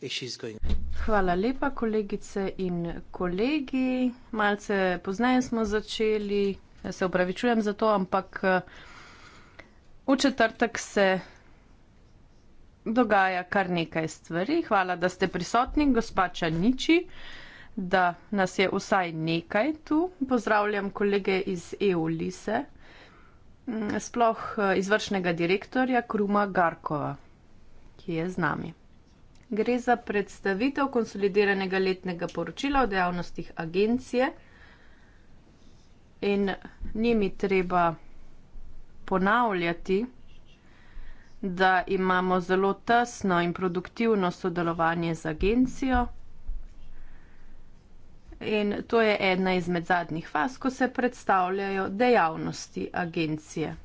issues going on. Hvala lepa, kolegice in kolegi. Malce poznaje smo začeli, se upravičujem za to, ampak v četrtek se dogaja kar nekaj stvari. Hvala, da ste prisotni, gospača Niči, da nas je vsaj nekaj tu. Pozdravljam kolege iz EU-lise sploh eh, izvršnega direktorja Kruma Garkova, ki je z nami. Gre za predstavitev konsolideranega letnega poročila o dejavnostih agencije in njimi treba ponavljati, da imamo zelo tesno in produktivno sodelovanje z agencijo in to je ena izmed zadnjih faz, ko se predstavljajo dejavnosti agencije.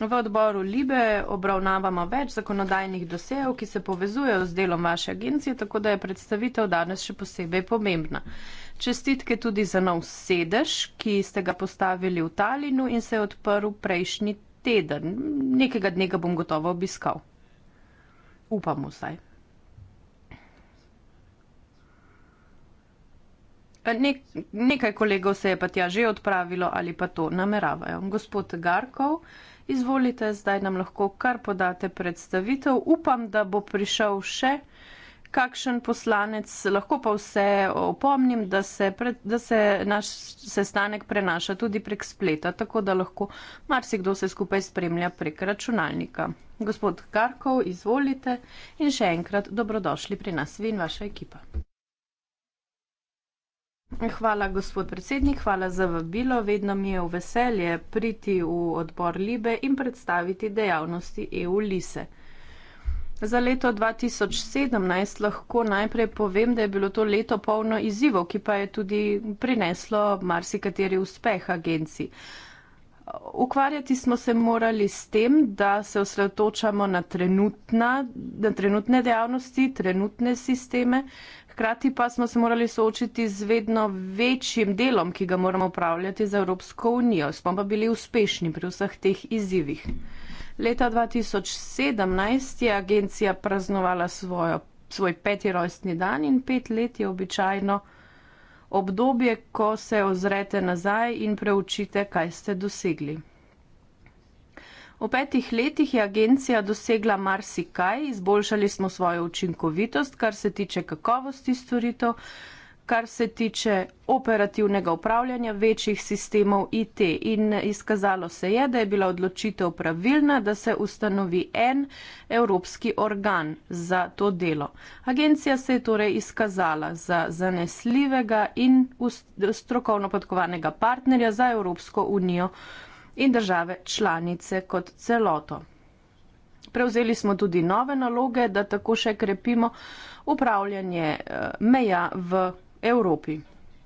V odboru Libe obravnavamo več zakonodajnih dosejev, ki se povezujejo z delom vaše agencije, tako da je predstavitev danes še posebej pomembna. Čestitke tudi za nov sedež, ki ste ga postavili v Talinu in se je odprl prejšnji teden. Nekega dnega bom gotovo obiskal. Upamo vsaj. Nek, nekaj kolegov se je pa tja že odpravilo ali pa to nameravajo. Gospod Garkov, izvolite, zdaj nam lahko kar podate predstavitev. Upam, da bo prišel še kakšen poslanec, lahko pa vse opomnim, da se, pred, da se naš sestanek prenaša tudi prek spleta, tako da lahko marsikdo se skupaj spremlja prek računalnika. Gospod Garkov, izvolite in še enkrat dobrodošli pri nas, vi in vaša ekipa. Hvala, gospod predsednik, hvala za vabilo. Vedno mi je v veselje priti v odbor Libe in predstaviti dejavnosti EU Lise. Za leto 2017 lahko najprej povem, da je bilo to leto polno izzivov, ki pa je tudi prineslo marsikateri uspeh agenciji. Ukvarjati smo se morali s tem, da se osredotočamo na, trenutna, na trenutne dejavnosti, trenutne sisteme, Hkrati pa smo se morali soočiti z vedno večjim delom, ki ga moramo upravljati za Evropsko unijo. Smo pa bili uspešni pri vseh teh izzivih. Leta 2017 je agencija praznovala svojo, svoj peti rojstni dan in pet let je običajno obdobje, ko se ozrete nazaj in preučite, kaj ste dosegli. V petih letih je agencija dosegla marsikaj, izboljšali smo svojo učinkovitost, kar se tiče kakovosti storitev, kar se tiče operativnega upravljanja večjih sistemov IT. In izkazalo se je, da je bila odločitev pravilna, da se ustanovi en evropski organ za to delo. Agencija se je torej izkazala za zanesljivega in strokovno podkovanega partnerja za Evropsko unijo in države članice kot celoto. Prevzeli smo tudi nove naloge, da tako še krepimo upravljanje eh, meja v Evropi.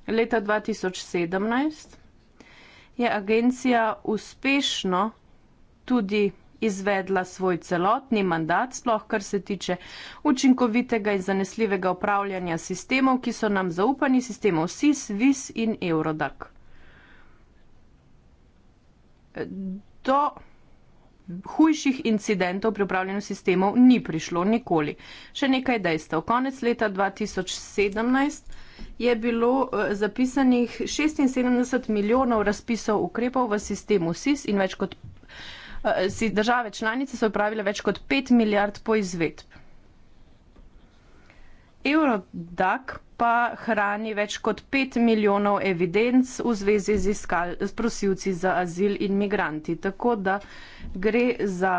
Leta 2017 je agencija uspešno tudi izvedla svoj celotni mandat, sploh kar se tiče učinkovitega in zanesljivega upravljanja sistemov, ki so nam zaupani sistemov SIS, VIS in Eurodac do hujših incidentov pri upravljanju sistemov ni prišlo nikoli. Še nekaj dejstev. Konec leta 2017 je bilo eh, zapisanih 76 milijonov razpisov ukrepov v sistemu SIS in več kot eh, države članice so upravile več kot 5 milijard poizvedb. Eurodac pa hrani več kot 5 milijonov evidenc v zvezi z, iskal, z prosilci za azil in migranti. Tako da gre za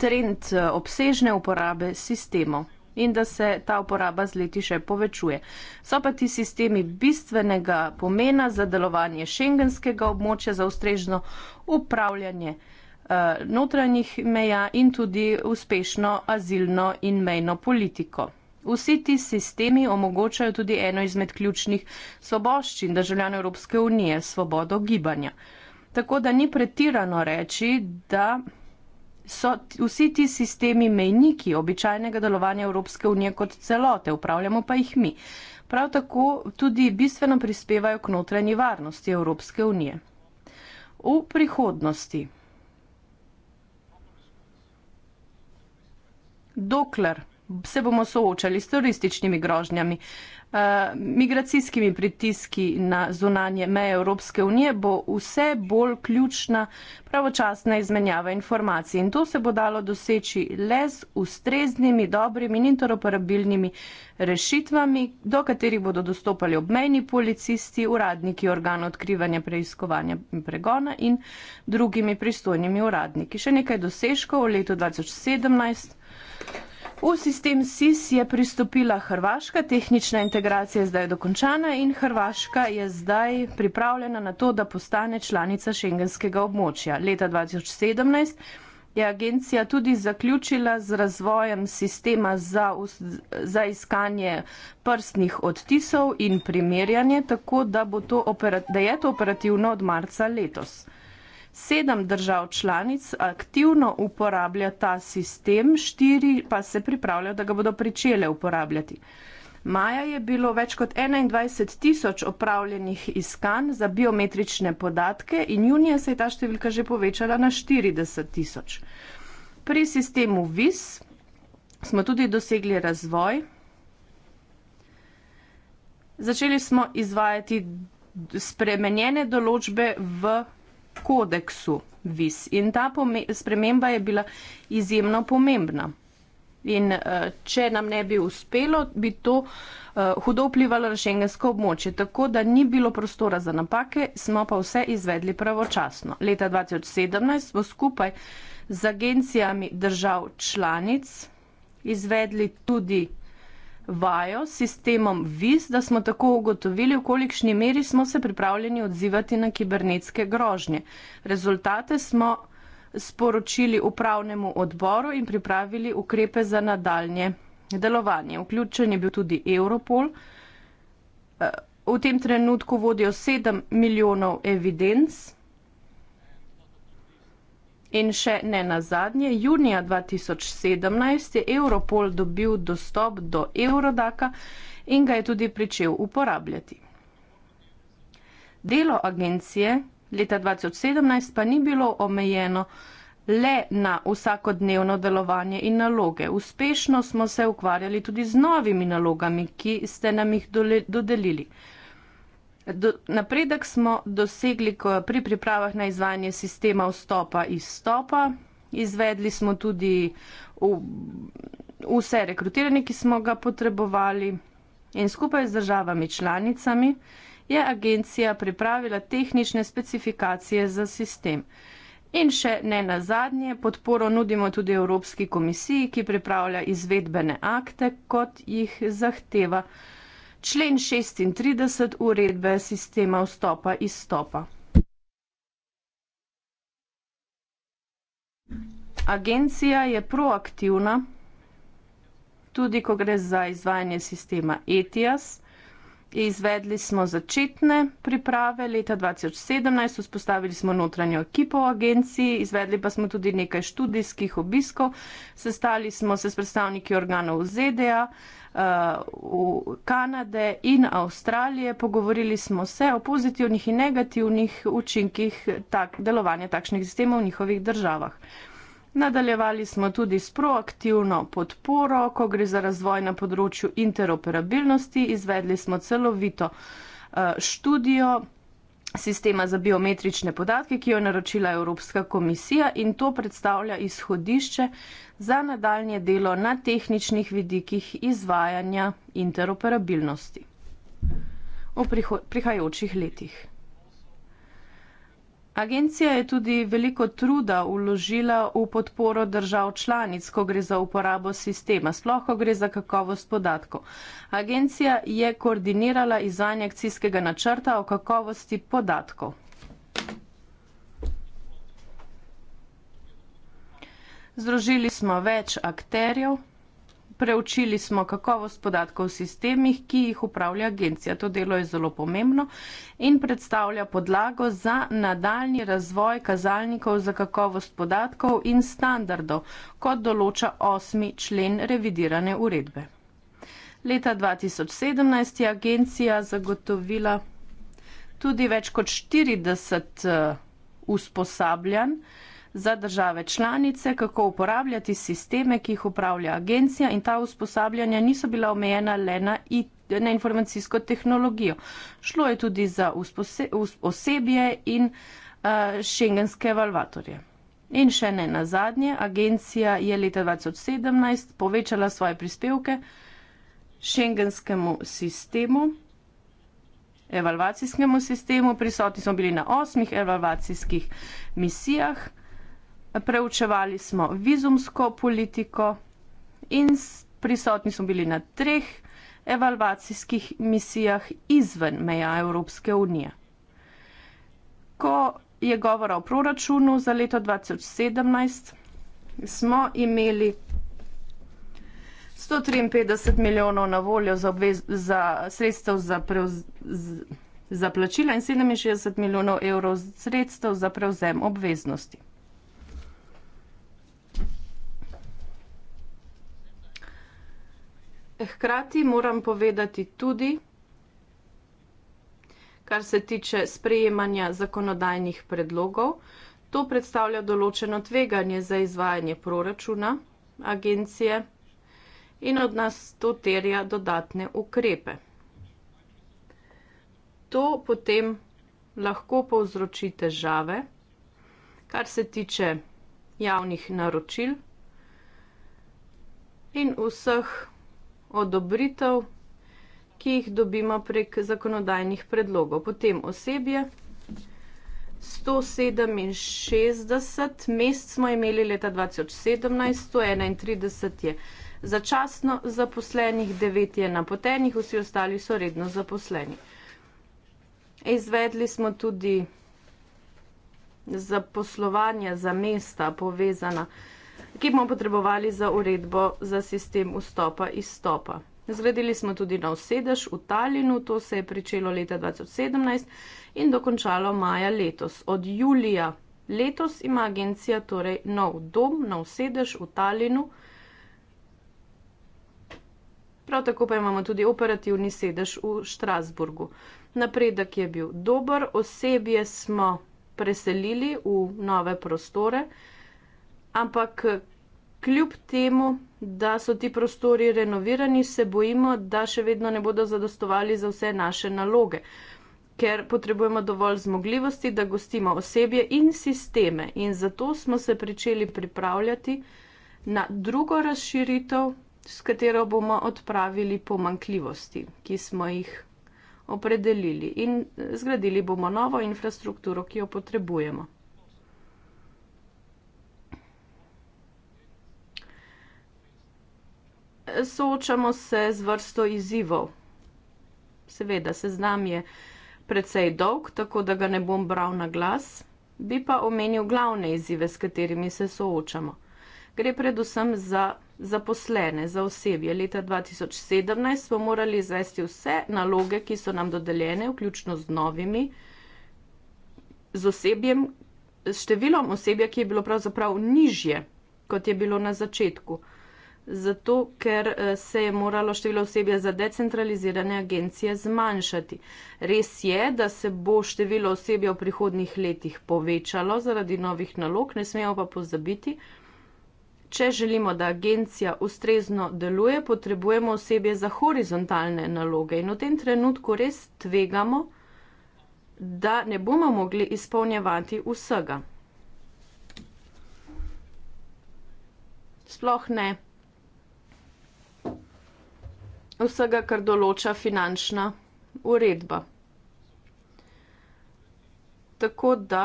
trend eh, obsežne uporabe sistemov in da se ta uporaba z leti še povečuje. So pa ti sistemi bistvenega pomena za delovanje šengenskega območja, za ustrežno upravljanje eh, notranjih meja in tudi uspešno azilno in mejno politiko. Vsi ti sistemi omogočajo tudi eno izmed ključnih svoboščin državljanov Evropske unije - svobodo gibanja. Tako da ni pretirano reči, da so vsi ti sistemi mejniki običajnega delovanja Evropske unije kot celote, upravljamo pa jih mi. Prav tako tudi bistveno prispevajo k notranji varnosti Evropske unije. V prihodnosti. Dokler se bomo soočali s terorističnimi grožnjami. Uh, migracijskimi pritiski na zunanje meje Evropske unije bo vse bolj ključna pravočasna izmenjava informacij in to se bo dalo doseči le z ustreznimi, dobrimi in interoperabilnimi rešitvami, do katerih bodo dostopali obmejni policisti, uradniki organov odkrivanja, preiskovanja in pregona in drugimi pristojnimi uradniki. Še nekaj dosežkov v letu 2017. V sistem SIS je pristopila Hrvaška, tehnična integracija je zdaj dokončana in Hrvaška je zdaj pripravljena na to, da postane članica šengenskega območja. Leta 2017 je agencija tudi zaključila z razvojem sistema za, za iskanje prstnih odtisov in primerjanje, tako da, to da je to operativno od marca letos. Sedem držav članic aktivno uporablja ta sistem, štiri pa se pripravljajo, da ga bodo pričele uporabljati. Maja je bilo več kot 21 tisoč opravljenih iskanj za biometrične podatke in junija se je ta številka že povečala na 40 tisoč. Pri sistemu VIS smo tudi dosegli razvoj. Začeli smo izvajati spremenjene določbe v kodeksu vis. In ta sprememba je bila izjemno pomembna. In uh, če nam ne bi uspelo, bi to uh, hudo vplivalo na šengensko območje. Tako da ni bilo prostora za napake, smo pa vse izvedli pravočasno. Leta 2017 smo skupaj z agencijami držav članic izvedli tudi vajo s sistemom VIS, da smo tako ugotovili, v kolikšni meri smo se pripravljeni odzivati na kibernetske grožnje. Rezultate smo sporočili upravnemu odboru in pripravili ukrepe za nadaljnje delovanje. Vključen je bil tudi Europol. Eh, v tem trenutku vodijo 7 milijonov evidenc. In še ne nazadnje, junija 2017 je Europol dobil dostop do Eurodaka in ga je tudi pričel uporabljati. Delo agencije leta 2017 pa ni bilo omejeno le na vsakodnevno delovanje in naloge. Uspešno smo se ukvarjali tudi z novimi nalogami, ki ste nam jih dodelili. Do, napredek smo dosegli pri pripravah na izvajanje sistema vstopa in izstopa. Izvedli smo tudi v, vse rekrutiranje, ki smo ga potrebovali in skupaj z državami članicami je agencija pripravila tehnične specifikacije za sistem. In še ne na zadnje, podporo nudimo tudi Evropski komisiji, ki pripravlja izvedbene akte, kot jih zahteva člen 36 uredbe sistema vstopa izstopa. Agencija je proaktivna, tudi ko gre za izvajanje sistema ETIAS. Izvedli smo začetne priprave leta 2017, vzpostavili smo notranjo ekipo v agenciji, izvedli pa smo tudi nekaj študijskih obiskov, sestali smo se s predstavniki organov ZDA, uh, Kanade in Avstralije. Pogovorili smo se o pozitivnih in negativnih učinkih tak, delovanja takšnih sistemov v njihovih državah. Nadaljevali smo tudi s proaktivno podporo, ko gre za razvoj na področju interoperabilnosti. Izvedli smo celovito uh, študijo sistema za biometrične podatke, ki jo je naročila Evropska komisija in to predstavlja izhodišče za nadaljnje delo na tehničnih vidikih izvajanja interoperabilnosti v prihajajočih letih. Agencija je tudi veliko truda uložila v podporo držav članic, ko gre za uporabo sistema, sploh ko gre za kakovost podatkov. Agencija je koordinirala izvanje akcijskega načrta o kakovosti podatkov. Združili smo več akterjev preučili smo kakovost podatkov v sistemih, ki jih upravlja agencija. To delo je zelo pomembno in predstavlja podlago za nadaljni razvoj kazalnikov za kakovost podatkov in standardov, kot določa osmi člen revidirane uredbe. Leta 2017 je agencija zagotovila tudi več kot 40 eh, usposabljanj. Uh, za države članice, kako uporabljati sisteme, ki jih upravlja agencija in ta usposabljanja niso bila omejena le na IT na informacijsko tehnologijo. Šlo je tudi za osebje in uh, šengenske evalvatorje. In še ne na zadnje, agencija je leta 2017 povečala svoje prispevke šengenskemu sistemu, evalvacijskemu sistemu. Prisotni smo bili na osmih evalvacijskih misijah preučevali smo vizumsko politiko in prisotni smo bili na treh evalvacijskih misijah izven meja Evropske unije. Ko je govora o proračunu za leto 2017, smo imeli 153 milijonov na voljo za, za sredstev za, za plačila in 67 milijonov evrov sredstev za prevzem obveznosti. Hkrati moram povedati tudi, kar se tiče sprejemanja zakonodajnih predlogov, to predstavlja določeno tveganje za izvajanje proračuna agencije in od nas to terja dodatne ukrepe. To potem lahko povzroči težave, kar se tiče javnih naročil in vseh odobritev, ki jih dobimo prek zakonodajnih predlogov. Potem osebje. 167 mest smo imeli leta 2017, 131 je začasno zaposlenih, 9 je napotenih, vsi ostali so redno zaposleni. Izvedli smo tudi zaposlovanja za mesta povezana ki bomo potrebovali za uredbo za sistem vstopa in izstopa. Zgradili smo tudi nov sedež v Talinu, to se je pričelo leta 2017 in dokončalo maja letos. Od julija letos ima agencija torej nov dom, nov sedež v Talinu. Prav tako pa imamo tudi operativni sedež v Štrasburgu. Napredek je bil dober, osebje smo preselili v nove prostore. Ampak eh, kljub temu, da so ti prostori renovirani, se bojimo, da še vedno ne bodo zadostovali za vse naše naloge. Ker potrebujemo dovolj zmogljivosti, da gostimo osebje in sisteme, in zato smo se začeli pripravljati na drugo razširitev, s katero bomo odpravili pomankljivosti, ki smo jih opredelili, in eh, zgradili bomo novo infrastrukturo, ki jo potrebujemo. soočamo se z vrsto izzivov. Seveda, seznam je precej dolg, tako da ga ne bom bral na glas, bi pa omenil glavne izzive, s katerimi se soočamo. Gre predvsem za zaposlene, za osebje. Leta 2017 smo morali izvesti vse naloge, ki so nam dodeljene, vključno z novimi, z osebjem, s številom osebja, ki je bilo pravzaprav nižje, kot je bilo na začetku zato ker eh, se je moralo število osebja za decentralizirane agencije zmanjšati. Res je, da se bo število osebja v prihodnih letih povečalo zaradi novih nalog, ne smemo pa pozabiti, če želimo, da agencija ustrezno deluje, potrebujemo osebje za horizontalne naloge in v tem trenutku res tvegamo, da ne bomo mogli izpolnjevati vsega. Sploh ne vsega, kar določa finančna uredba. Tako da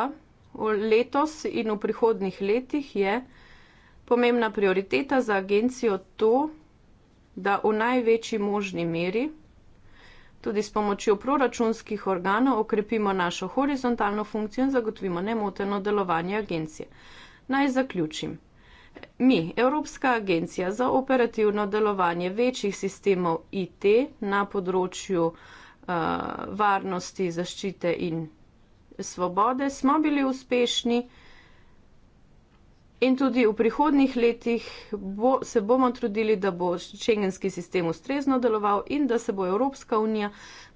letos in v prihodnih letih je pomembna prioriteta za agencijo to, da v največji možni meri tudi s pomočjo proračunskih organov okrepimo našo horizontalno funkcijo in zagotovimo nemoteno delovanje agencije. Naj zaključim. Mi, Evropska agencija za operativno delovanje večjih sistemov IT na področju uh, varnosti, zaščite in svobode, smo bili uspešni in tudi v prihodnih letih bo, se bomo trudili, da bo šengenski sistem ustrezno deloval in da se bo Evropska unija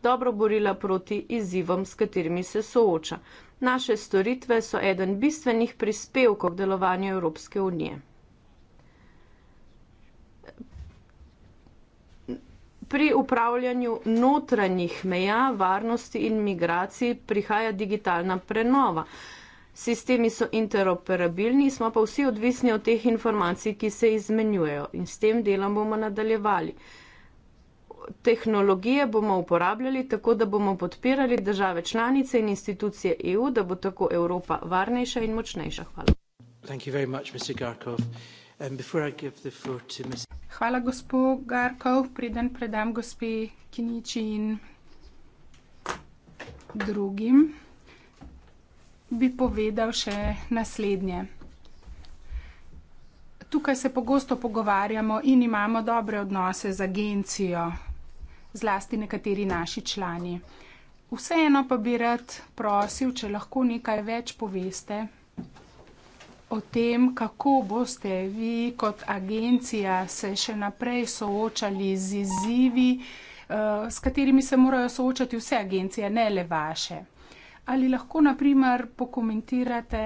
dobro borila proti izzivom, s katerimi se sooča. Naše storitve so eden bistvenih prispevkov k delovanju Evropske unije. pri upravljanju notranjih meja, varnosti in migracij prihaja digitalna prenova. Sistemi so interoperabilni, smo pa vsi odvisni od teh informacij, ki se izmenjujejo in s tem delom bomo nadaljevali. Tehnologije bomo uporabljali tako, da bomo podpirali države članice in institucije EU, da bo tako Evropa varnejša in močnejša. Hvala. Thank you very much, Mr. Garkov. Hvala, gospod Garkov. Preden predam gospe Kiniči in drugim, bi povedal še naslednje. Tukaj se pogosto pogovarjamo in imamo dobre odnose z agencijo, zlasti nekateri naši člani. Vseeno pa bi rad prosil, če lahko nekaj več poveste o tem, kako boste vi kot agencija se še naprej soočali z izzivi, eh, s katerimi se morajo soočati vse agencije, ne le vaše. Ali lahko, na primer, pokomentirate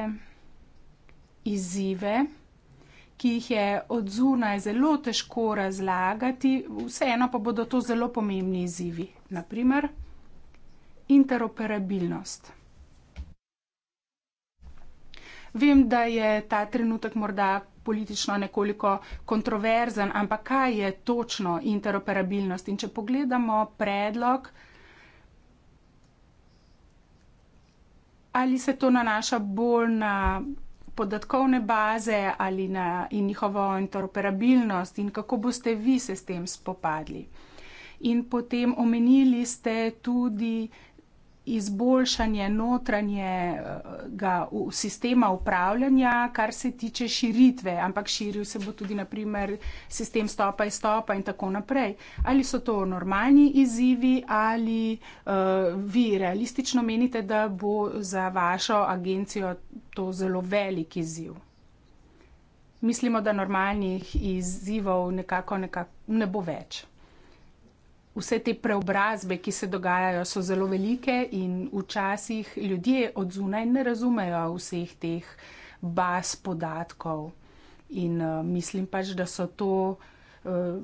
izzive, ki jih je od zunaj zelo težko razlagati, vseeno pa bodo to zelo pomembni izzivi, naprimer interoperabilnost. Vem, da je ta trenutek morda politično nekoliko kontroverzen, ampak kaj je točno interoperabilnost? In če pogledamo predlog, ali se to nanaša bolj na podatkovne baze ali na in njihovo interoperabilnost in kako boste vi se s tem spopadli. In potem omenili ste tudi izboljšanje notranjega sistema upravljanja, kar se tiče širitve, ampak širil se bo tudi naprimer sistem stopa in stopa in tako naprej. Ali so to normalni izzivi ali uh, vi realistično menite, da bo za vašo agencijo to zelo velik izziv? Mislimo, da normalnih izzivov nekako, nekako ne bo več vse te preobrazbe, ki se dogajajo, so zelo velike in včasih ljudje od zunaj ne razumejo vseh teh baz podatkov. In uh, mislim pač, da so to. Uh,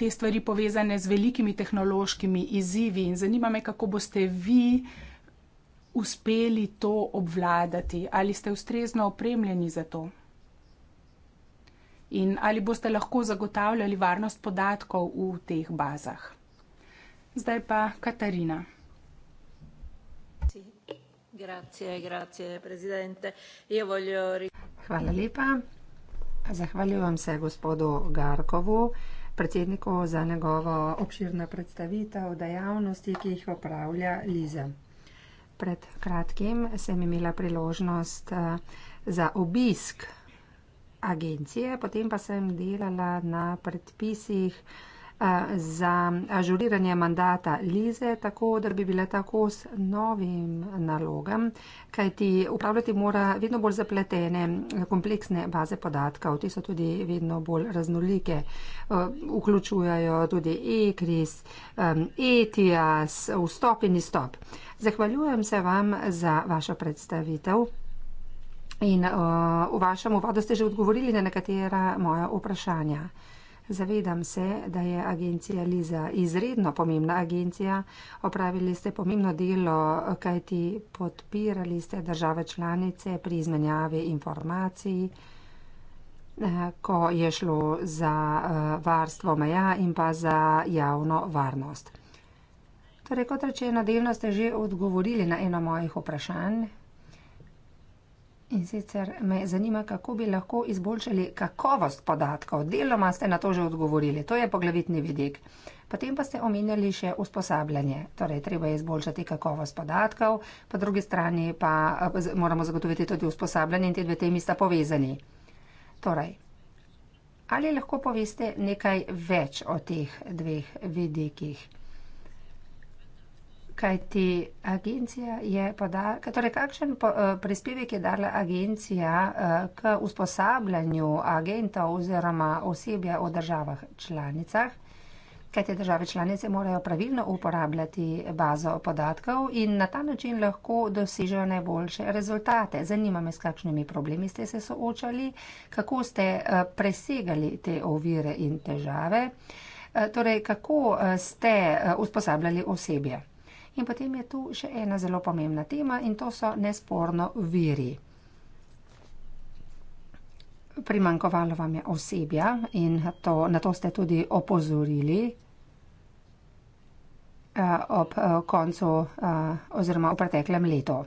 Te stvari povezane z velikimi tehnološkimi izzivi, in zanima me, kako boste vi uspeli to obvladati, ali ste ustrezno opremljeni za to in ali boste lahko zagotavljali varnost podatkov v teh bazah. Zdaj pa Katarina. Hvala lepa. Zahvaljujem se gospodu Garkovu, predsedniku, za njegovo obširno predstavitev dejavnosti, ki jih opravlja Liza. Pred kratkim sem imela priložnost eh, za obisk agencije, potem pa sem delala na predpisih eh, za ažuriranje mandata Lize, tako da bi bila tako s novim nalogam, kajti upravljati mora vedno bolj zapletene, eh, kompleksne baze podatkov, ti so tudi vedno bolj raznolike, eh, vključujajo tudi e-kris, etias, e vstop in izstop. Zahvaljujem se vam za vašo predstavitev. In uh, v vašem uvodu ste že odgovorili na nekatera moja vprašanja. Zavedam se, da je agencija Liza izredno pomembna agencija. Opravili ste pomembno delo, kajti podpirali ste države članice pri izmenjavi informacij, eh, ko je šlo za eh, varstvo meja in pa za javno varnost. Torej, kot rečeno, delno ste že odgovorili na eno mojih vprašanj. In sicer me zanima, kako bi lahko izboljšali kakovost podatkov. Deloma ste na to že odgovorili, to je poglavitni vidik. Potem pa ste omenjali še usposabljanje, torej treba je izboljšati kakovost podatkov, po drugi strani pa moramo zagotoviti tudi usposabljanje in te dve temi sta povezani. Torej, ali lahko poveste nekaj več o teh dveh vidikih? kajti agencija je podarila, torej kakšen eh, prispevek je dala agencija eh, k usposabljanju agentov oziroma osebja v državah članicah, kajti države članice morajo pravilno uporabljati bazo podatkov in na ta način lahko dosežejo najboljše rezultate. Zanima me, s kakšnimi problemi ste se soočali, kako ste eh, presegali te ovire in težave. Torej, kako ste usposabljali osebje? In potem je tu še ena zelo pomembna tema in to so nesporno viri. Primankovalo vam je osebja in to, na to ste tudi opozorili uh, ob uh, koncu uh, oziroma v preteklem letu.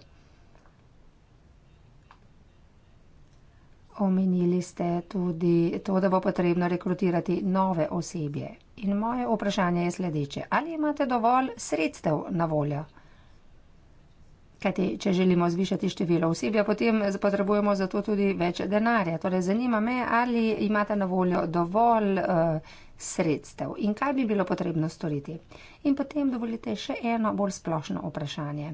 Omenili ste tudi to, da bo potrebno rekrutirati nove osebje. In moje vprašanje je sledeče. Ali imate dovolj sredstev na voljo? Kajti, če želimo zvišati število osebja, potem potrebujemo za to tudi več denarja. Torej, zanima me, ali imate na voljo dovolj uh, sredstev in kaj bi bilo potrebno storiti. In potem dovolite še eno bolj splošno vprašanje.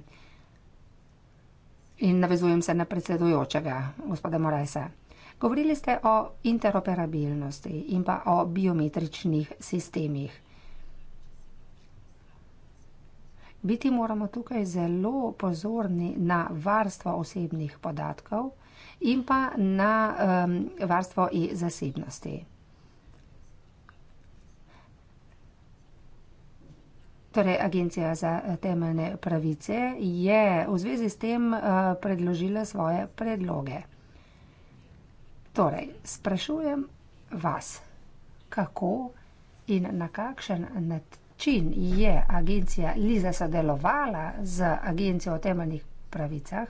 In navezujem se na predsedujočega, gospoda Morajsa. Govorili ste o interoperabilnosti in pa o biometričnih sistemih. Biti moramo tukaj zelo pozorni na varstvo osebnih podatkov in pa na um, varstvo in zasebnosti. Torej, Agencija za temeljne pravice je v zvezi s tem uh, predložila svoje predloge. Torej, sprašujem vas, kako in na kakšen način je agencija Liza sodelovala z agencijo o temeljnih pravicah,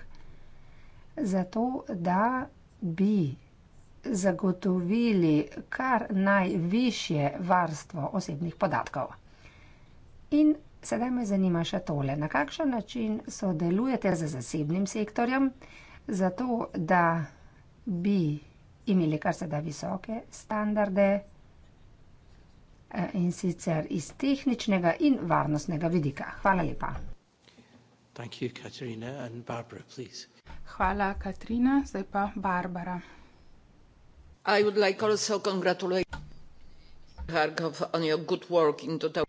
zato da bi zagotovili kar najvišje varstvo osebnih podatkov. In sedaj me zanima še tole, na kakšen način sodelujete z zasebnim sektorjem, zato da bi imeli kar se da visoke standarde, eh, in sicer iz tehničnega in varnostnega vidika. Hvala lepa. Thank you, Katarina, and Barbara, Hvala, Katrina, zdaj pa Barbara. I would like also congratulate Harkov on your good work in 2000.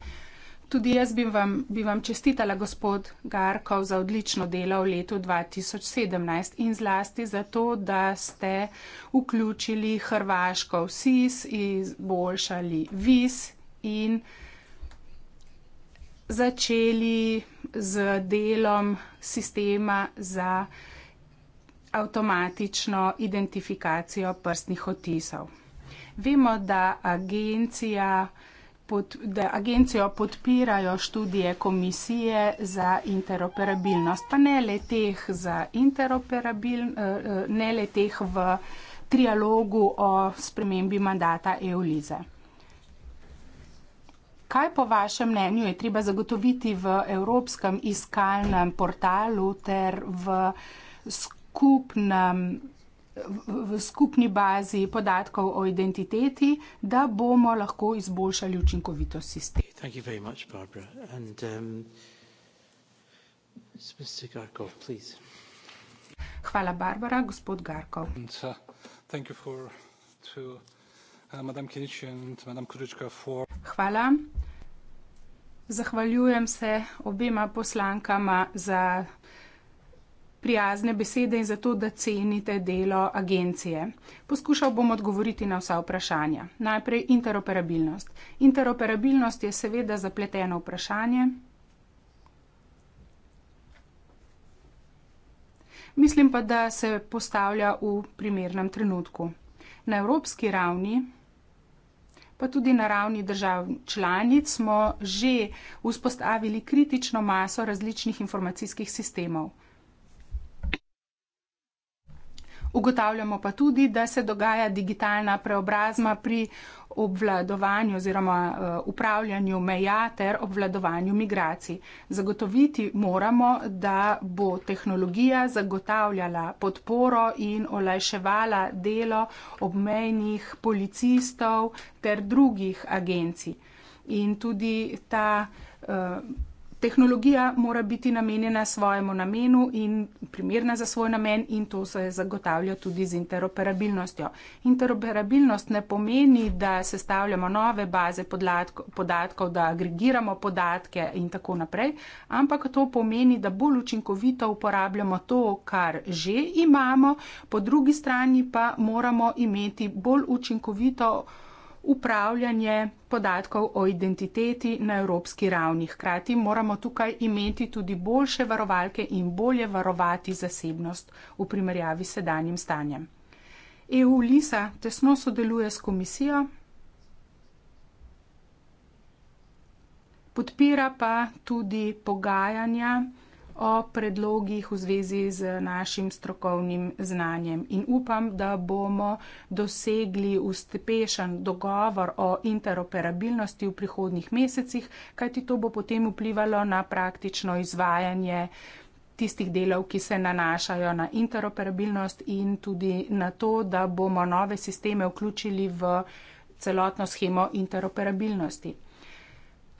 Tudi jaz bi vam, bi vam čestitala, gospod Garkov, za odlično delo v letu 2017 in zlasti za to, da ste vključili Hrvaško v SIS, izboljšali VIS in začeli z delom sistema za avtomatično identifikacijo prstnih otisov. Vemo, da agencija pod, da agencijo podpirajo študije komisije za interoperabilnost, pa ne le teh, interoperabil, eh, eh, ne le teh v trialogu o spremembi mandata EU-lize. Kaj po vašem mnenju je treba zagotoviti v evropskem iskalnem portalu ter v skupnem v, v skupni bazi podatkov o identiteti, da bomo lahko izboljšali učinkovitost sistema. Um, Hvala, Barbara. Gospod Garkov. Uh, uh, Hvala. Zahvaljujem se obema poslankama za prijazne besede in za to, da cenite delo agencije. Poskušal bom odgovoriti na vsa vprašanja. Najprej interoperabilnost. Interoperabilnost je seveda zapleteno vprašanje. Mislim pa, da se postavlja v primernem trenutku. Na evropski ravni, pa tudi na ravni držav članic, smo že vzpostavili kritično maso različnih informacijskih sistemov. Ugotavljamo pa tudi, da se dogaja digitalna preobrazma pri obvladovanju oziroma eh, upravljanju meja ter obvladovanju migracij. Zagotoviti moramo, da bo tehnologija zagotavljala podporo in olajševala delo obmejnih policistov ter drugih agencij. In tudi ta uh, Tehnologija mora biti namenjena svojemu namenu in primerna za svoj namen in to se zagotavlja tudi z interoperabilnostjo. Interoperabilnost ne pomeni, da sestavljamo nove baze podatkov, da agregiramo podatke in tako naprej, ampak to pomeni, da bolj učinkovito uporabljamo to, kar že imamo, po drugi strani pa moramo imeti bolj učinkovito uporabljanje upravljanje podatkov o identiteti na evropski ravni. Hkrati moramo tukaj imeti tudi boljše varovalke in bolje varovati zasebnost v primerjavi s sedanjim stanjem. EU Lisa tesno sodeluje s komisijo, podpira pa tudi pogajanja o predlogih v zvezi z našim strokovnim znanjem in upam, da bomo dosegli uspešen dogovor o interoperabilnosti v prihodnih mesecih, kajti to bo potem vplivalo na praktično izvajanje tistih delov, ki se nanašajo na interoperabilnost in tudi na to, da bomo nove sisteme vključili v celotno schemo interoperabilnosti.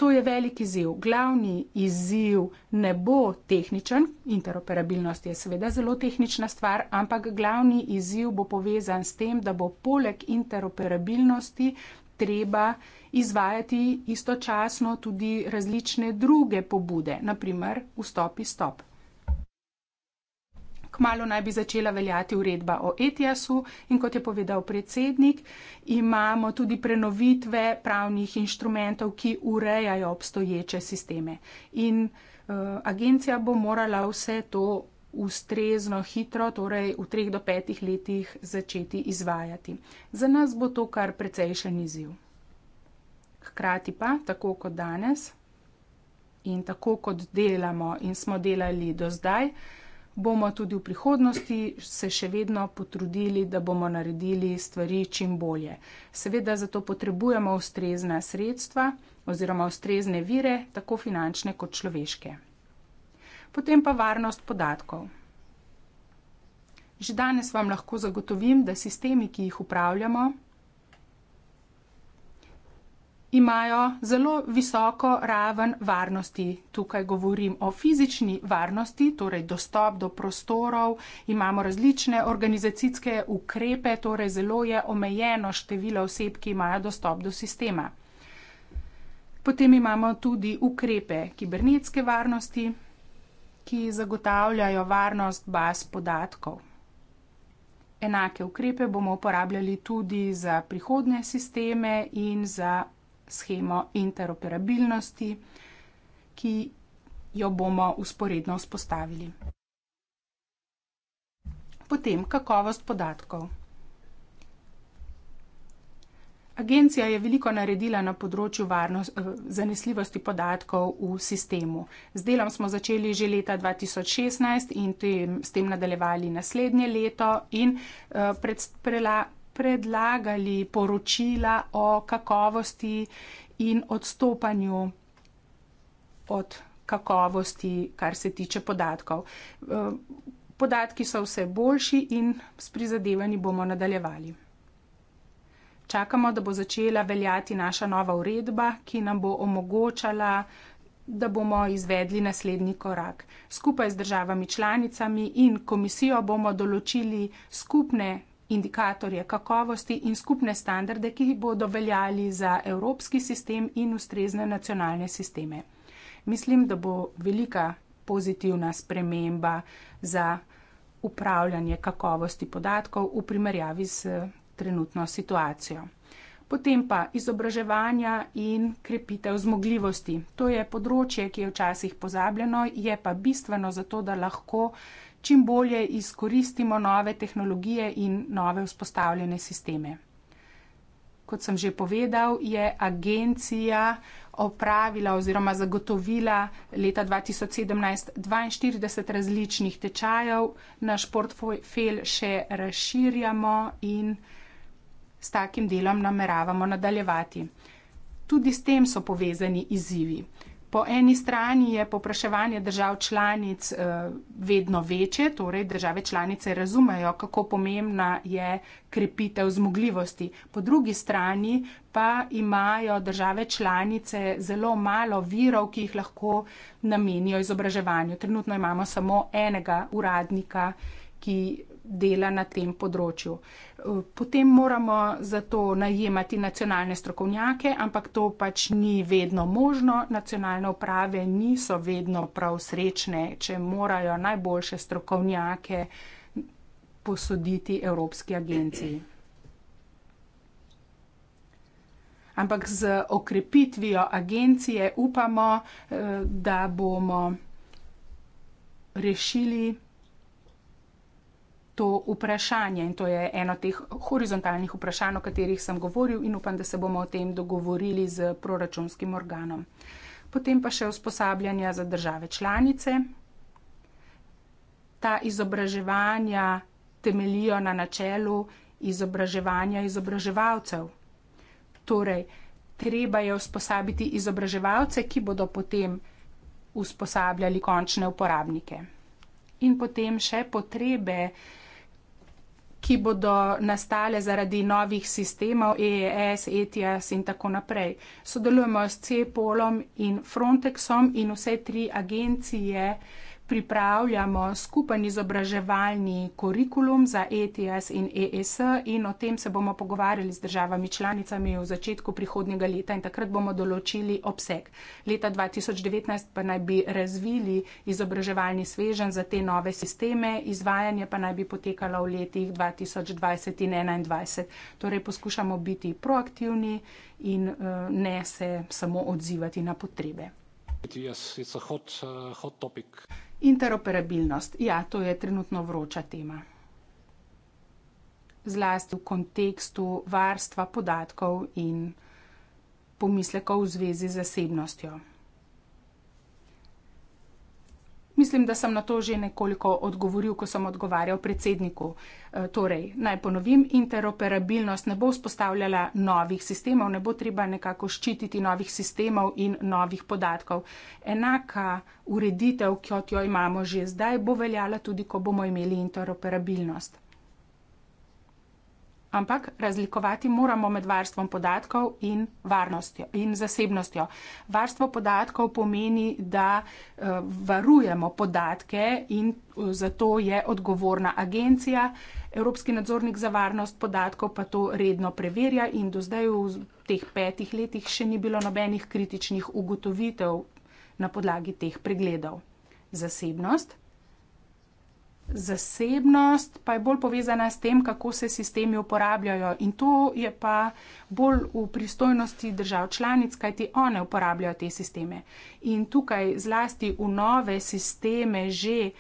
To je velik izziv. Glavni izziv ne bo tehničen, interoperabilnost je seveda zelo tehnična stvar, ampak glavni izziv bo povezan s tem, da bo poleg interoperabilnosti treba izvajati istočasno tudi različne druge pobude, naprimer vstop in stop kmalo naj bi začela veljati uredba o ETIAS-u in kot je povedal predsednik, imamo tudi prenovitve pravnih inštrumentov, ki urejajo obstoječe sisteme. In uh, agencija bo morala vse to ustrezno, hitro, torej v treh do petih letih začeti izvajati. Za nas bo to kar precejšen izziv. Hkrati pa, tako kot danes in tako kot delamo in smo delali do zdaj, uh, bomo tudi v prihodnosti se še vedno potrudili, da bomo naredili stvari čim bolje. Seveda zato potrebujemo ustrezna sredstva oziroma ustrezne vire, tako finančne kot človeške. Potem pa varnost podatkov. Že danes vam lahko zagotovim, da sistemi, ki jih upravljamo, imajo zelo visoko raven varnosti. Tukaj govorim o fizični varnosti, torej dostop do prostorov, imamo različne organizacijske ukrepe, torej zelo je omejeno število oseb, ki imajo dostop do sistema. Potem imamo tudi ukrepe kibernetske varnosti, ki zagotavljajo varnost baz podatkov. Enake ukrepe bomo uporabljali tudi za prihodne sisteme in za schemo interoperabilnosti, ki jo bomo usporedno vzpostavili. Potem kakovost podatkov. Agencija je veliko naredila na področju varnost, eh, zanesljivosti podatkov v sistemu. Z delom smo začeli že leta 2016 in tem, s tem nadaljevali naslednje leto in uh, eh, predstavljali predlagali poročila o kakovosti in odstopanju od kakovosti, kar se tiče podatkov. E, podatki so vse boljši in s prizadevanji bomo nadaljevali. Čakamo, da bo začela veljati naša nova uredba, ki nam bo omogočala, da bomo izvedli naslednji korak. Skupaj z državami članicami in komisijo bomo določili skupne indikatorje kakovosti in skupne standarde, ki bodo veljali za evropski sistem in ustrezne nacionalne sisteme. Mislim, da bo velika pozitivna sprememba za upravljanje kakovosti podatkov v primerjavi s eh, trenutno situacijo. Potem pa izobraževanja in krepitev zmogljivosti. To je področje, ki je včasih pozabljeno, je pa bistveno zato, da lahko čim bolje izkoristimo nove tehnologije in nove vzpostavljene sisteme. Kot sem že povedal, je agencija opravila oziroma zagotovila leta 2017 42 različnih tečajev, naš portfelj še razširjamo in s takim delom nameravamo nadaljevati. Tudi s tem so povezani izzivi. Po eni strani je popraševanje držav članic eh, vedno večje, torej države članice razumejo, kako pomembna je krepitev zmogljivosti. Po drugi strani pa imajo države članice zelo malo virov, ki jih lahko namenijo izobraževanju. Trenutno imamo samo enega uradnika, ki dela na tem področju. Eh, potem moramo za to najemati nacionalne strokovnjake, ampak to pač ni vedno možno. Nacionalne uprave niso vedno prav srečne, če morajo najboljše strokovnjake posoditi Evropski agenciji. Ampak z okrepitvijo agencije upamo, eh, da bomo rešili to vprašanje in to je eno teh horizontalnih vprašanj, o katerih sem govoril in upam, da se bomo o tem dogovorili z proračunskim organom. Potem pa še usposabljanja za države članice. Ta izobraževanja temelijo na načelu izobraževanja izobraževalcev. Torej, treba je usposabiti izobraževalce, ki bodo potem usposabljali končne uporabnike. In potem še potrebe ki bodo nastale zaradi novih sistemov EES, ETS in tako naprej. Sodelujemo s CEPOL-om in Frontexom in vse tri agencije pripravljamo skupen izobraževalni kurikulum za ETS in ES in o tem se bomo pogovarjali z državami članicami v začetku prihodnjega leta in takrat bomo določili obseg. Leta 2019 pa naj bi razvili izobraževalni svežen za te nove sisteme, izvajanje pa naj bi potekalo v letih 2020 in 2021. Torej poskušamo biti proaktivni in eh, ne se samo odzivati na potrebe. Yes, it's a hot, uh, hot topic. Interoperabilnost. Ja, to je trenutno vroča tema. Zlasti v kontekstu varstva podatkov in pomislekov v zvezi z zasebnostjo. Mislim, da sem na to že nekoliko odgovoril, ko sem odgovarjal predsedniku. E, torej, naj ponovim, interoperabilnost ne bo vzpostavljala novih sistemov, ne bo treba nekako ščititi novih sistemov in novih podatkov. Enaka ureditev, ki jo imamo že zdaj, bo veljala tudi, ko bomo imeli interoperabilnost. Ampak razlikovati moramo med varstvom podatkov in varnostjo in zasebnostjo. Varstvo podatkov pomeni, da eh, varujemo podatke in eh, zato je odgovorna agencija. Evropski nadzornik za varnost podatkov pa to redno preverja in do zdaj v teh petih letih še ni bilo nobenih kritičnih ugotovitev na podlagi teh pregledov. Zasebnost zasebnost pa je bolj povezana s tem, kako se sistemi uporabljajo in to je pa bolj v pristojnosti držav članic, kajti one uporabljajo te sisteme. In tukaj zlasti v nove sisteme že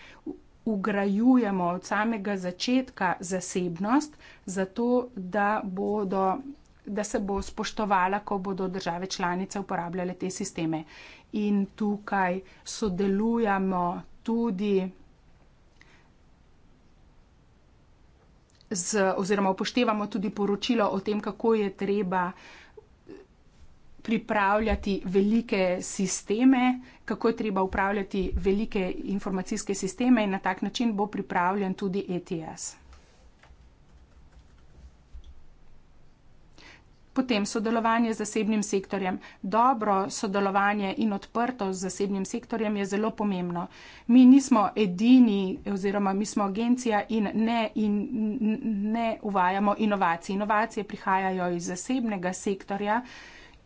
ugrajujemo od samega začetka zasebnost, zato da bodo da se bo spoštovala, ko bodo države članice uporabljale te sisteme. In tukaj sodelujemo tudi z, oziroma upoštevamo tudi poročilo o tem, kako je treba pripravljati velike sisteme, kako je treba upravljati velike informacijske sisteme in na tak način bo pripravljen tudi ETS. Potem sodelovanje z zasebnim sektorjem. Dobro sodelovanje in odprto z zasebnim sektorjem je zelo pomembno. Mi nismo edini oziroma mi smo agencija in ne, in ne uvajamo inovacij. Inovacije prihajajo iz zasebnega sektorja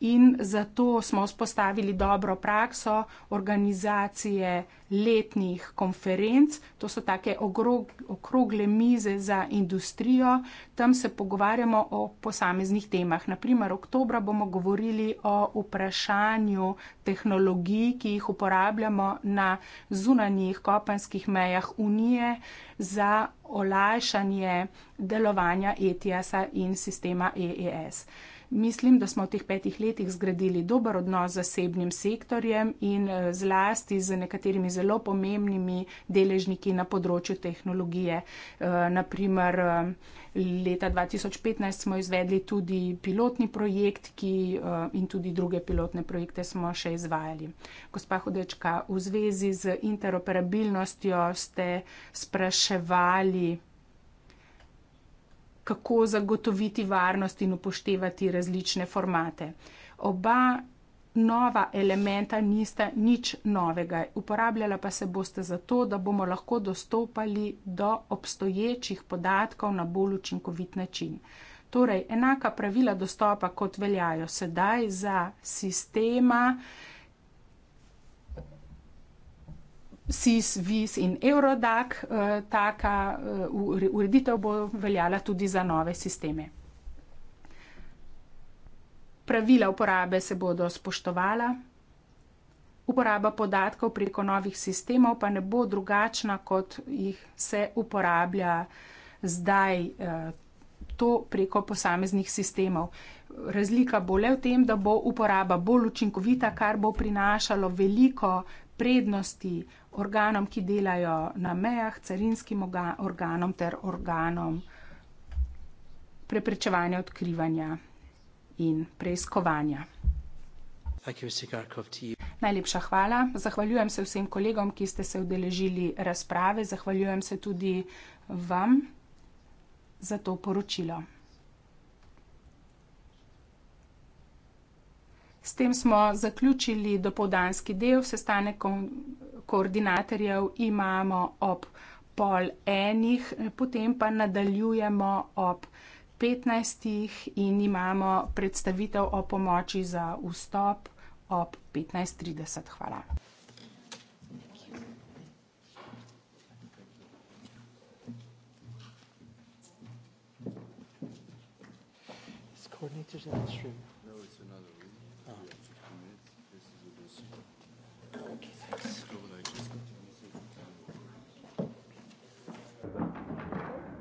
in zato smo vzpostavili dobro prakso organizacije letnih konferenc. To so take okrog, okrogle mize za industrijo, tam se pogovarjamo o posameznih temah. Naprimer, oktobra bomo govorili o vprašanju tehnologij, ki jih uporabljamo na zunanjih kopenskih mejah Unije za olajšanje delovanja ETS-a in sistema EES. Mislim, da smo v teh petih letih zgradili dober odnos z zasebnim sektorjem in eh, zlasti z nekaterimi zelo pomembnimi deležniki na področju tehnologije. Eh, Naprimer, eh, leta 2015 smo izvedli tudi pilotni projekt ki, in tudi druge pilotne projekte smo še izvajali. Gospa Hudečka, v zvezi z interoperabilnostjo ste spraševali kako zagotoviti varnost in upoštevati različne formate. Oba nova elementa nista nič novega, uporabljala pa se boste zato, da bomo lahko dostopali do obstoječih podatkov na bolj učinkovit način. Torej, enaka pravila dostopa, kot veljajo sedaj za sistema, SIS, VIS in Eurodac, eh, taka eh, ureditev bo veljala tudi za nove sisteme. Pravila uporabe se bodo spoštovala, uporaba podatkov preko novih sistemov pa ne bo drugačna, kot jih se uporablja zdaj eh, to preko posameznih sistemov. Razlika bo le v tem, da bo uporaba bolj učinkovita, kar bo prinašalo veliko prednosti organom, ki delajo na mejah, carinskim organom ter organom preprečevanja odkrivanja in preiskovanja. Najlepša hvala. Zahvaljujem se vsem kolegom, ki ste se udeležili razprave. Zahvaljujem se tudi vam za to poročilo. S tem smo zaključili dopoldanski del sestanka koordinatorjev imamo ob pol enih, potem pa nadaljujemo ob 15 in imamo predstavitev o pomoči za vstop ob 15.30. Hvala. Coordinators in this room.